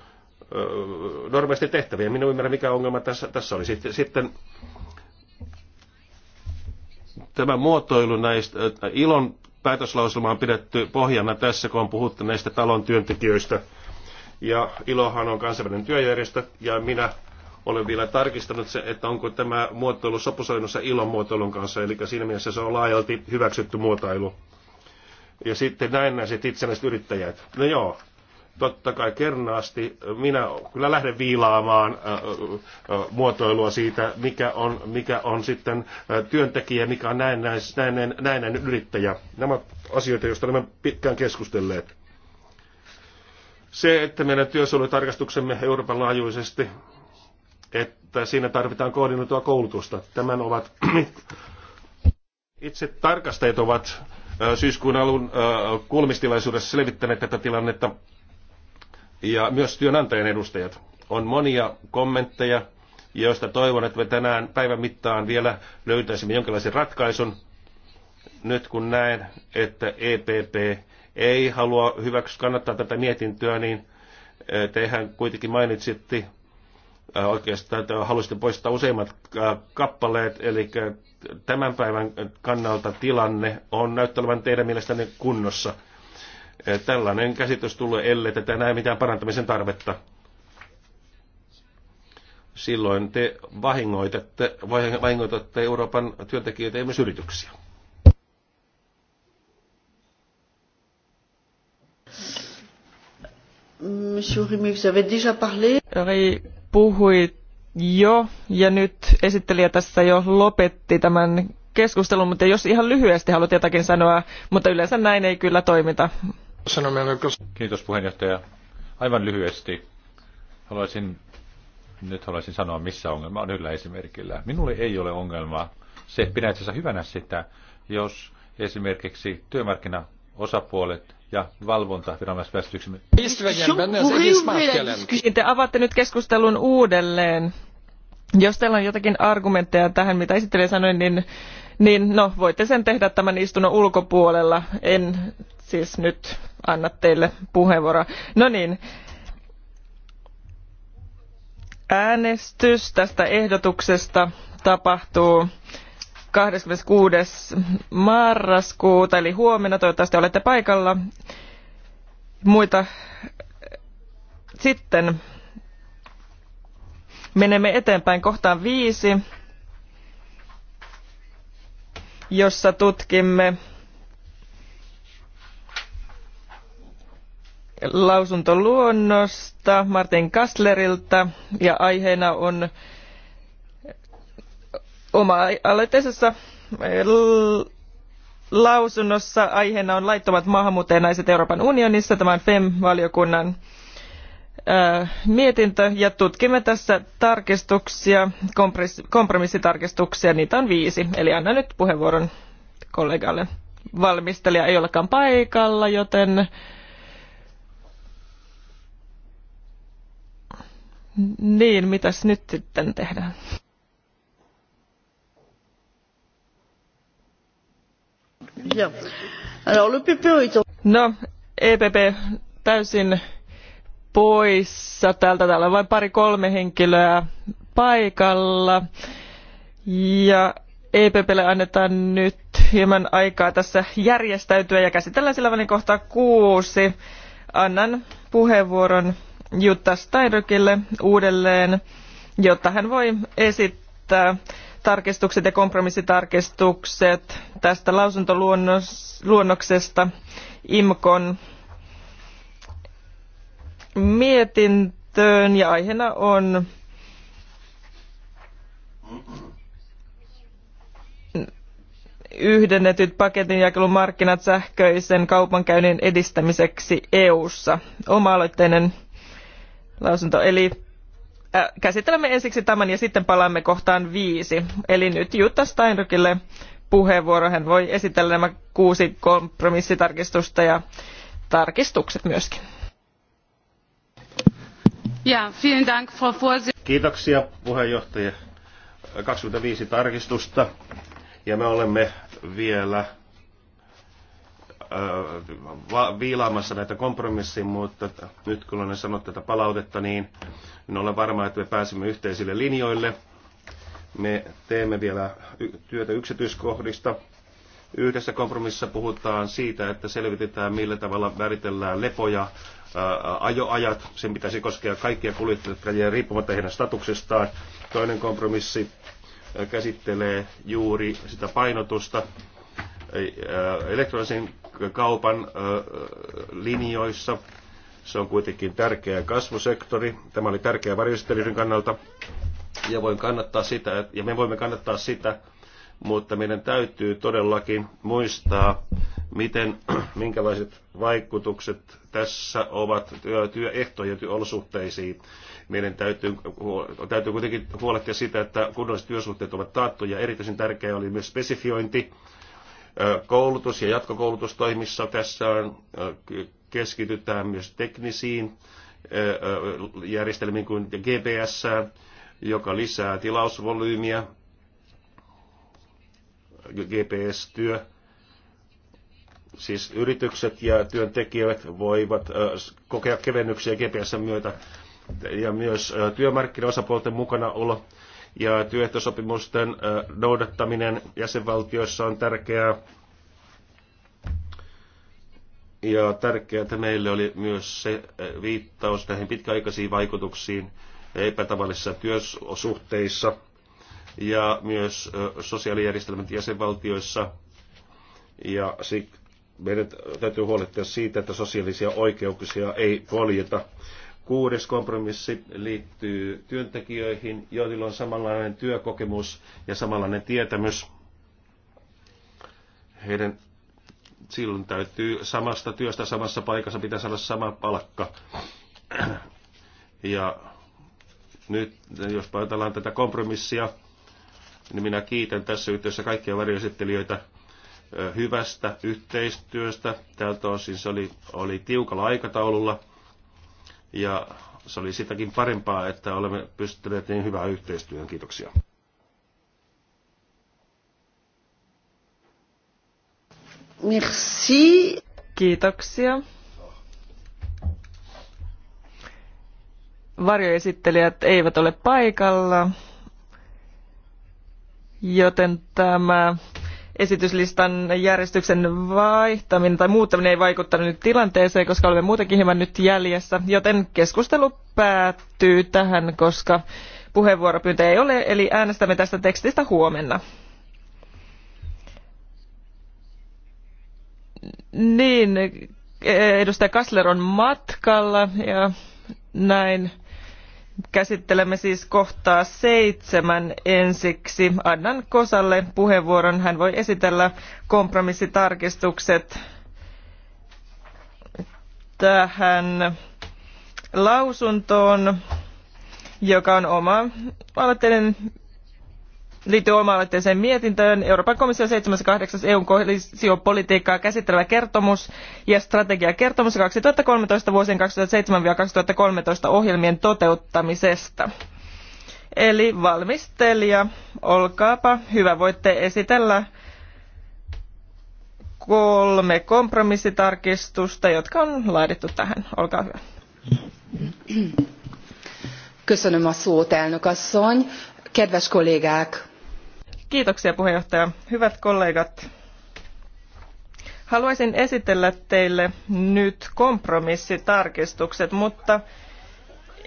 normaalisti tehtäviä. Minä ymmärrän, mikä ongelma tässä, tässä oli. Sitten, sitten tämä muotoilu näistä, ilon päätöslauselma on pidetty pohjana tässä, kun on puhuttu näistä talon työntekijöistä. Ja ilohan on kansainvälinen työjärjestö, ja minä olen vielä tarkistanut se, että onko tämä muotoilu sopusoinnussa ilon muotoilun kanssa, eli siinä mielessä se on laajalti hyväksytty muotoilu. Ja sitten näin näiset itsenäiset yrittäjät. No joo, totta kai kernaasti minä kyllä lähden viilaamaan äh, äh, äh, muotoilua siitä, mikä on, mikä on sitten työntekijä, mikä on näennäinen näin, näin, näin, yrittäjä. Nämä asioita, joista olemme pitkään keskustelleet. Se, että meidän työsuojelutarkastuksemme Euroopan laajuisesti, että siinä tarvitaan koordinoitua koulutusta. Tämän ovat itse tarkastajat ovat syyskuun alun kulmistilaisuudessa selvittäneet tätä tilannetta ja myös työnantajan edustajat. On monia kommentteja, joista toivon, että me tänään päivän mittaan vielä löytäisimme jonkinlaisen ratkaisun. Nyt kun näen, että EPP ei halua hyväksyä kannattaa tätä mietintöä, niin eh, tehän kuitenkin mainitsitte eh, oikeastaan, että halusitte poistaa useimmat eh, kappaleet, eli tämän päivän kannalta tilanne on näyttävän teidän mielestänne kunnossa. Eh, tällainen käsitys tulee, ellei tätä näe mitään parantamisen tarvetta. Silloin te vahingoitatte, vahingoitatte Euroopan työntekijöitä ja myös yrityksiä. Monsieur Rimi, avez déjà parlé. Ri puhui jo, ja nyt esittelijä tässä jo lopetti tämän keskustelun, mutta jos ihan lyhyesti haluat jotakin sanoa, mutta yleensä näin ei kyllä toimita. Kiitos puheenjohtaja. Aivan lyhyesti haluaisin, nyt haluaisin sanoa, missä ongelma on yllä esimerkillä. Minulle ei ole ongelmaa. Se pidän itse hyvänä sitä, jos esimerkiksi työmarkkinaosapuolet ja valvonta viranomaisväestöksemme. Te avaatte nyt keskustelun uudelleen. Jos teillä on jotakin argumentteja tähän, mitä esittelijä sanoi, niin, niin no, voitte sen tehdä tämän istunnon ulkopuolella. En siis nyt anna teille puheenvuoroa. No niin, äänestys tästä ehdotuksesta tapahtuu 26. marraskuuta eli huomenna. Toivottavasti olette paikalla. Muita sitten menemme eteenpäin kohtaan viisi, jossa tutkimme lausuntoluonnosta Martin Kastlerilta ja aiheena on oma-aloitteisessa eh, lausunnossa aiheena on laittomat maahanmuuttajanaiset Euroopan unionissa, tämän FEM-valiokunnan eh, mietintö ja tutkimme tässä tarkistuksia, kompromissitarkistuksia, niitä on viisi. Eli annan nyt puheenvuoron kollegalle. Valmistelija ei olekaan paikalla, joten Niin, mitäs nyt sitten tehdään? No, EPP täysin poissa täältä. Täällä on vain pari kolme henkilöä paikalla. Ja EPPlle annetaan nyt hieman aikaa tässä järjestäytyä ja käsitellään sillä välin kohtaa kuusi. Annan puheenvuoron Jutta Steiderkille uudelleen, jotta hän voi esittää tarkistukset ja kompromissitarkistukset tästä lausuntoluonnoksesta IMKON mietintöön ja aiheena on yhdennetyt paketinjakelun markkinat sähköisen kaupankäynnin edistämiseksi EU:ssa. Oma-aloitteinen lausunto. Eli äh, käsittelemme ensiksi tämän ja sitten palaamme kohtaan viisi. Eli nyt Jutta Steinrykille puheenvuoro. Hän voi esitellä nämä kuusi kompromissitarkistusta ja tarkistukset myöskin. Ja, vielen Dank, Frau Kiitoksia puheenjohtaja. 25 tarkistusta ja me olemme vielä Äh, viilaamassa näitä kompromissin, mutta nyt kun olen sanonut tätä palautetta, niin en ole varma, että me pääsemme yhteisille linjoille. Me teemme vielä työtä yksityiskohdista. Yhdessä kompromississa puhutaan siitä, että selvitetään, millä tavalla määritellään lepoja, äh, ajoajat. Sen pitäisi koskea kaikkia kuljettajia riippumatta heidän statuksestaan. Toinen kompromissi äh, käsittelee juuri sitä painotusta elektronisen kaupan linjoissa. Se on kuitenkin tärkeä kasvusektori. Tämä oli tärkeä varjostelyn kannalta. Ja, voin kannattaa sitä, ja me voimme kannattaa sitä, mutta meidän täytyy todellakin muistaa, miten, minkälaiset vaikutukset tässä ovat työ, työehtoja työolosuhteisiin. Meidän täytyy, täytyy kuitenkin huolehtia sitä, että kunnolliset työsuhteet ovat taattuja. Erityisen tärkeää oli myös spesifiointi koulutus- ja jatkokoulutustoimissa. Tässä on, keskitytään myös teknisiin järjestelmiin kuin GPS, joka lisää tilausvolyymiä, GPS-työ. Siis yritykset ja työntekijät voivat kokea kevennyksiä gps myötä ja myös työmarkkinaosapuolten mukana olla ja työehtosopimusten noudattaminen jäsenvaltioissa on tärkeää. Ja tärkeää meille oli myös se viittaus näihin pitkäaikaisiin vaikutuksiin epätavallisissa työsuhteissa ja myös sosiaalijärjestelmät jäsenvaltioissa. Ja meidän täytyy huolehtia siitä, että sosiaalisia oikeuksia ei poljeta. Kuudes kompromissi liittyy työntekijöihin, joilla on samanlainen työkokemus ja samanlainen tietämys. Heidän silloin täytyy samasta työstä samassa paikassa pitää saada sama palkka. Ja nyt, jos ajatellaan tätä kompromissia, niin minä kiitän tässä yhteydessä kaikkia varjoesittelijöitä hyvästä yhteistyöstä. Tältä osin se oli, oli tiukalla aikataululla ja se oli sitäkin parempaa, että olemme pystyneet niin hyvään yhteistyöhön. Kiitoksia. Merci. Kiitoksia. Varjoesittelijät eivät ole paikalla, joten tämä esityslistan järjestyksen vaihtaminen tai muuttaminen ei vaikuttanut nyt tilanteeseen, koska olemme muutenkin hieman nyt jäljessä. Joten keskustelu päättyy tähän, koska puheenvuoropyyntöjä ei ole, eli äänestämme tästä tekstistä huomenna. Niin, e- edustaja Kassler on matkalla ja näin. Käsittelemme siis kohtaa seitsemän ensiksi. Annan Kosalle puheenvuoron. Hän voi esitellä kompromissitarkistukset tähän lausuntoon, joka on oma aloitteinen liittyy oma-aloitteeseen mietintöön Euroopan komission 7.8. EUn kohesiopolitiikkaa käsittelevä kertomus ja strategiakertomus 2013 vuosien 2007-2013 ohjelmien toteuttamisesta. Eli valmistelija, olkaapa hyvä, voitte esitellä kolme kompromissitarkistusta, jotka on laadittu tähän. Olkaa hyvä. Köszönöm a szót, elnök asszony kedves kollégák! Kiitoksia puheenjohtaja. Hyvät kollegat, haluaisin esitellä teille nyt kompromissitarkistukset, mutta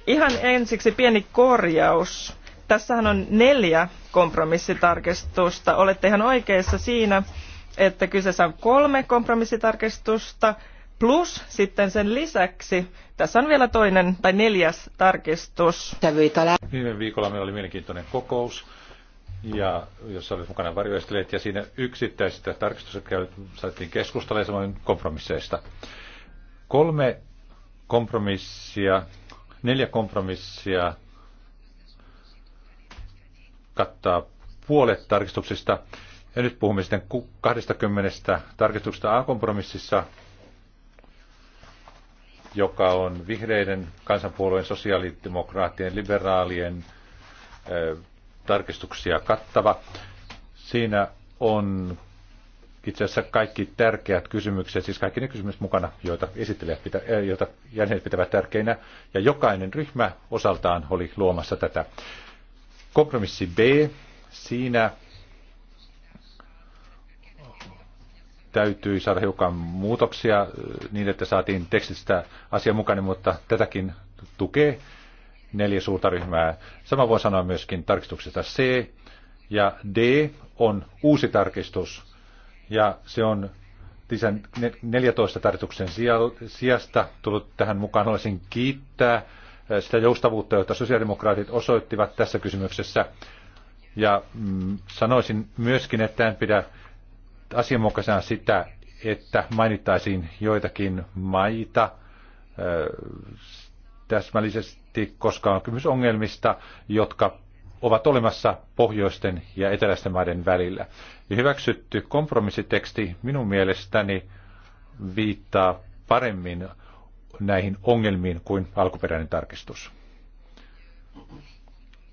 ihan ensiksi pieni korjaus. Tässähän on neljä kompromissitarkistusta. Olette ihan oikeassa siinä, että kyseessä on kolme kompromissitarkistusta plus sitten sen lisäksi tässä on vielä toinen tai neljäs tarkistus. Viime viikolla meillä oli mielenkiintoinen kokous ja jossa oli mukana varjoistelijat, ja siinä yksittäisistä tarkistuksista saatiin keskustella ja samoin kompromisseista. Kolme kompromissia, neljä kompromissia kattaa puolet tarkistuksista. Ja nyt puhumme sitten 20 tarkistuksesta A-kompromississa, joka on vihreiden, kansanpuolueen, sosiaalidemokraattien, liberaalien, tarkistuksia kattava. Siinä on itse asiassa kaikki tärkeät kysymykset, siis kaikki ne kysymykset mukana, joita esittelijät pitä, eh, joita jäsenet pitävät tärkeinä, ja jokainen ryhmä osaltaan oli luomassa tätä. Kompromissi B, siinä täytyy saada hiukan muutoksia eh, niin, että saatiin tekstistä asianmukainen, mutta tätäkin tukee neljä suurta ryhmää. Sama voi sanoa myöskin tarkistuksesta C ja D on uusi tarkistus ja se on tisän 14 tarkistuksen sijasta tullut tähän mukaan. Haluaisin kiittää äh, sitä joustavuutta, jota sosiaalidemokraatit osoittivat tässä kysymyksessä. Ja mm, sanoisin myöskin, että en pidä asianmukaisena sitä, että mainittaisiin joitakin maita äh, täsmällisesti, koska on kysymys ongelmista, jotka ovat olemassa pohjoisten ja eteläisten maiden välillä. Ja hyväksytty kompromissiteksti minun mielestäni viittaa paremmin näihin ongelmiin kuin alkuperäinen tarkistus.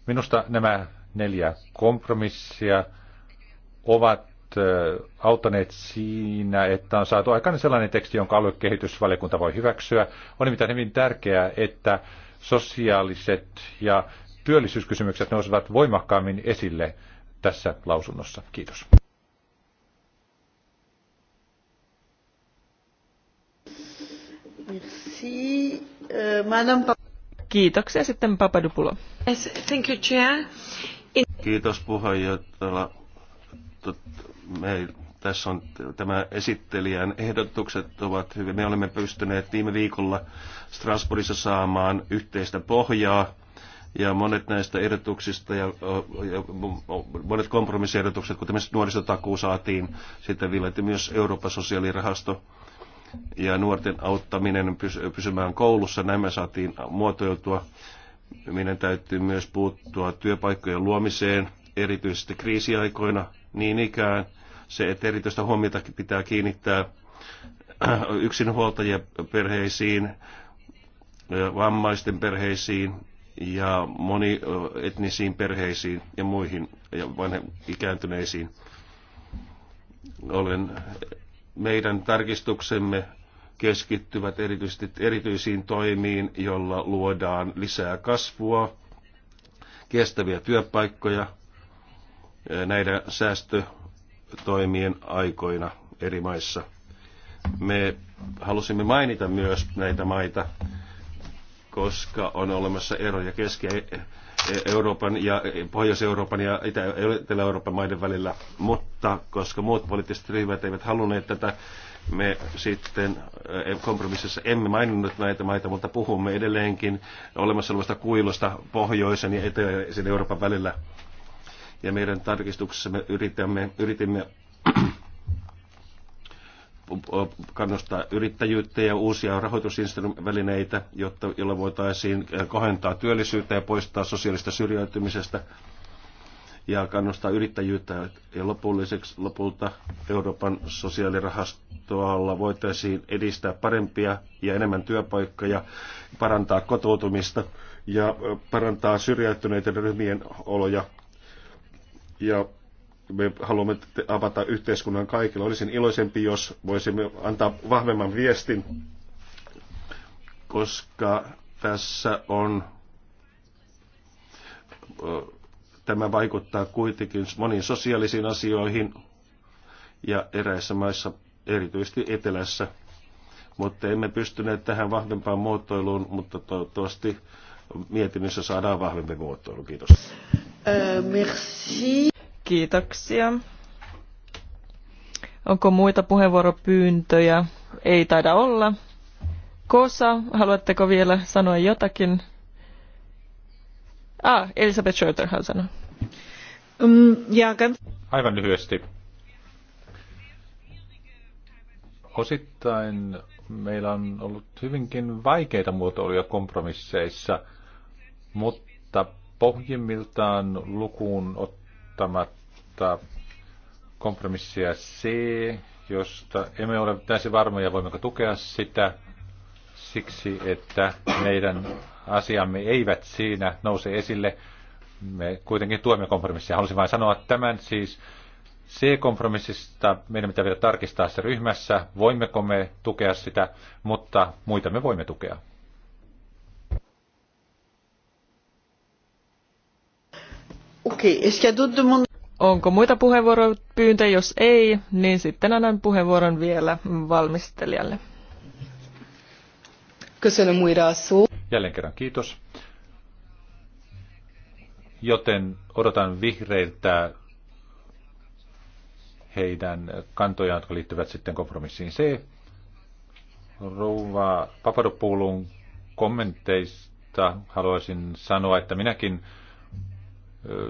Minusta nämä neljä kompromissia ovat auttaneet siinä, että on saatu aikaan sellainen teksti, jonka aluekehitysvaliokunta voi hyväksyä. On nimittäin hyvin tärkeää, että sosiaaliset ja työllisyyskysymykset nousevat voimakkaammin esille tässä lausunnossa. Kiitos. Merci. Euh, Madame... Kiitoksia sitten Papadupulo. Yes, thank you, Chair. Kiitos puheenjohtaja me, tässä on tämä esittelijän ehdotukset ovat hyvin. Me olemme pystyneet viime viikolla Strasbourgissa saamaan yhteistä pohjaa ja monet näistä ehdotuksista ja, ja monet kompromissiehdotukset, kuten myös nuorisotakuu saatiin, sitten viljeltiin myös Euroopan sosiaalirahasto ja nuorten auttaminen pysymään koulussa, nämä saatiin muotoiltua. Meidän täytyy myös puuttua työpaikkojen luomiseen, erityisesti kriisiaikoina niin ikään – se, että erityistä huomiota pitää kiinnittää yksinhuoltajien perheisiin, vammaisten perheisiin ja monietnisiin perheisiin ja muihin ja vanhem, ikääntyneisiin. Olen, meidän tarkistuksemme keskittyvät erityisesti erityisiin toimiin, joilla luodaan lisää kasvua, kestäviä työpaikkoja, näiden säästö- toimien aikoina eri maissa. Me halusimme mainita myös näitä maita, koska on olemassa eroja Keski-Euroopan ja Pohjois-Euroopan ja Itä-Euroopan maiden välillä, mutta koska muut poliittiset ryhmät eivät halunneet tätä, me sitten eh, kompromississa emme maininnut näitä maita, mutta puhumme edelleenkin olemassa olevasta kuilusta pohjoisen ja eteläisen Euroopan välillä ja meidän tarkistuksessamme yritämme, yritimme kannustaa yrittäjyyttä ja uusia rahoitusvälineitä, jotta, jolla voitaisiin eh, kohentaa työllisyyttä ja poistaa sosiaalista syrjäytymisestä ja kannustaa yrittäjyyttä. Ja lopulliseksi lopulta Euroopan sosiaalirahastoalla voitaisiin edistää parempia ja enemmän työpaikkoja, parantaa kotoutumista ja eh, parantaa syrjäytyneiden ryhmien oloja ja me haluamme avata yhteiskunnan kaikille. Olisin iloisempi, jos voisimme antaa vahvemman viestin, koska tässä on, tämä vaikuttaa kuitenkin moniin sosiaalisiin asioihin ja eräissä maissa, erityisesti etelässä. Mutta emme pystyneet tähän vahvempaan muotoiluun, mutta toivottavasti mietinnössä saadaan vahvempi muotoilu. Kiitos. Euh, merci. Kiitoksia. Onko muita puheenvuoropyyntöjä? Ei taida olla. Kosa, haluatteko vielä sanoa jotakin? Ah, Elisabeth Schroeder hän sanoi. Um, ja... Aivan lyhyesti. Osittain meillä on ollut hyvinkin vaikeita muotoiluja kompromisseissa, mutta pohjimmiltaan lukuun ottamatta kompromissia C, josta emme ole täysin varmoja, voimmeko tukea sitä siksi, että meidän asiamme eivät siinä nouse esille. Me kuitenkin tuemme kompromissia. Haluaisin vain sanoa tämän siis C-kompromissista. Meidän pitää vielä tarkistaa se ryhmässä, voimmeko me tukea sitä, mutta muita me voimme tukea. Onko muita puheenvuoropyyntöjä? Jos ei, niin sitten annan puheenvuoron vielä valmistelijalle. Jälleen kerran kiitos. Joten odotan vihreiltä heidän kantojaan, jotka liittyvät sitten kompromissiin C. Rouva Papadopoulun kommenteista haluaisin sanoa, että minäkin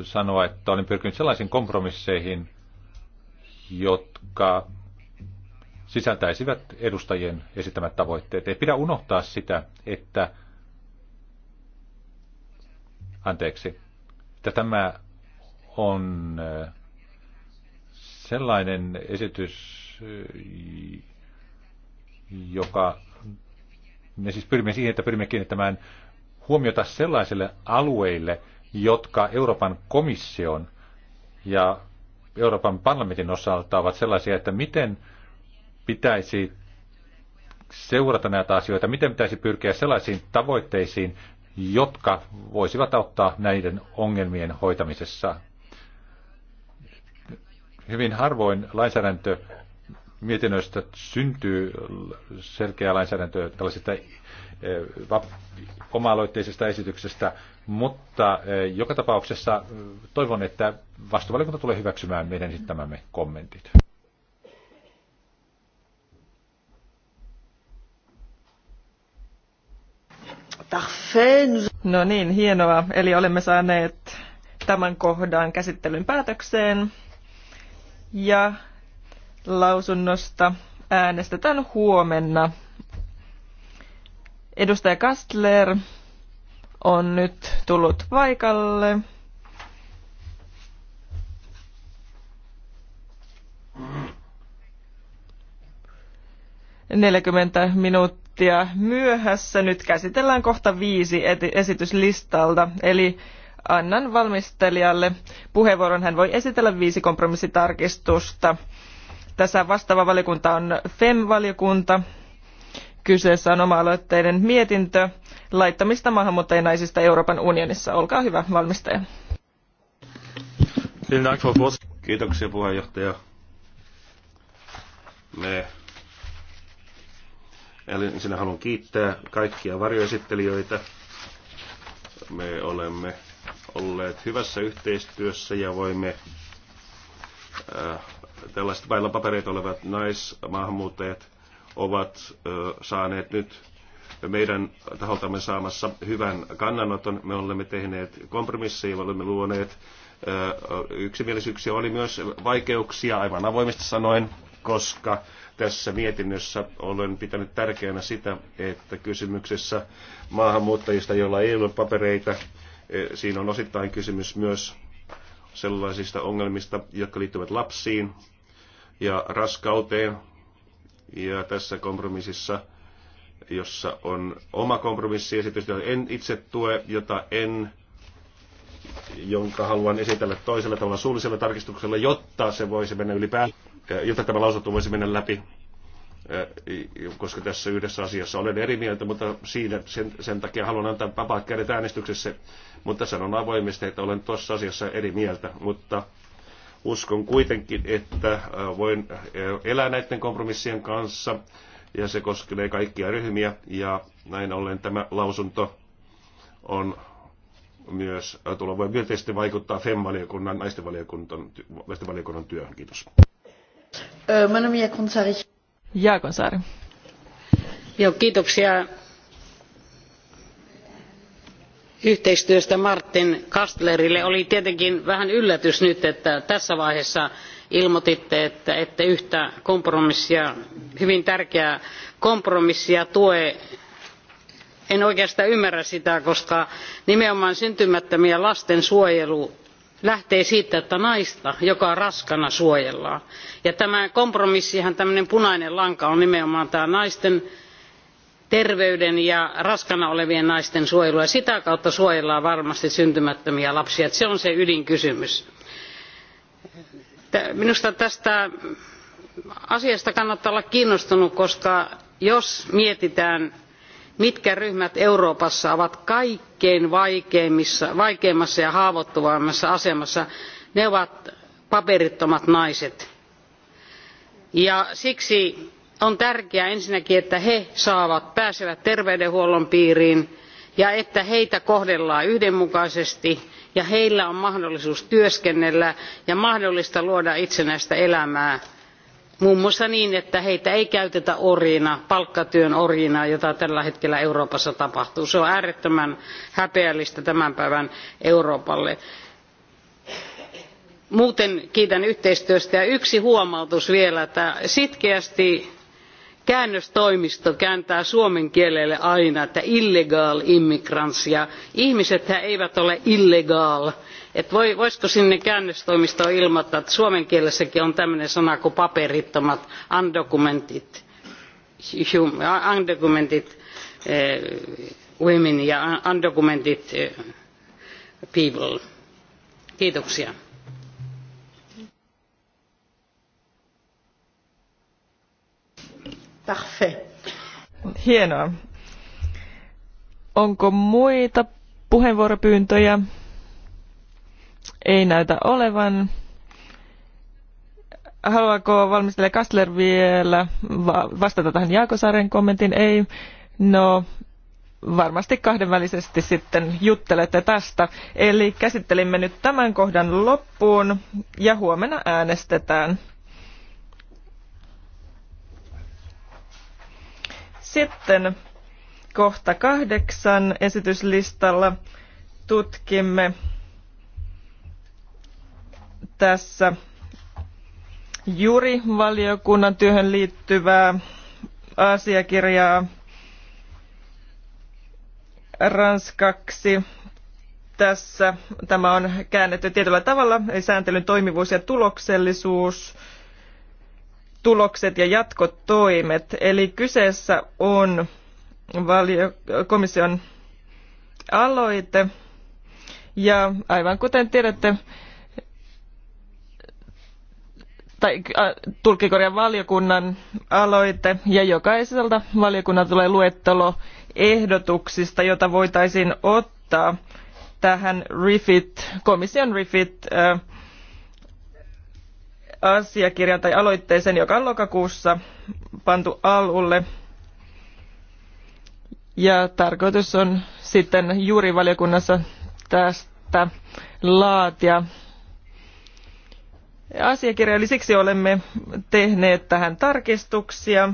sanoa, että olin pyrkinyt sellaisiin kompromisseihin, jotka sisältäisivät edustajien esittämät tavoitteet. Ei pidä unohtaa sitä, että anteeksi, että tämä on sellainen esitys, joka me siis pyrimme siihen, että pyrimme kiinnittämään huomiota sellaisille alueille, jotka Euroopan komission ja Euroopan parlamentin osalta ovat sellaisia, että miten pitäisi seurata näitä asioita, miten pitäisi pyrkiä sellaisiin tavoitteisiin, jotka voisivat auttaa näiden ongelmien hoitamisessa. Hyvin harvoin lainsäädäntö mietinnöistä syntyy selkeää lainsäädäntöä tällaisista Eh, oma-aloitteisesta esityksestä, mutta eh, joka tapauksessa eh, toivon, että vastuvalikunta tulee hyväksymään meidän esittämämme kommentit. No niin, hienoa. Eli olemme saaneet tämän kohdan käsittelyn päätökseen. Ja lausunnosta äänestetään huomenna. Edustaja Kastler on nyt tullut paikalle. Neljäkymmentä minuuttia myöhässä. Nyt käsitellään kohta viisi esityslistalta, eli annan valmistelijalle puheenvuoron. Hän voi esitellä viisi kompromissitarkistusta. Tässä vastaava valiokunta on FEM-valiokunta. Kyseessä on oma-aloitteinen mietintö laittamista maahanmuuttajanaisista Euroopan unionissa. Olkaa hyvä, valmistaja. Kiitoksia puheenjohtaja. Me Eli sinä haluan kiittää kaikkia varjoesittelijöitä. Me olemme olleet hyvässä yhteistyössä ja voimme äh, tällaiset vailla papereita olevat naismaahanmuuttajat ovat saaneet nyt meidän taholtamme saamassa hyvän kannanoton. Me olemme tehneet kompromisseja, me olemme luoneet yksimielisyyksiä. Oli myös vaikeuksia, aivan avoimesti sanoen, koska tässä mietinnössä olen pitänyt tärkeänä sitä, että kysymyksessä maahanmuuttajista, joilla ei ole papereita, siinä on osittain kysymys myös sellaisista ongelmista, jotka liittyvät lapsiin ja raskauteen, ja tässä kompromississa, jossa on oma kompromissiesitys, jota en itse tue, jota en jonka haluan esitellä toisella tavalla suullisella tarkistuksella, jotta se voisi mennä ylipäätään, jotta tämä lausuttu voisi mennä läpi, äh, koska tässä yhdessä asiassa olen eri mieltä, mutta siinä sen, sen takia haluan antaa vapaat kädet äänestyksessä, mutta sanon avoimesti, että olen tuossa asiassa eri mieltä, mutta Uskon kuitenkin, että äh, voin äh, elää näiden kompromissien kanssa ja se koskee kaikkia ryhmiä ja näin ollen tämä lausunto on myös äh, tulla voi myönteisesti vaikuttaa FEM-valiokunnan, naistenvaliokunnan, naistenvaliokunnan työhön. Kiitos. Manamia Jaakonsaari. Joo, kiitoksia yhteistyöstä Martin Kastlerille. Oli tietenkin vähän yllätys nyt, että tässä vaiheessa ilmoititte, että ette yhtä kompromissia, hyvin tärkeää kompromissia tue. En oikeastaan ymmärrä sitä, koska nimenomaan syntymättömien lasten suojelu lähtee siitä, että naista, joka on raskana suojellaan. Ja tämä kompromissihan, tämmöinen punainen lanka on nimenomaan tämä naisten terveyden ja raskaana olevien naisten suojelua. Sitä kautta suojellaan varmasti syntymättömiä lapsia. Se on se ydinkysymys. Minusta tästä asiasta kannattaa olla kiinnostunut, koska jos mietitään, mitkä ryhmät Euroopassa ovat kaikkein vaikeimmassa ja haavoittuvammassa asemassa, ne ovat paperittomat naiset. Ja siksi on tärkeää ensinnäkin että he saavat, pääsevät terveydenhuollon piiriin ja että heitä kohdellaan yhdenmukaisesti ja heillä on mahdollisuus työskennellä ja mahdollista luoda itsenäistä elämää muun muassa niin että heitä ei käytetä orjina palkkatyön orjina jota tällä hetkellä euroopassa tapahtuu. se on äärettömän häpeällistä tämän päivän euroopalle. muuten kiitän yhteistyöstä ja yksi huomautus vielä että sitkeästi käännöstoimisto kääntää suomen kielelle aina, että illegal immigrants ja ihmisethän eivät ole illegal. Et voisiko sinne käännöstoimistoon ilmoittaa, että suomen kielessäkin on tämmöinen sana kuin paperittomat, undocumented, undocumented eh, women ja undocumented eh, people. Kiitoksia. Parfait. Hienoa. Onko muita puheenvuoropyyntöjä? Ei näytä olevan. Haluaako valmistelija Kastler vielä vastata tähän Jaakosaaren kommentin? Ei. No, varmasti kahdenvälisesti sitten juttelette tästä. Eli käsittelimme nyt tämän kohdan loppuun ja huomenna äänestetään. Sitten kohta kahdeksan esityslistalla tutkimme tässä jurivaliokunnan työhön liittyvää asiakirjaa ranskaksi. Tässä tämä on käännetty tietyllä tavalla, eli sääntelyn toimivuus ja tuloksellisuus – tulokset ja jatkotoimet. Eli kyseessä on valio- komission aloite. Ja aivan kuten tiedätte, tai tulkikorjan valiokunnan aloite ja jokaiselta valiokunnan tulee luettelo ehdotuksista, jota voitaisiin ottaa tähän RIFIT, komission RIFIT äh, asiakirjan tai aloitteeseen, joka on lokakuussa pantu alulle. Ja tarkoitus on sitten juuri valiokunnassa tästä laatia asiakirja, eli siksi olemme tehneet tähän tarkistuksia.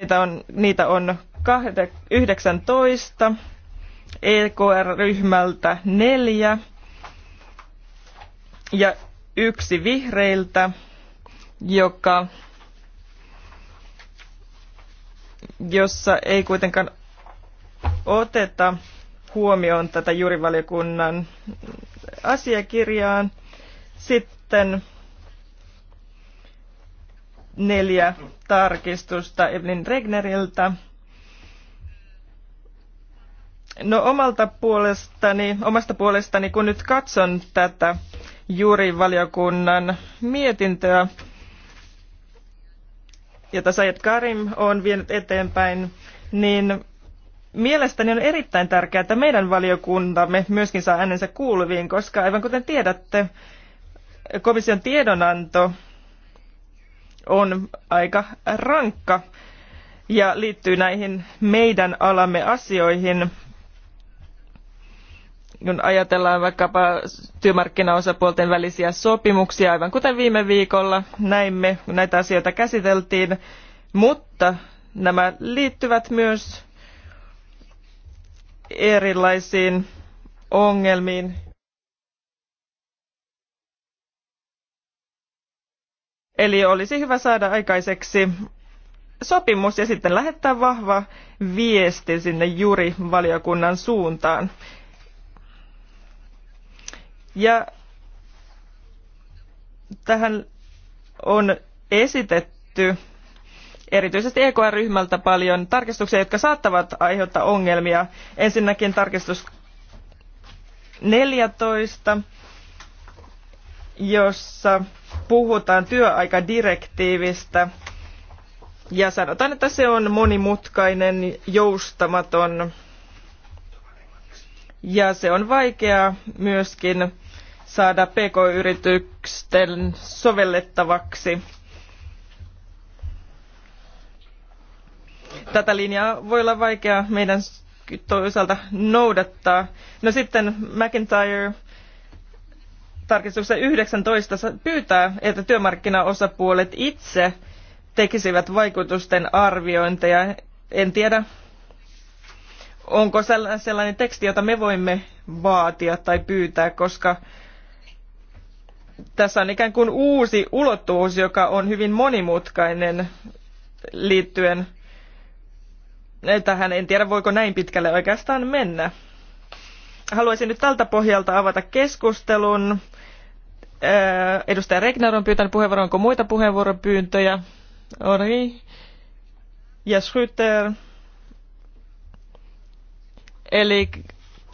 Niitä on, niitä on 19, EKR-ryhmältä neljä ja yksi vihreiltä, joka, jossa ei kuitenkaan oteta huomioon tätä juurivaliokunnan asiakirjaan. Sitten neljä tarkistusta Evelyn Regneriltä. No omalta puolestani, omasta puolestani, kun nyt katson tätä juurivaliokunnan mietintöä. Jota Sayed Karim on vienyt eteenpäin, niin mielestäni on erittäin tärkeää, että meidän valiokuntamme myöskin saa äänensä kuuluviin, koska aivan kuten tiedätte, komission tiedonanto on aika rankka ja liittyy näihin meidän alamme asioihin kun ajatellaan vaikkapa työmarkkinaosapuolten välisiä sopimuksia, aivan kuten viime viikolla näimme, kun näitä asioita käsiteltiin, mutta nämä liittyvät myös erilaisiin ongelmiin. Eli olisi hyvä saada aikaiseksi sopimus ja sitten lähettää vahva viesti sinne juri valiokunnan suuntaan. Ja tähän on esitetty erityisesti EKR-ryhmältä paljon tarkistuksia, jotka saattavat aiheuttaa ongelmia. Ensinnäkin tarkistus 14, jossa puhutaan työaikadirektiivistä ja sanotaan, että se on monimutkainen, joustamaton ja se on vaikea myöskin saada pk-yritysten sovellettavaksi. Tätä linjaa voi olla vaikea meidän toisaalta noudattaa. No sitten McIntyre tarkistuksessa 19 pyytää, että työmarkkinaosapuolet itse tekisivät vaikutusten arviointeja. En tiedä, onko sellainen teksti, jota me voimme vaatia tai pyytää, koska tässä on ikään kuin uusi ulottuvuus, joka on hyvin monimutkainen liittyen tähän. En tiedä, voiko näin pitkälle oikeastaan mennä. Haluaisin nyt tältä pohjalta avata keskustelun. Äh, edustaja Regner on pyytänyt puheenvuoron. Onko muita puheenvuoropyyntöjä? Ori ja Schröter. Eli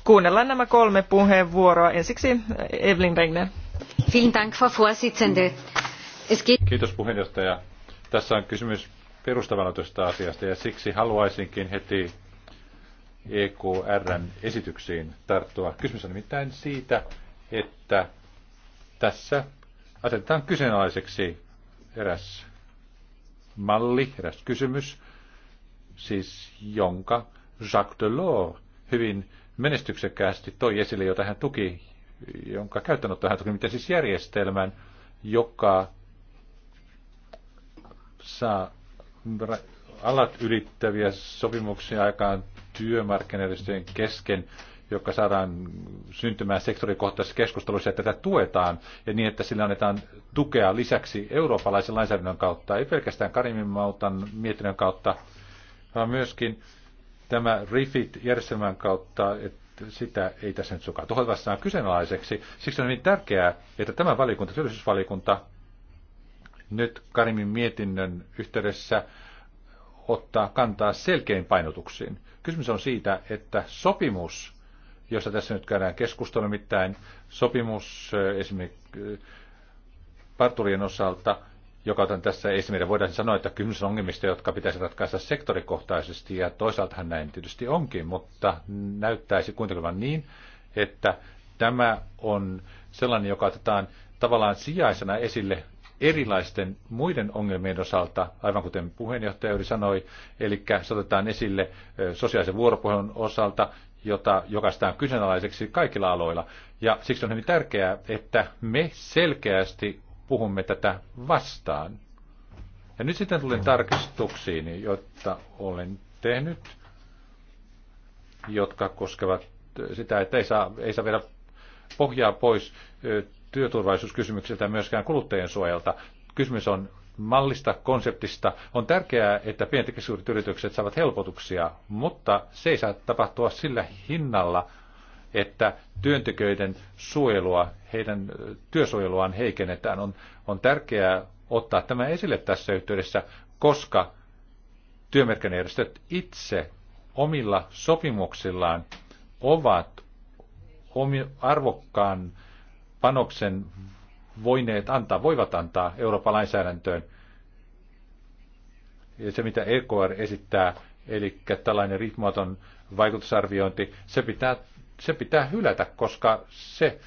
kuunnellaan nämä kolme puheenvuoroa. Ensiksi Evelyn Regner. Kiitos puhemies Tässä on kysymys perustavanlaatuisesta asiasta ja siksi haluaisinkin heti e n esityksiin tarttua. Kysymys on nimittäin siitä, että tässä asetetaan kyseenalaiseksi eräs malli, eräs kysymys, siis jonka Jacques Delors hyvin menestyksekkäästi toi esille, jota hän tuki jonka käyttöönotto hän tuli, miten siis järjestelmän, joka saa alat ylittäviä sopimuksia aikaan työmarkkinajärjestöjen kesken, joka saadaan syntymään sektorikohtaisessa keskustelussa että tätä tuetaan ja niin, että sillä annetaan tukea lisäksi eurooppalaisen lainsäädännön kautta, ei pelkästään Karimin mautan mietinnön kautta, vaan myöskin tämä RIFIT-järjestelmän kautta, että sitä ei tässä nyt sukaan tuhoa vastaan kyseenalaiseksi. Siksi on hyvin tärkeää, että tämä valiokunta, työllisyysvaliokunta, nyt Karimin mietinnön yhteydessä ottaa kantaa selkein painotuksiin. Kysymys on siitä, että sopimus, josta tässä nyt käydään keskustelua, nimittäin sopimus eh, esimerkiksi eh, parturien osalta – joka otan tässä esimerkiksi voidaan sanoa, että kysymys on ongelmista, jotka pitäisi ratkaista sektorikohtaisesti, ja toisaaltahan näin tietysti onkin, mutta näyttäisi kuitenkin vain niin, että tämä on sellainen, joka otetaan tavallaan sijaisena esille erilaisten muiden ongelmien osalta, aivan kuten puheenjohtaja Yri sanoi, eli se otetaan esille sosiaalisen vuoropuhelun osalta, jota jokaistaan kyseenalaiseksi kaikilla aloilla. Ja siksi on hyvin tärkeää, että me selkeästi puhumme tätä vastaan. Ja nyt sitten tulen tarkistuksiin, jotta olen tehnyt, jotka koskevat sitä, että ei saa, ei saa viedä pohjaa pois työturvallisuuskysymyksiltä myöskään kuluttajien suojalta. Kysymys on mallista, konseptista. On tärkeää, että pienet ja yritykset saavat helpotuksia, mutta se ei saa tapahtua sillä hinnalla, että työntekijöiden suojelua, heidän työsuojeluaan heikennetään. On, on tärkeää ottaa tämä esille tässä yhteydessä, koska työmarkkinajärjestöt itse omilla sopimuksillaan ovat arvokkaan panoksen voineet antaa, voivat antaa Euroopan lainsäädäntöön. Ja se, mitä EKR esittää, eli tällainen riippumaton vaikutusarviointi, se pitää se pitää hylätä, koska se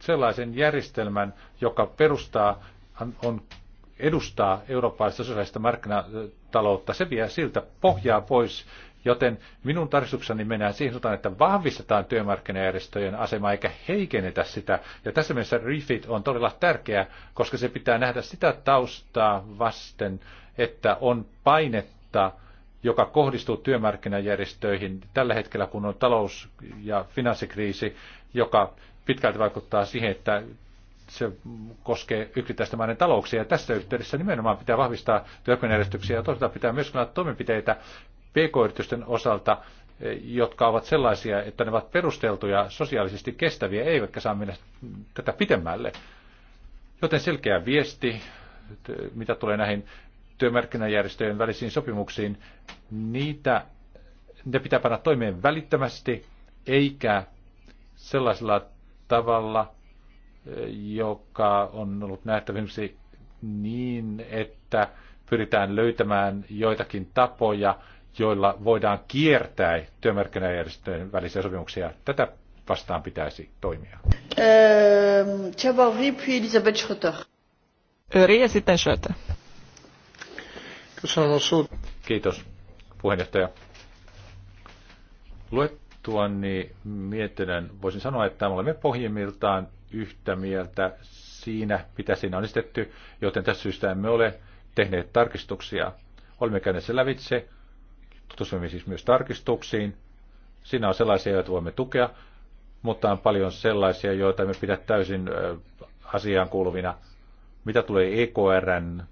sellaisen järjestelmän, joka perustaa, on, edustaa eurooppalaista sosiaalista markkinataloutta, se vie siltä pohjaa pois, joten minun tarkistukseni mennään siihen suuntaan, että vahvistetaan työmarkkinajärjestöjen asemaa eikä heikennetä sitä. Ja tässä mielessä refit on todella tärkeä, koska se pitää nähdä sitä taustaa vasten, että on painetta joka kohdistuu työmarkkinajärjestöihin tällä hetkellä, kun on talous- ja finanssikriisi, joka pitkälti vaikuttaa siihen, että se koskee yksittäisten maiden talouksia. Ja tässä yhteydessä nimenomaan pitää vahvistaa työmarkkinajärjestöksiä ja toisaalta pitää myös olla toimenpiteitä pk-yritysten osalta, jotka ovat sellaisia, että ne ovat perusteltuja, sosiaalisesti kestäviä, eivätkä saa mennä tätä pitemmälle. Joten selkeä viesti, mitä tulee näihin työmarkkinajärjestöjen välisiin sopimuksiin, niitä ne pitää panna toimeen välittömästi, eikä sellaisella tavalla, joka on ollut nähtävissä niin, että pyritään löytämään joitakin tapoja, joilla voidaan kiertää työmarkkinajärjestöjen välisiä sopimuksia. Tätä vastaan pitäisi toimia. Ehm, Chabauri, puis Elisabeth Schröter. Öri ja sitten Schröter. Kiitos, puheenjohtaja. Luettuani mietinnön voisin sanoa, että me olemme pohjimmiltaan yhtä mieltä siinä, mitä siinä on esitetty, joten tästä syystä emme ole tehneet tarkistuksia. Olemme käyneet sen lävitse, tutustumme siis myös tarkistuksiin. Siinä on sellaisia, joita voimme tukea, mutta on paljon sellaisia, joita me pidä täysin asiaan kuuluvina. Mitä tulee EKRn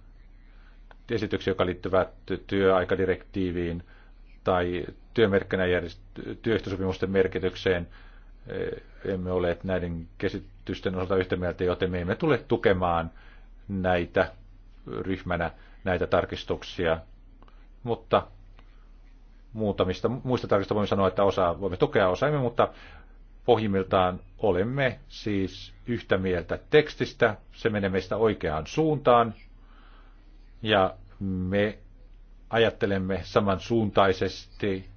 esityksiä, jotka liittyvät työaikadirektiiviin tai työehtosopimusten merkitykseen. E, emme ole näiden käsitysten osalta yhtä mieltä, joten me emme tule tukemaan näitä ryhmänä näitä tarkistuksia. Mutta muutamista muista tarkistuksista voimme sanoa, että osa voimme tukea, osa emme, mutta pohjimmiltaan olemme siis yhtä mieltä tekstistä. Se menee meistä oikeaan suuntaan ja me ajattelemme samansuuntaisesti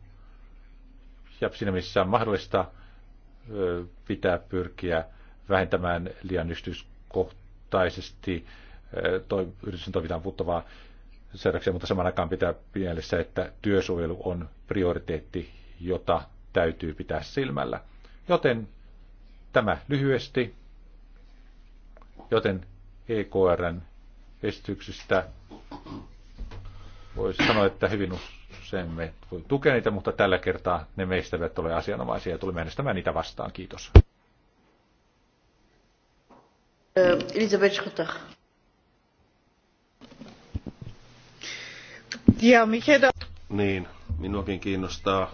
ja siinä missä on mahdollista pitää pyrkiä vähentämään liian yksityiskohtaisesti toi, yritysten toimintaan puuttavaa säädöksiä, mutta saman aikaan pitää mielessä, että työsuojelu on prioriteetti, jota täytyy pitää silmällä. Joten tämä lyhyesti, joten EKRn esityksestä Voisi sanoa, että hyvin usein me voi tukea niitä, mutta tällä kertaa ne meistä eivät ole asianomaisia ja tulemme äänestämään niitä vastaan. Kiitos. Äh, Elisabeth Schröter. Ja mikä Niin, minuakin kiinnostaa,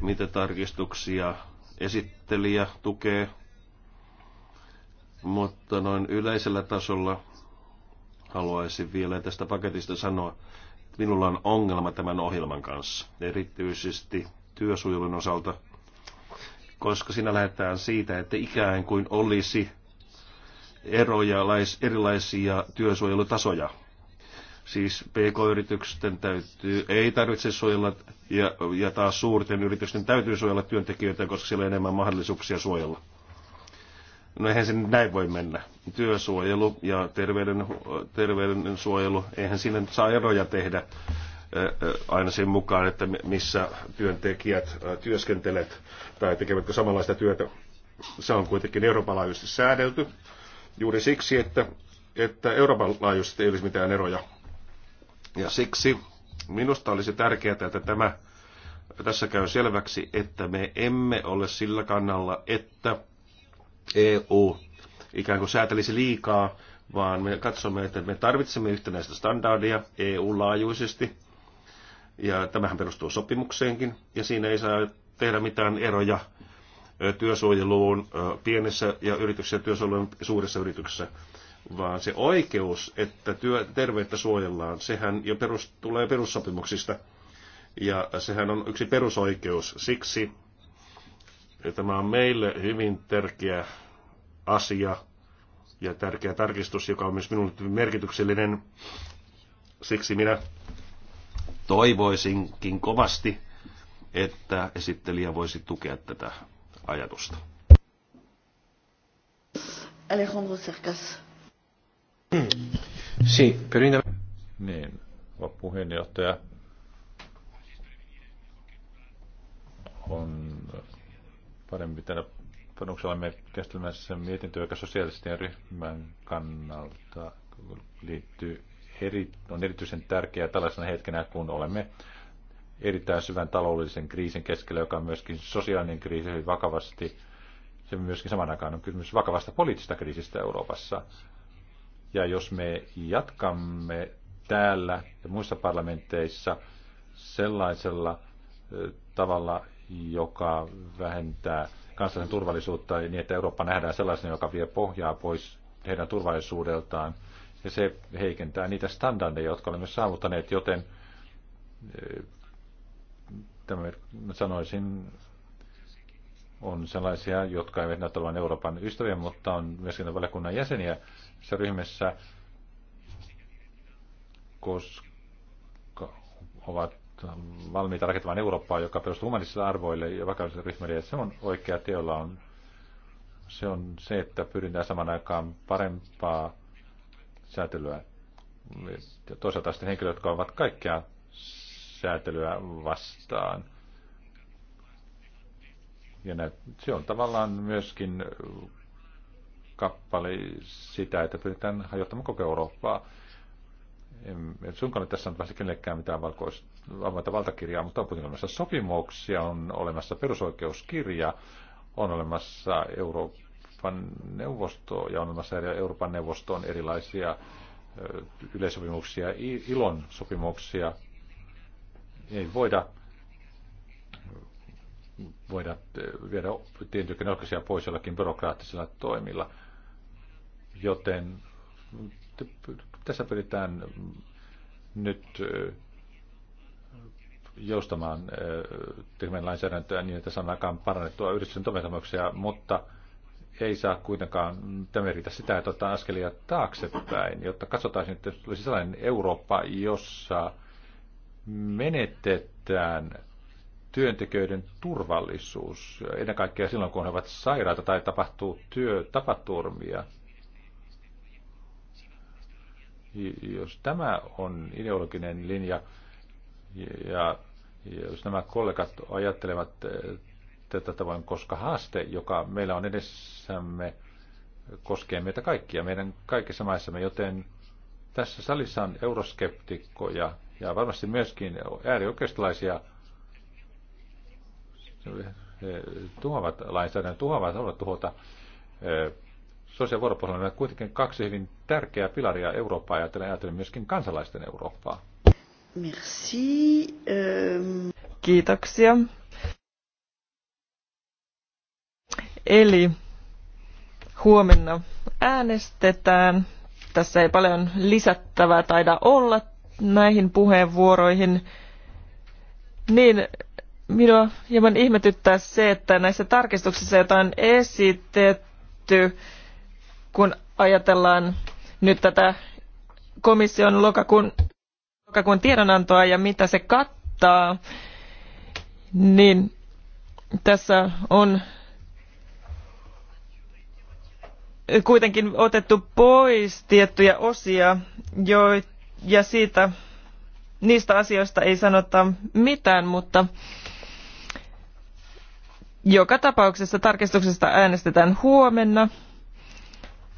mitä tarkistuksia esittelijä tukee, mutta noin yleisellä tasolla haluaisin vielä tästä paketista sanoa, että minulla on ongelma tämän ohjelman kanssa, erityisesti työsuojelun osalta, koska siinä lähdetään siitä, että ikään kuin olisi eroja, erilaisia työsuojelutasoja. Siis PK-yritysten täytyy, ei tarvitse suojella, ja, ja taas suurten yritysten täytyy suojella työntekijöitä, koska siellä on enemmän mahdollisuuksia suojella. No eihän se näin voi mennä. Työsuojelu ja terveyden, terveyden suojelu eihän siinä saa eroja tehdä aina sen mukaan, että missä työntekijät työskentelet tai tekevätkö samanlaista työtä. Se on kuitenkin Euroopan laajuisesti säädelty juuri siksi, että, että Euroopan laajuisesti ei olisi mitään eroja. Ja siksi minusta olisi tärkeää, että tämä, tässä käy selväksi, että me emme ole sillä kannalla, että EU ikään kuin säätelisi liikaa, vaan me katsomme, että me tarvitsemme yhtenäistä standardia EU-laajuisesti, ja tämähän perustuu sopimukseenkin, ja siinä ei saa tehdä mitään eroja työsuojeluun pienessä ja yrityksessä ja työsuojeluun suuressa yrityksessä, vaan se oikeus, että työ, terveyttä suojellaan, sehän jo perus, tulee perussopimuksista. Ja sehän on yksi perusoikeus. Siksi ja tämä on meille hyvin tärkeä asia ja tärkeä tarkistus, joka on myös minulle merkityksellinen. Siksi minä toivoisinkin kovasti, että esittelijä voisi tukea tätä ajatusta. Alejandro Serkas. Si, pyrin... Niin, puheenjohtaja on parempi tänä panoksella me käsittelemässä mietintöä, joka sosiaalisten ryhmän kannalta liittyy eri, on erityisen tärkeää tällaisena hetkenä, kun olemme erittäin syvän taloudellisen kriisin keskellä, joka on myöskin sosiaalinen kriisi hyvin vakavasti. Se myöskin saman aikaan on kysymys vakavasta poliittisesta kriisistä Euroopassa. Ja jos me jatkamme täällä ja muissa parlamenteissa sellaisella tavalla, joka vähentää kansallisen turvallisuutta niin, että Eurooppa nähdään sellaisena, joka vie pohjaa pois heidän turvallisuudeltaan. Ja se heikentää niitä standardeja, jotka olemme saavuttaneet, joten eh, tämä, sanoisin, on sellaisia, jotka eivät näytä olevan Euroopan ystäviä, mutta on myöskin valiokunnan jäseniä se ryhmässä, koska ovat valmiita rakentamaan Eurooppaa, joka perustuu humanistisille arvoille ja vakavisille ryhmille. Ja se on oikea teolla on. Se on se, että pyritään saman aikaan parempaa säätelyä. Ja toisaalta sitten henkilöt, jotka ovat kaikkea säätelyä vastaan. Ja näin, se on tavallaan myöskin kappale sitä, että pyritään hajottamaan koko Eurooppaa en sunkaan tässä on päässyt kenellekään mitään valkoista valtakirjaa, mutta on kuitenkin olemassa sopimuksia, on olemassa perusoikeuskirja, on olemassa Euroopan neuvosto ja on olemassa Euroopan neuvoston erilaisia yleisopimuksia, ilon sopimuksia. Ei voida voida viedä tietenkin oikeuksia pois jollakin byrokraattisilla toimilla. Joten tässä pyritään nyt joustamaan tyhmän lainsäädäntöä niin, että saadaan aikaan parannettua yritysten toimintamuksia, mutta ei saa kuitenkaan tämä riitä sitä, että ottaa askelia taaksepäin, jotta katsotaan, että olisi sellainen Eurooppa, jossa menetetään työntekijöiden turvallisuus, ennen kaikkea silloin, kun he ovat sairaita tai tapahtuu työtapaturmia. Jos tämä on ideologinen linja ja jos nämä kollegat ajattelevat eh, tätä tavoin, koska haaste, joka meillä on edessämme, koskee meitä kaikkia, meidän kaikissa maissamme, joten tässä salissa on euroskeptikkoja ja varmasti myöskin äärioikeistolaisia tuhoavat lainsäädännön, tuhoavat, haluavat tuhota eh, sosiaalinen vuoropuhelu on kuitenkin kaksi hyvin tärkeää pilaria Eurooppaa ja ajatellen, ajatellen myöskin kansalaisten Eurooppaa. Merci. Um... Kiitoksia. Eli huomenna äänestetään. Tässä ei paljon lisättävää taida olla näihin puheenvuoroihin. Niin minua hieman ihmetyttää se, että näissä tarkistuksissa, joita on esitetty, kun ajatellaan nyt tätä komission lokakuun, lokakuun tiedonantoa ja mitä se kattaa, niin tässä on kuitenkin otettu pois tiettyjä osia jo, ja siitä, niistä asioista ei sanota mitään, mutta joka tapauksessa tarkistuksesta äänestetään huomenna.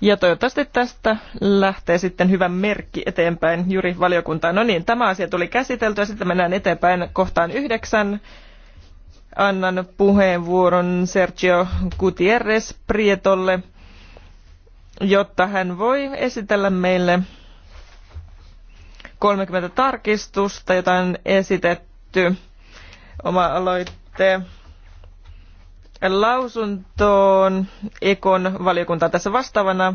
Ja toivottavasti tästä lähtee sitten hyvä merkki eteenpäin juuri valiokuntaan. No niin, tämä asia tuli ja Sitten mennään eteenpäin kohtaan yhdeksän. Annan puheenvuoron Sergio Gutierrez Prietolle, jotta hän voi esitellä meille 30 tarkistusta, jota on esitetty oma aloitteen lausuntoon Ekon valiokunta tässä vastaavana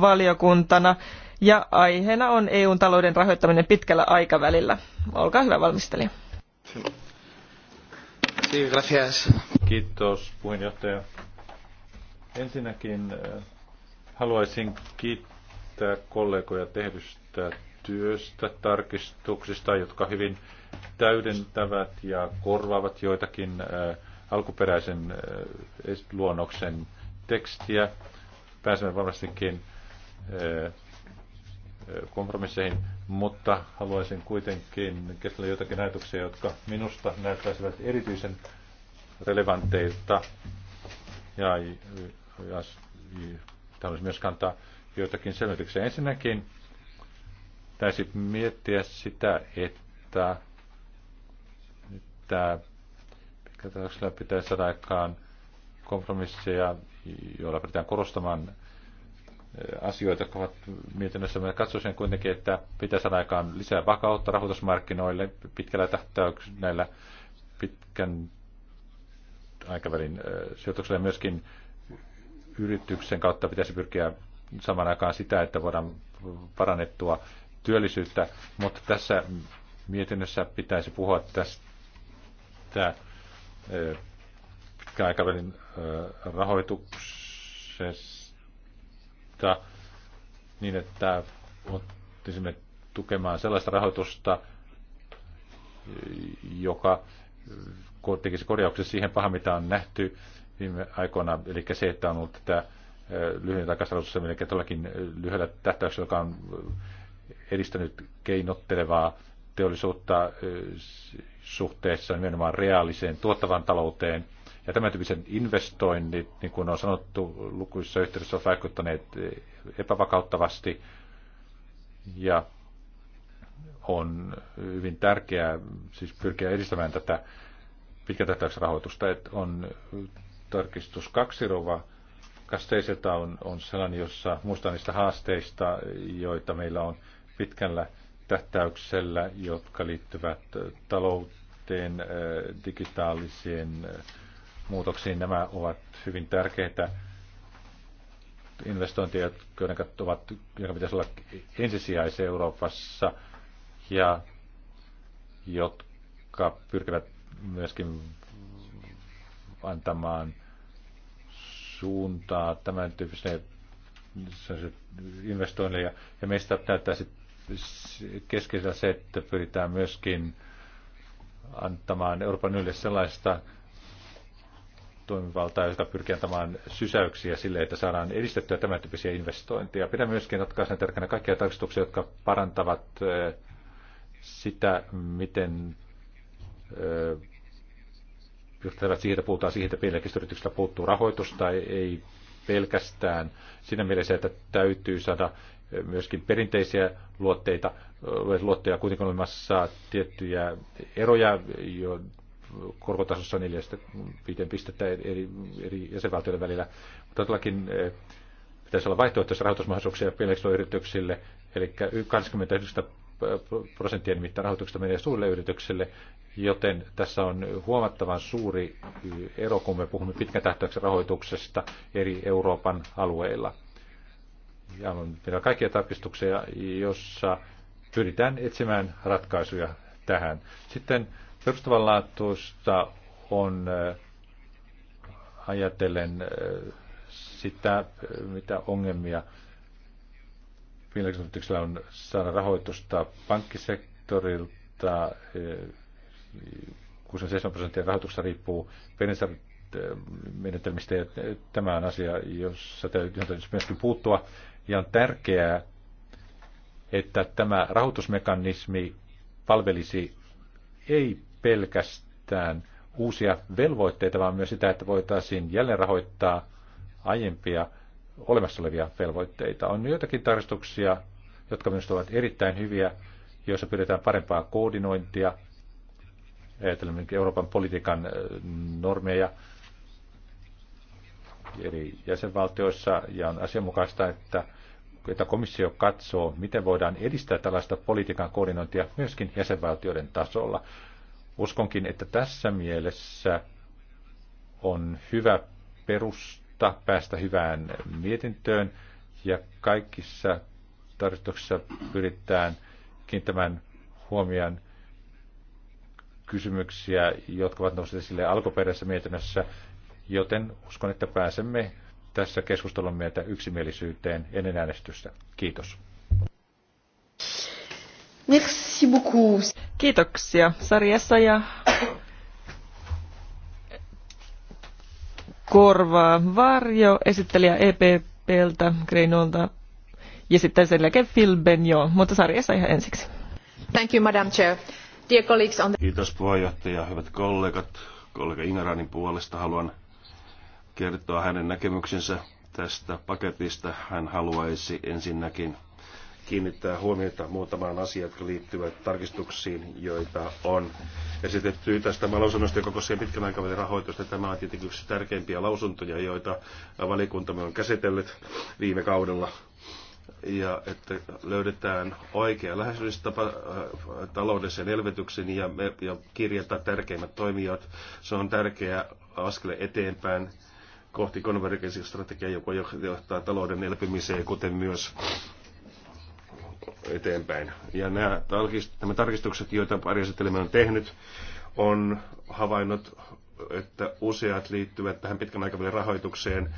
valiokuntana ja aiheena on EUn talouden rahoittaminen pitkällä aikavälillä. Olkaa hyvä valmistelija. Kiitos puheenjohtaja. Ensinnäkin eh, haluaisin kiittää kollegoja tehdystä työstä, tarkistuksista, jotka hyvin täydentävät ja korvaavat joitakin äh, alkuperäisen äh, luonnoksen tekstiä. Pääsemme varmastikin äh, äh, kompromisseihin, mutta haluaisin kuitenkin keskellä jotakin ajatuksia, jotka minusta näyttäisivät erityisen relevanteilta. Ja, ja, ja haluaisin myös kantaa joitakin selvityksiä. Ensinnäkin täytyy miettiä sitä, että, että Tällä pitäisi saada aikaan kompromisseja, joilla pyritään korostamaan eh, asioita, jotka ovat mietinnössä. Mä katsoisin kuitenkin, että pitää saada aikaan lisää vakautta rahoitusmarkkinoille pitkällä tähtäyksellä, pitkän aikavälin eh, sijoituksella myöskin yrityksen kautta pitäisi pyrkiä saman aikaan sitä, että voidaan parannettua työllisyyttä, mutta tässä mietinnössä pitäisi puhua tästä aikavälin rahoituksesta niin, että ottaisimme tukemaan sellaista rahoitusta, joka tekisi korjauksia siihen pahan, mitä on nähty viime aikoina, eli se, että on ollut tätä lyhyen takaisin eli todellakin lyhyellä tähtäyksellä, joka on edistänyt keinottelevaa teollisuutta, suhteessa nimenomaan reaaliseen tuottavaan talouteen. Ja tämän tyyppisen investoinnit, niin kuin on sanottu, lukuisissa yhteydessä ovat vaikuttaneet epävakauttavasti ja on hyvin tärkeää siis pyrkiä edistämään tätä pitkän rahoitusta, että on tarkistus kaksi rova. Kasteiselta on, on sellainen, jossa muistan niistä haasteista, joita meillä on pitkällä tähtäyksellä, jotka liittyvät talouteen, äh, digitaalisiin äh, muutoksiin. Nämä ovat hyvin tärkeitä investointeja, jotka ovat, pitäisi olla ensisijaisia Euroopassa ja jotka pyrkivät myöskin antamaan suuntaa tämän tyyppisille investoinnille. Ja meistä näyttää sitten keskeisellä se, että pyritään myöskin antamaan Euroopan ylle sellaista toimivaltaa, joka pyrkii antamaan sysäyksiä sille, että saadaan edistettyä tämän tyyppisiä investointeja. Pidän myöskin ratkaisen tärkeänä kaikkia tarkistuksia, jotka parantavat eh, sitä, miten eh, johtavat siihen, että puhutaan siihen, että pienellä puuttuu rahoitus tai ei pelkästään siinä mielessä, että täytyy saada myöskin perinteisiä luotteita, luotteja kuitenkin olemassa tiettyjä eroja, jo korkotasossa 4-5 pistettä eri, eri jäsenvaltioiden välillä. Mutta todellakin eh, pitäisi olla vaihtoehtoisia rahoitusmahdollisuuksia pienille yrityksille, eli 29 prosenttia nimittäin rahoituksesta menee suurille yrityksille, joten tässä on huomattavan suuri ero, kun me puhumme pitkän tähtäyksen rahoituksesta eri Euroopan alueilla ja on vielä kaikkia tarkistuksia, jossa pyritään etsimään ratkaisuja tähän. Sitten perustavanlaatuista on äh, ajatellen äh, sitä, äh, mitä ongelmia finanssiyrityksellä on saada rahoitusta pankkisektorilta. 67 prosenttia rahoituksesta riippuu menetelmistä ja tämä on asia, jossa täytyy myöskin puuttua. Ja on tärkeää, että tämä rahoitusmekanismi palvelisi ei pelkästään uusia velvoitteita, vaan myös sitä, että voitaisiin jälleen rahoittaa aiempia olemassa olevia velvoitteita. On joitakin tarkistuksia, jotka myös ovat erittäin hyviä, joissa pyritään parempaa koordinointia, ajatellen Euroopan politiikan eh, normeja, eri jäsenvaltioissa ja on asianmukaista, että että komissio katsoo, miten voidaan edistää tällaista politiikan koordinointia myöskin jäsenvaltioiden tasolla. Uskonkin, että tässä mielessä on hyvä perusta päästä hyvään mietintöön ja kaikissa tarjouksissa pyritään kiinnittämään huomioon kysymyksiä, jotka ovat nousseet esille alkuperäisessä mietinnössä joten uskon, että pääsemme tässä keskustelun myötä yksimielisyyteen ennen äänestystä. Kiitos. Merci beaucoup. Kiitoksia sarjassa ja korvaa Varjo, esittelijä EPPltä, Greinolta ja sitten sen jälkeen Phil Benjo, mutta sarjassa ihan ensiksi. Thank you, Madam Chair. Dear colleagues on the... Kiitos puheenjohtaja, hyvät kollegat. Kollega Ingaranin puolesta haluan kertoa hänen näkemyksensä tästä paketista. Hän haluaisi ensinnäkin kiinnittää huomiota muutamaan asiaan, jotka liittyvät tarkistuksiin, joita on esitetty tästä lausunnosta, joka koskee pitkän aikavälin rahoitusta. Tämä on tietenkin yksi tärkeimpiä lausuntoja, joita valikuntamme on käsitellyt viime kaudella. Ja että löydetään oikea lähestymistapa äh, taloudellisen elvytyksen ja, ja kirjata tärkeimmät toimijat. Se on tärkeä askel eteenpäin kohti konvergenssistrategiaa, joka johtaa talouden elpymiseen, kuten myös eteenpäin. Ja nämä, tarkist, nämä tarkistukset, joita Arjasetelmä on tehnyt, on havainnut, että useat liittyvät tähän pitkän aikavälin rahoitukseen,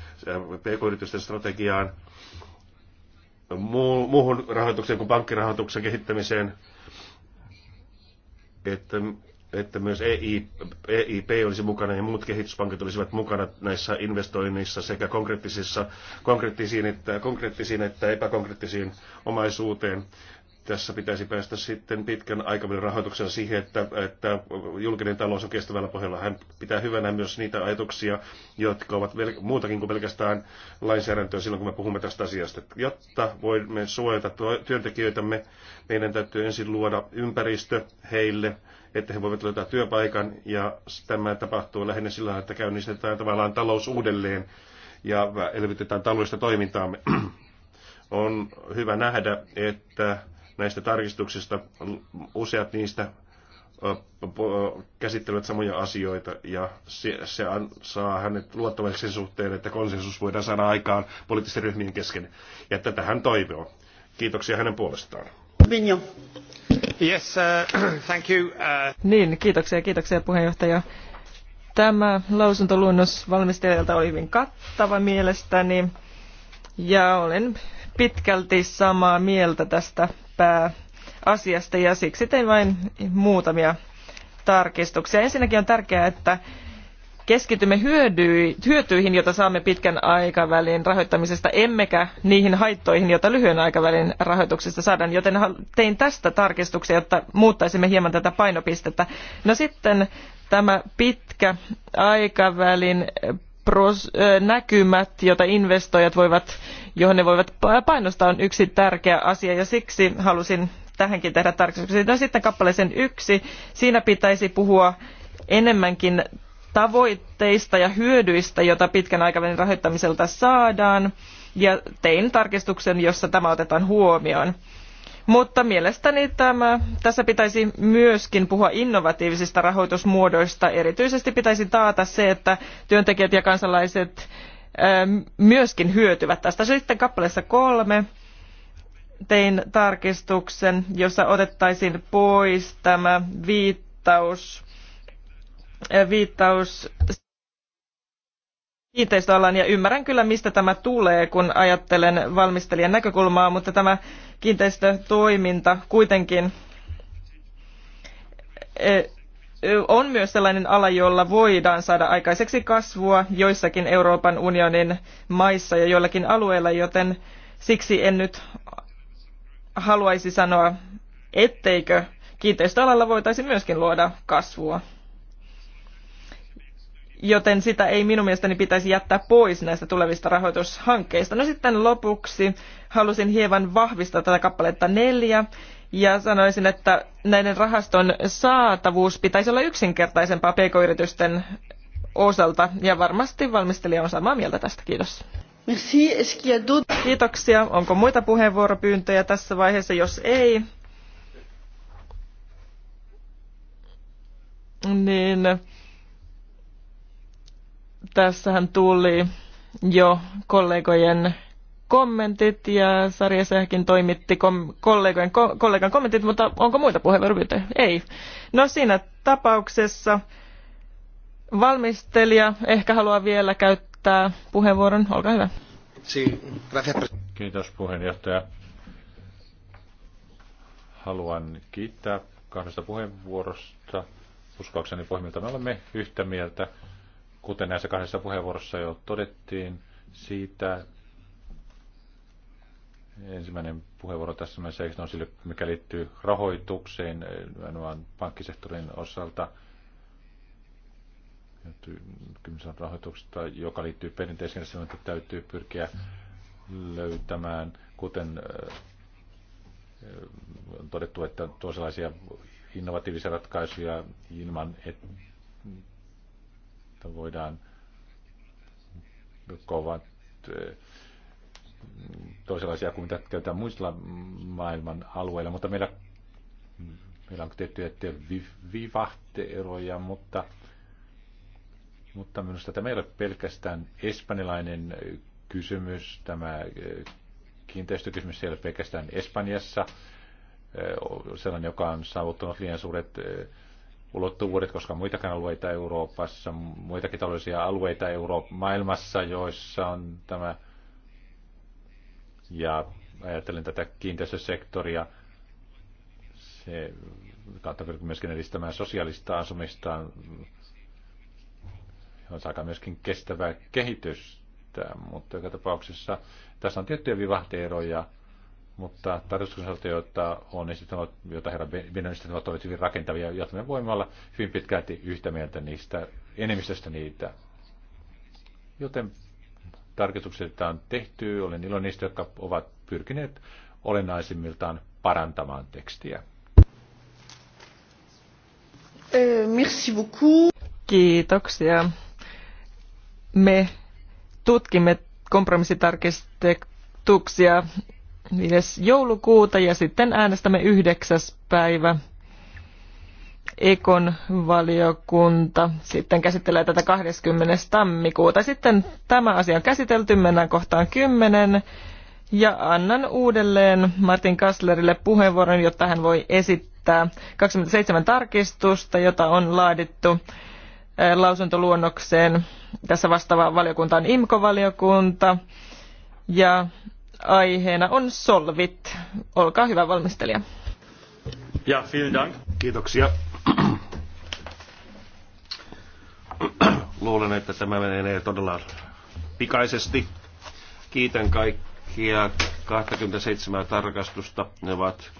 pk-yritysten strategiaan, muuhun rahoitukseen kuin pankkirahoituksen kehittämiseen, että että myös EIP, e olisi mukana ja muut kehityspankit olisivat mukana näissä investoinnissa sekä konkreettisissa, konkreettisiin, että, konkreettisiin että epäkonkreettisiin omaisuuteen. Tässä pitäisi päästä sitten pitkän aikavälin rahoituksen siihen, että, että julkinen talous on kestävällä pohjalla. Hän pitää hyvänä myös niitä ajatuksia, jotka ovat muutakin kuin pelkästään lainsäädäntöä silloin, kun me puhumme tästä asiasta. Jotta voimme suojata työntekijöitämme, meidän täytyy ensin luoda ympäristö heille, että he voivat löytää työpaikan ja tämä tapahtuu lähinnä sillä, että käynnistetään tavallaan talous uudelleen ja elvytetään taloudellista toimintaamme. On hyvä nähdä, että näistä tarkistuksista useat niistä käsittelevät samoja asioita ja se, se an, saa hänet luottavaksi sen suhteen, että konsensus voidaan saada aikaan poliittisten ryhmien kesken. Ja tätä hän toivoo. Kiitoksia hänen puolestaan. Minjo. Yes, uh, thank you. Uh... Niin, kiitoksia, kiitoksia puheenjohtaja. Tämä lausuntoluonnos valmistelijalta oli hyvin kattava mielestäni ja olen pitkälti samaa mieltä tästä pääasiasta ja siksi tein vain muutamia tarkistuksia. Ensinnäkin on tärkeää, että keskitymme hyötyihin, joita saamme pitkän aikavälin rahoittamisesta, emmekä niihin haittoihin, joita lyhyen aikavälin rahoituksesta saadaan. Joten tein tästä tarkistuksen jotta muuttaisimme hieman tätä painopistettä. No sitten tämä pitkä aikavälin näkymät, joita investoijat voivat, johon ne voivat painostaa, on yksi tärkeä asia ja siksi halusin tähänkin tehdä tarkistuksen. No sitten kappaleeseen yksi. Siinä pitäisi puhua enemmänkin tavoitteista ja hyödyistä, joita pitkän aikavälin rahoittamiselta saadaan, ja tein tarkistuksen, jossa tämä otetaan huomioon. Mutta mielestäni tämä, tässä pitäisi myöskin puhua innovatiivisista rahoitusmuodoista. Erityisesti pitäisi taata se, että työntekijät ja kansalaiset ähm, myöskin hyötyvät tästä. Sitten kappaleessa kolme tein tarkistuksen, jossa otettaisiin pois tämä viittaus viittaus kiinteistöalan ja ymmärrän kyllä mistä tämä tulee, kun ajattelen valmistelijan näkökulmaa, mutta tämä kiinteistötoiminta kuitenkin on myös sellainen ala, jolla voidaan saada aikaiseksi kasvua joissakin Euroopan unionin maissa ja joillakin alueilla, joten siksi en nyt haluaisi sanoa, etteikö kiinteistöalalla voitaisi myöskin luoda kasvua joten sitä ei minun mielestäni pitäisi jättää pois näistä tulevista rahoitushankkeista. No sitten lopuksi halusin hieman vahvistaa tätä kappaletta neljä ja sanoisin, että näiden rahaston saatavuus pitäisi olla yksinkertaisempaa pk-yritysten osalta ja varmasti valmistelija on samaa mieltä tästä. Kiitos. Kiitoksia. Onko muita puheenvuoropyyntöjä tässä vaiheessa? Jos ei, niin Tässähän tuli jo kollegojen kommentit ja Sarja Sähkin toimitti kom- kollegojen, ko- kollegan kommentit, mutta onko muita puheenvuoroja? Ei. No siinä tapauksessa valmistelija ehkä haluaa vielä käyttää puheenvuoron. Olkaa hyvä. Kiitos puheenjohtaja. Haluan kiittää kahdesta puheenvuorosta. Uskoakseni pohjimmilta me olemme yhtä mieltä kuten näissä kahdessa puheenvuorossa jo todettiin, siitä ensimmäinen puheenvuoro tässä se, on sille, mikä liittyy rahoitukseen nimenomaan pankkisektorin osalta. Kysymys rahoituksesta, joka liittyy perinteiseen sanoen, että täytyy pyrkiä löytämään, kuten äh, on todettu, että toisenlaisia innovatiivisia ratkaisuja ilman, että että voidaan kovat eh, toisenlaisia kuin mitä käytetään muilla maailman alueilla, mutta meillä, meillä on tiettyjä vivahteeroja, mutta, mutta minusta tämä ei ole pelkästään espanjalainen kysymys, tämä eh, kiinteistökysymys ei ole pelkästään Espanjassa, eh, sellainen, joka on saavuttanut liian suuret ulottuvuudet, koska muitakin alueita Euroopassa, muitakin taloudellisia alueita Euroop- maailmassa, joissa on tämä, ja ajattelen tätä kiinteistösektoria, se kautta pyrkii myöskin edistämään sosiaalista asumista, on aika myöskin kestävää kehitystä, mutta joka tapauksessa tässä on tiettyjä vivahteeroja, mutta tarjouskonsulaatioita on esittänyt, joita herra Benjamin ovat olleet hyvin rakentavia, jotta me voimme olla hyvin pitkälti yhtä mieltä niistä, enemmistöstä niitä. Joten että on tehty, olen iloinen niistä, jotka ovat pyrkineet olennaisimmiltaan parantamaan tekstiä. Merci beaucoup. Kiitoksia. Me tutkimme kompromissitarkistuksia 5. joulukuuta ja sitten äänestämme 9. päivä. Ekon valiokunta sitten käsittelee tätä 20. tammikuuta. Sitten tämä asia on käsitelty, mennään kohtaan 10. Ja annan uudelleen Martin Kasslerille puheenvuoron, jotta hän voi esittää 27 tarkistusta, jota on laadittu eh, lausuntoluonnokseen. Tässä vastaava valiokunta on IMKO-valiokunta ja aiheena on solvit. Olkaa hyvä valmistelija. Ja, vielen dank. Kiitoksia. Luulen, että tämä menee todella pikaisesti. Kiitän kaikkia 27 tarkastusta. Ne ovat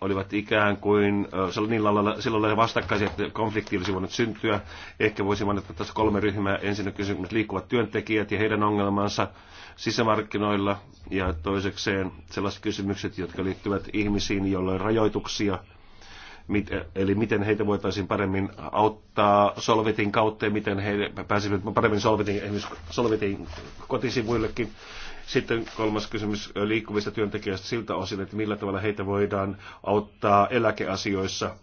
olivat ikään kuin, sillä niillä lailla, silloin oli vastakkaisia, että konflikti olisi voinut syntyä. Ehkä voisi mainita tässä kolme ryhmää. ensin kysymys liikkuvat työntekijät ja heidän ongelmansa sisämarkkinoilla ja toisekseen sellaiset kysymykset, jotka liittyvät ihmisiin, joilla on rajoituksia, Mit, eli miten heitä voitaisiin paremmin auttaa Solvitin kautta ja miten he pääsivät paremmin Solvitin, Solvitin kotisivuillekin. Sitten kolmas kysymys liikkuvista työntekijöistä siltä osin, että millä tavalla heitä voidaan auttaa eläkeasioissa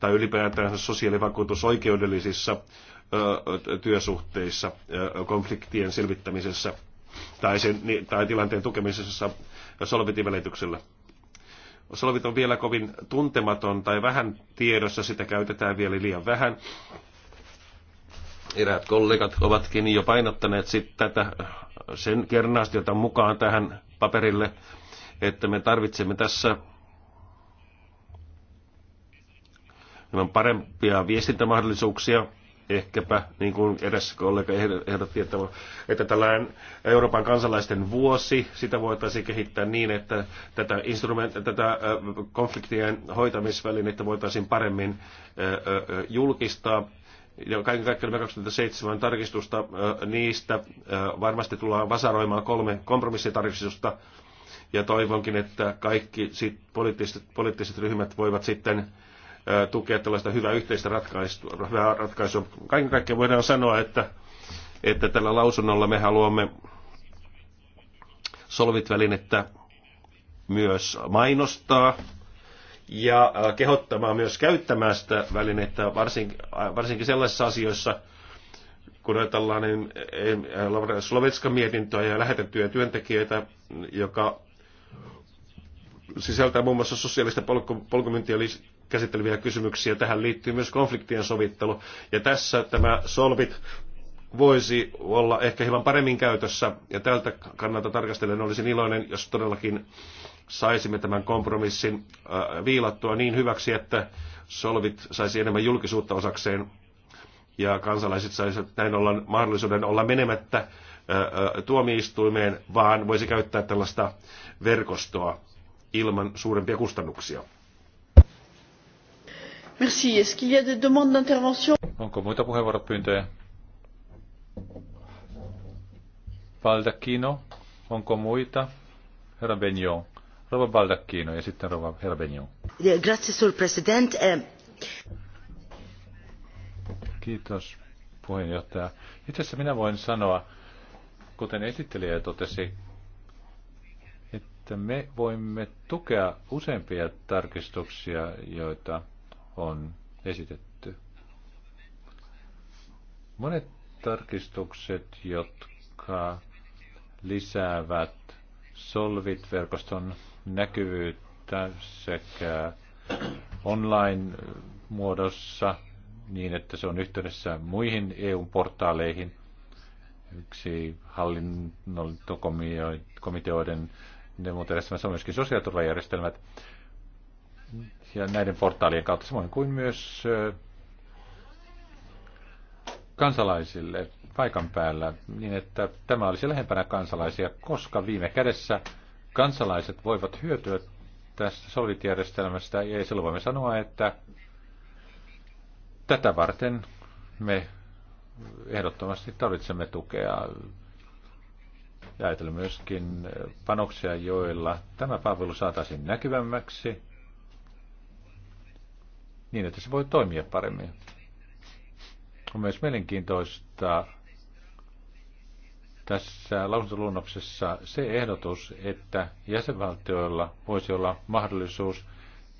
tai ylipäätään sosiaalivakuutusoikeudellisissa työsuhteissa, konfliktien selvittämisessä tai, sen, tai tilanteen tukemisessa solvitivälityksellä. Solvit on vielä kovin tuntematon tai vähän tiedossa, sitä käytetään vielä liian vähän. Eräät kollegat ovatkin jo painottaneet sit tätä sen kernaasti otan mukaan tähän paperille, että me tarvitsemme tässä parempia viestintämahdollisuuksia, ehkäpä, niin kuin edessä kollega ehdotti, että, että tällainen Euroopan kansalaisten vuosi, sitä voitaisiin kehittää niin, että tätä, instrument, tätä konfliktien hoitamisvälinettä voitaisiin paremmin julkistaa ja kaiken kaikkiaan nämä 27 tarkistusta, niistä varmasti tullaan vasaroimaan kolme kompromissitarkistusta, ja toivonkin, että kaikki sit poliittiset, poliittiset ryhmät voivat sitten tukea tällaista hyvää yhteistä ratkaisua. Hyvää ratkaisua. Kaiken kaikkiaan voidaan sanoa, että, että tällä lausunnolla me haluamme solvit-välinettä myös mainostaa ja kehottamaan myös käyttämään sitä välinettä varsinkin, varsinkin sellaisissa asioissa, kun ajatellaan niin Slovetskan mietintöä ja lähetettyjä työntekijöitä, joka sisältää muun muassa sosiaalista polkumyyntiä käsitteleviä kysymyksiä. Tähän liittyy myös konfliktien sovittelu. Ja tässä tämä solvit voisi olla ehkä hieman paremmin käytössä. Ja tältä kannalta tarkastellen olisin iloinen, jos todellakin saisimme tämän kompromissin äh, viilattua niin hyväksi, että solvit saisi enemmän julkisuutta osakseen ja kansalaiset saisivat näin olla mahdollisuuden olla menemättä äh, äh, tuomioistuimeen, vaan voisi käyttää tällaista verkostoa ilman suurempia kustannuksia. Merci. Est-ce qu'il y a des demandes d'intervention? Onko muita puheenvuoropyyntöjä? Valdakino, onko muita? Herra Benjo. Rova Baldacchino ja sitten Rova Herbenio. Grazie, sul president. Ehm, Kiitos, puheenjohtaja. Itse asiassa minä voin sanoa, kuten esittelijä totesi, että me voimme tukea useampia tarkistuksia, joita on esitetty. Monet tarkistukset, jotka lisäävät Solvit-verkoston näkyvyyttä sekä online-muodossa niin, että se on yhteydessä muihin EU-portaaleihin. Yksi hallinnokomiteoiden neuvontajärjestelmässä on myöskin sosiaaliturvajärjestelmät ja näiden portaalien kautta, samoin kuin myös kansalaisille paikan päällä, niin että tämä olisi lähempänä kansalaisia, koska viime kädessä kansalaiset voivat hyötyä tästä solvitjärjestelmästä, ja silloin voimme sanoa, että tätä varten me ehdottomasti tarvitsemme tukea ja ajatella myöskin panoksia, joilla tämä palvelu saataisiin näkyvämmäksi niin, että se voi toimia paremmin. On myös mielenkiintoista tässä lausuntoluonnoksessa se ehdotus, että jäsenvaltioilla voisi olla mahdollisuus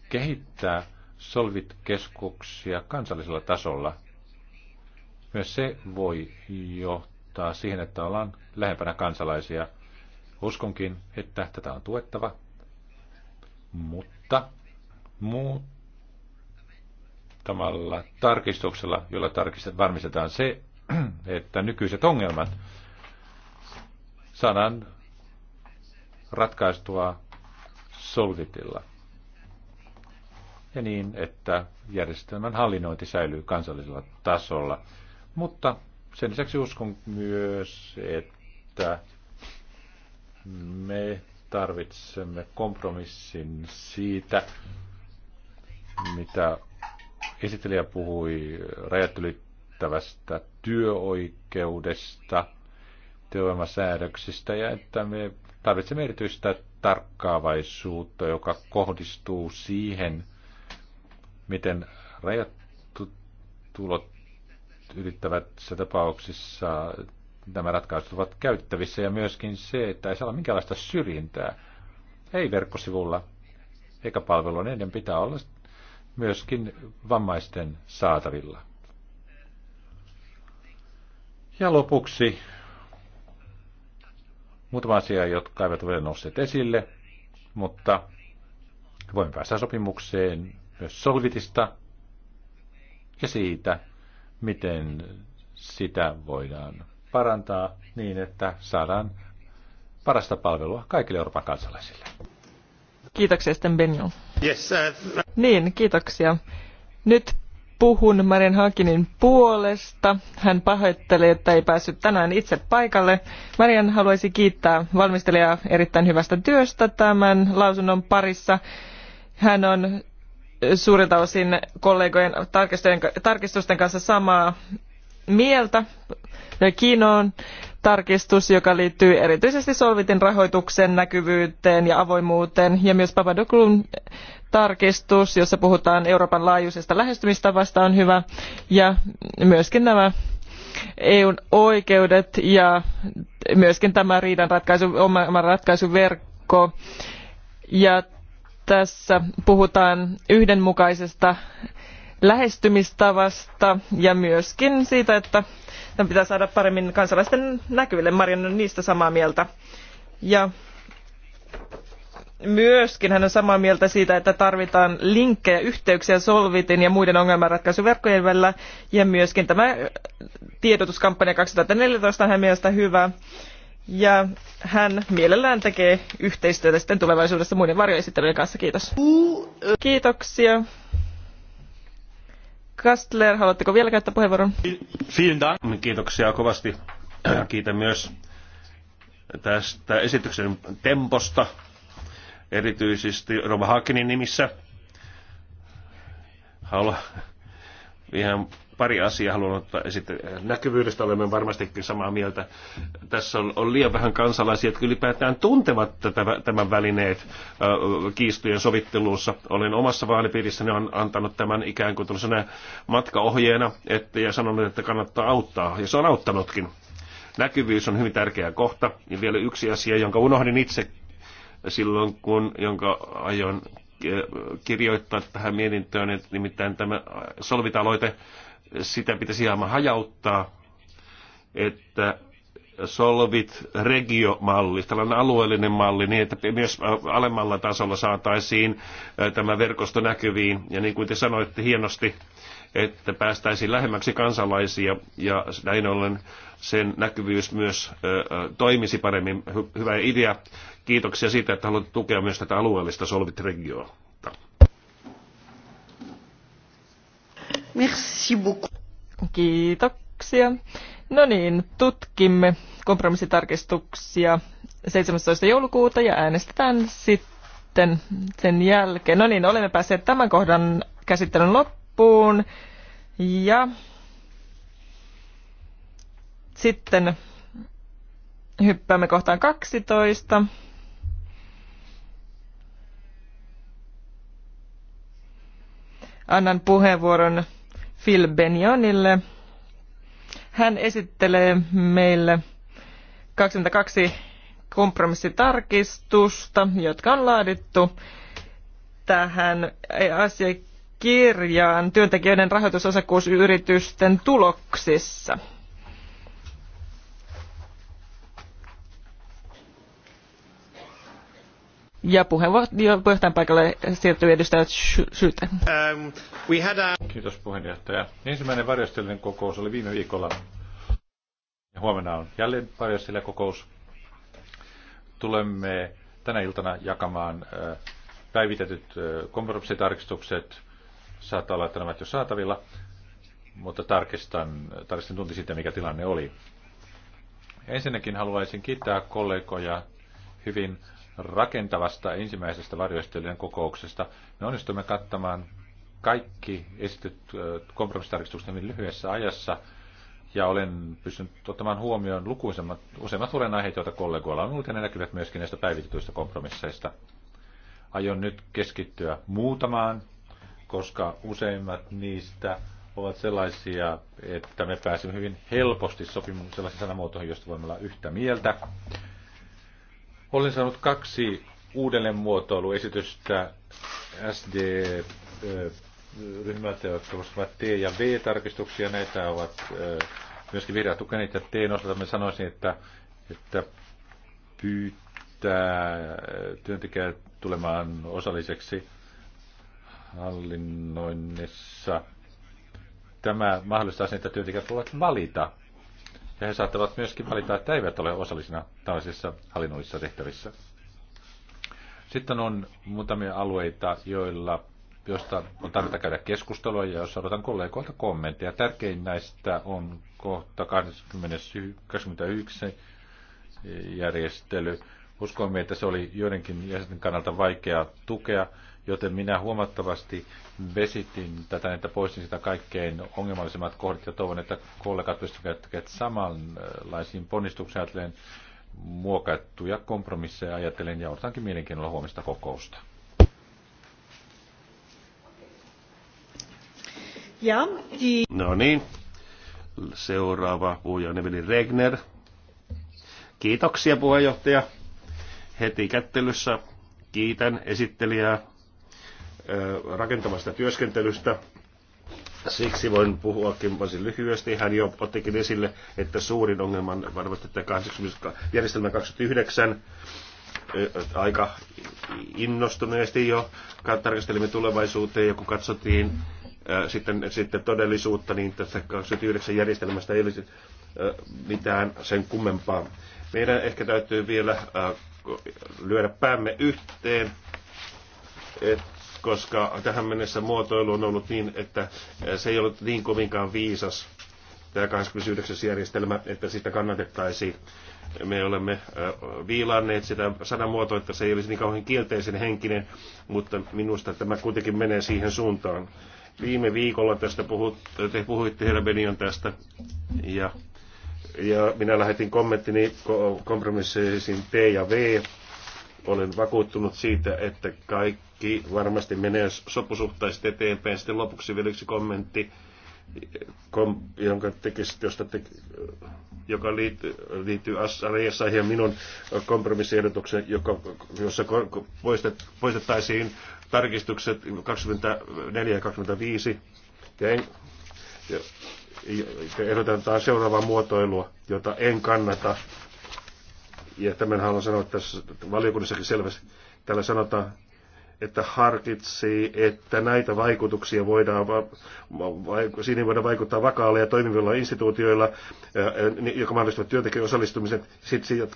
kehittää solvit-keskuksia kansallisella tasolla. Myös se voi johtaa siihen, että ollaan lähempänä kansalaisia. Uskonkin, että tätä on tuettava, mutta muuttamalla tarkistuksella, jolla tarkistetaan, varmistetaan se, että nykyiset ongelmat – sanan ratkaistua solvitilla. Ja niin, että järjestelmän hallinnointi säilyy kansallisella tasolla. Mutta sen lisäksi uskon myös, että me tarvitsemme kompromissin siitä, mitä esittelijä puhui rajat ylittävästä työoikeudesta – työvoimasäädöksistä ja että me tarvitsemme erityistä tarkkaavaisuutta, joka kohdistuu siihen, miten rajatulot tulot ylittävässä tapauksissa nämä ratkaisut ovat käyttävissä ja myöskin se, että ei saa olla minkäänlaista syrjintää. Ei verkkosivulla eikä palvelua, niiden pitää olla myöskin vammaisten saatavilla. Ja lopuksi Muutama asia, jotka eivät ole nousseet esille, mutta voimme päästä sopimukseen myös solvitista ja siitä, miten sitä voidaan parantaa niin, että saadaan parasta palvelua kaikille Euroopan kansalaisille. Kiitoksia sitten Benjo. Yes, uh... Niin, kiitoksia. Nyt puhun Marian Hakinin puolesta. Hän pahoittelee, että ei päässyt tänään itse paikalle. Marian haluaisi kiittää valmistelijaa erittäin hyvästä työstä tämän lausunnon parissa. Hän on suurilta osin kollegojen tarkistusten kanssa samaa mieltä. Kiinoon tarkistus, joka liittyy erityisesti Solvitin rahoituksen näkyvyyteen ja avoimuuteen, ja myös Papadokulun tarkistus, jossa puhutaan Euroopan laajuisesta lähestymistavasta, on hyvä, ja myöskin nämä EUn oikeudet ja myöskin tämä riidanratkaisu, oma ratkaisuverkko. Ja tässä puhutaan yhdenmukaisesta lähestymistavasta ja myöskin siitä, että tämä pitää saada paremmin kansalaisten näkyville. Marian on niistä samaa mieltä. Ja myöskin hän on samaa mieltä siitä, että tarvitaan linkkejä, yhteyksiä Solvitin ja muiden ongelmanratkaisuverkkojen välillä. Ja myöskin tämä tiedotuskampanja 2014 on hän mielestä hyvä. Ja hän mielellään tekee yhteistyötä sitten tulevaisuudessa muiden varjoesittelyjen kanssa. Kiitos. Kiitoksia. Kastler, haluatteko vielä käyttää puheenvuoron? Kiitoksia kovasti. Kiitän myös tästä esityksen temposta, erityisesti Rova Hakenin nimissä. Haluan ihan pari asiaa haluan ottaa esille. Äh, näkyvyydestä olemme varmastikin samaa mieltä. Tässä on, on liian vähän kansalaisia, jotka ylipäätään tuntevat tätä, tämän välineet äh, kiistojen sovittelussa. Olen omassa vaalipiirissäni on antanut tämän ikään kuin tuollaisena matkaohjeena että, ja sanonut, että kannattaa auttaa. Ja se on auttanutkin. Näkyvyys on hyvin tärkeä kohta. Ja vielä yksi asia, jonka unohdin itse silloin, kun, jonka aion äh, kirjoittaa tähän mietintöön, että nimittäin tämä solvitaloite sitä pitäisi hieman hajauttaa, että Solvit regiomalli, tällainen alueellinen malli, niin että myös alemmalla tasolla saataisiin tämä verkosto näkyviin. Ja niin kuin te sanoitte hienosti, että päästäisiin lähemmäksi kansalaisia ja näin ollen sen näkyvyys myös toimisi paremmin. Hyvä idea. Kiitoksia siitä, että haluatte tukea myös tätä alueellista Solvit-regioa. Merci beaucoup. Kiitoksia. No niin, tutkimme kompromissitarkistuksia 17. joulukuuta ja äänestetään sitten sen jälkeen. No niin, olemme päässeet tämän kohdan käsittelyn loppuun. Ja sitten hyppäämme kohtaan 12. Annan puheenvuoron Phil Benjonille. Hän esittelee meille 22 kompromissitarkistusta, jotka on laadittu tähän asiakirjaan työntekijöiden rahoitusosakkuusyritysten tuloksissa. Ja puheenjohtajan paikalle siirtyy edustaja Schulte. Um, a... Kiitos puheenjohtaja. Ensimmäinen varjostellinen kokous oli viime viikolla. Ja huomenna on jälleen varjostellinen kokous. Tulemme tänä iltana jakamaan päivitetyt kompromissitarkistukset. Saattaa olla, että nämä jo saatavilla, mutta tarkistan, tarkistan tunti sitten, mikä tilanne oli. Ensinnäkin haluaisin kiittää kollegoja hyvin rakentavasta ensimmäisestä varjoistelijan kokouksesta. Me onnistumme kattamaan kaikki esityt kompromissitarkistukset hyvin lyhyessä ajassa, ja olen pystynyt ottamaan huomioon lukuisemmat, useimmat aiheet, joita kollegoilla on ollut, ja ne näkyvät myöskin näistä päivitetyistä kompromisseista. Aion nyt keskittyä muutamaan, koska useimmat niistä ovat sellaisia, että me pääsemme hyvin helposti sopimaan sellaisiin sanamuotoihin, joista voimme olla yhtä mieltä. Olen saanut kaksi uudelleenmuotoiluesitystä SD-ryhmältä, jotka koskevat T- ja V-tarkistuksia. Näitä ovat myöskin vihreät tukeneet ja T:n osalta me sanoisin, että, että pyytää työntekijää tulemaan osalliseksi hallinnoinnissa. Tämä mahdollistaa sen, että työntekijät voivat valita ja he saattavat myöskin valita, että eivät ole osallisina tällaisissa hallinnollisissa tehtävissä. Sitten on muutamia alueita, joilla, joista on tarvita käydä keskustelua ja jos odotan kollegoilta kommentteja. Tärkein näistä on kohta 21 järjestely. Uskoimme, että se oli joidenkin jäsenten kannalta vaikea tukea Joten minä huomattavasti vesitin tätä, että poistin sitä kaikkein ongelmallisimmat kohdat ja toivon, että kollegat pystyvät tekemään samanlaisiin ponnistuksiin ajatellen muokattuja kompromisseja ajatellen ja odotankin mielenkiinnolla huomista kokousta. Ja, i- no niin, seuraava puhuja on Evelin Regner. Kiitoksia puheenjohtaja. Heti kättelyssä kiitän esittelijää rakentavasta työskentelystä. Siksi voin puhuakin varsin lyhyesti. Hän jo ottikin esille, että suurin ongelma on varmasti tämä järjestelmä 29 aika innostuneesti jo tarkastelimme tulevaisuuteen ja kun katsottiin ää, sitten, sitten todellisuutta, niin tässä 29 järjestelmästä ei olisi ää, mitään sen kummempaa. Meidän ehkä täytyy vielä ää, lyödä päämme yhteen, että koska tähän mennessä muotoilu on ollut niin, että se ei ollut niin kovinkaan viisas, tämä 29. järjestelmä, että sitä kannatettaisiin. Me olemme viilanneet sitä sanamuotoa, että se ei olisi niin kauhean kielteisen henkinen, mutta minusta tämä kuitenkin menee siihen suuntaan. Viime viikolla tästä puhut, te puhuitte Herbenion tästä ja, ja minä lähetin kommenttini kompromisseisiin T ja V olen vakuuttunut siitä, että kaikki varmasti menee sopusuhtaisesti eteenpäin. Sitten lopuksi vielä yksi kommentti, kom, jonka tekisit, josta te, joka liittyy, liittyy Assariassa ja minun kompromissiehdotuksen, joka, jossa poistet, poistettaisiin tarkistukset 24 ja 25. Ja, en, ja, ja ehdotetaan seuraavaa muotoilua, jota en kannata ja tämän haluan sanoa tässä valiokunnassakin selvästi, täällä sanotaan, että harkitsi, että näitä vaikutuksia voidaan, siinä voidaan vaikuttaa vakaalle ja toimivilla instituutioilla, joka mahdollistavat työntekijän osallistumisen, sitten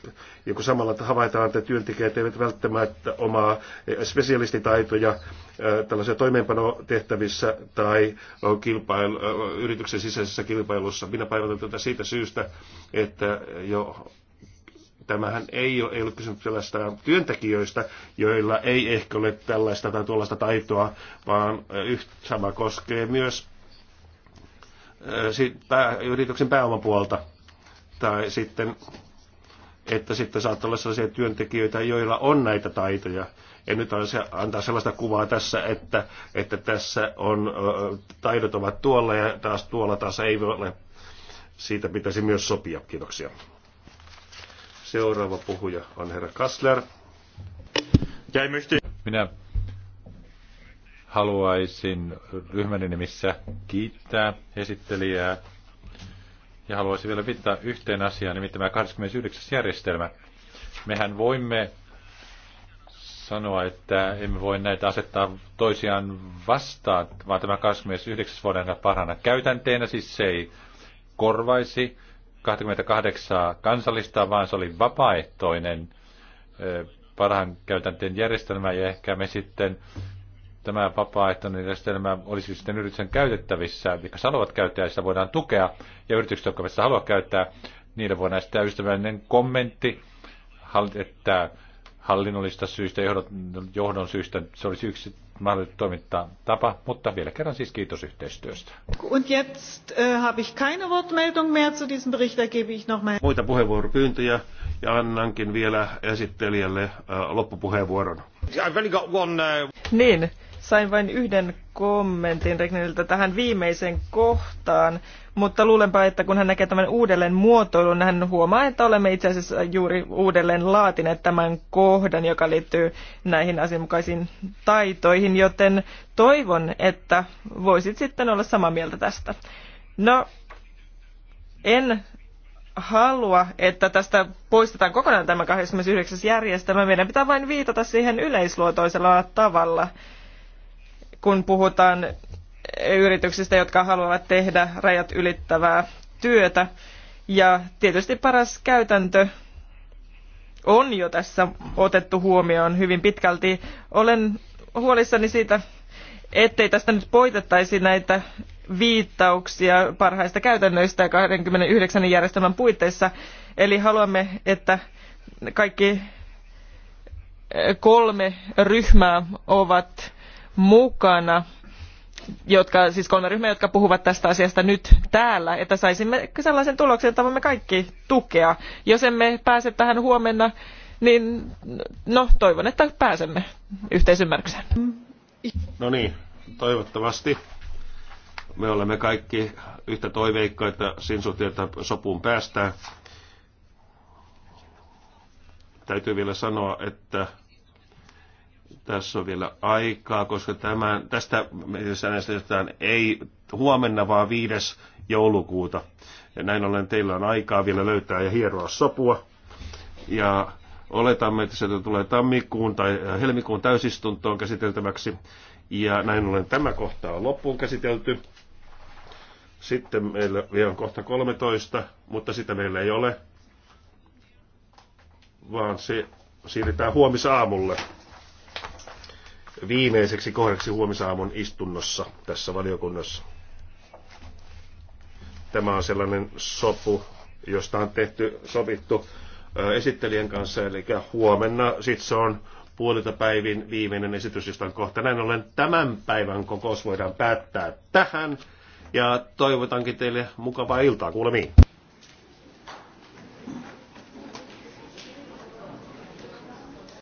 joku samalla havaitaan, että työntekijät eivät välttämättä omaa e, spesialistitaitoja e, tällaisia toimeenpanotehtävissä tai kilpailu, e, yrityksen sisäisessä kilpailussa. Minä painotan tätä siitä syystä, että jo tämähän ei ole, ei ole kysymys sellaista työntekijöistä, joilla ei ehkä ole tällaista tai tuollaista taitoa, vaan äh, yhtä sama koskee myös äh, pää, yrityksen pääomapuolta. Tai sitten, että sitten saattaa olla sellaisia työntekijöitä, joilla on näitä taitoja. En nyt se, antaa sellaista kuvaa tässä, että, että tässä on, taidot ovat tuolla ja taas tuolla taas ei ole. Siitä pitäisi myös sopia. Kiitoksia. Seuraava puhuja on herra Kassler. Minä haluaisin ryhmäni nimissä kiittää esittelijää ja haluaisin vielä viittaa yhteen asiaan, nimittäin tämä 29. järjestelmä. Mehän voimme sanoa, että emme voi näitä asettaa toisiaan vastaan, vaan tämä 29. voidaan parhaana käytänteenä, siis se ei korvaisi 28 kansallista, vaan se oli vapaaehtoinen parhaan käytäntöjen järjestelmä ja ehkä me sitten tämä vapaaehtoinen järjestelmä olisi sitten yrityksen käytettävissä, jotka haluavat käyttää, sitä voidaan tukea, ja yritykset, jotka sitä haluaa käyttää, niille voidaan sitä ystävällinen kommentti, että hallinnollista syistä, johdon, johdon syistä. Se olisi yksi mahdollinen tapa, mutta vielä kerran siis kiitos yhteistyöstä. Und jetzt äh, habe ich keine Wortmeldung mehr zu diesem Bericht, da gebe ich noch mal... Muita puheenvuoropyyntöjä ja annankin vielä esittelijälle äh, loppupuheenvuoron. I've only got one, uh... Niin, Sain vain yhden kommentin Regniltä tähän viimeiseen kohtaan, mutta luulenpa, että kun hän näkee tämän uudelleen muotoilun, hän huomaa, että olemme itse asiassa juuri uudelleen laatineet tämän kohdan, joka liittyy näihin asianmukaisiin taitoihin, joten toivon, että voisit sitten olla samaa mieltä tästä. No, en halua, että tästä poistetaan kokonaan tämä 29. järjestelmä. Meidän pitää vain viitata siihen yleisluotoisella tavalla kun puhutaan yrityksistä, jotka haluavat tehdä rajat ylittävää työtä. Ja tietysti paras käytäntö on jo tässä otettu huomioon hyvin pitkälti. Olen huolissani siitä, ettei tästä nyt poitettaisi näitä viittauksia parhaista käytännöistä 29 järjestelmän puitteissa. Eli haluamme, että kaikki kolme ryhmää ovat mukana jotka, siis kolme ryhmää, jotka puhuvat tästä asiasta nyt täällä, että saisimme sellaisen tuloksen, että voimme kaikki tukea. Jos emme pääse tähän huomenna, niin no toivon, että pääsemme yhteisymmärrykseen. No niin, toivottavasti. Me olemme kaikki yhtä toiveikkaita sin suhteen, että sopuun päästään. Täytyy vielä sanoa, että tässä on vielä aikaa, koska tämä tästä äänestetään ei huomenna, vaan 5. joulukuuta. Ja näin ollen teillä on aikaa vielä löytää ja hieroa sopua. Ja oletamme, että se tulee tammikuun tai äh, helmikuun täysistuntoon käsiteltäväksi. Ja näin ollen tämä kohta on loppuun käsitelty. Sitten meillä vielä on kohta 13, mutta sitä meillä ei ole, vaan se siirretään huomisaamulle viimeiseksi kohdaksi huomisaamon istunnossa tässä valiokunnassa. Tämä on sellainen sopu, josta on tehty, sovittu esittelijän kanssa, eli huomenna sitten se on puolilta päivin viimeinen esitys, josta on kohta. Näin ollen tämän päivän kokous voidaan päättää tähän, ja toivotankin teille mukavaa iltaa, kuulemiin.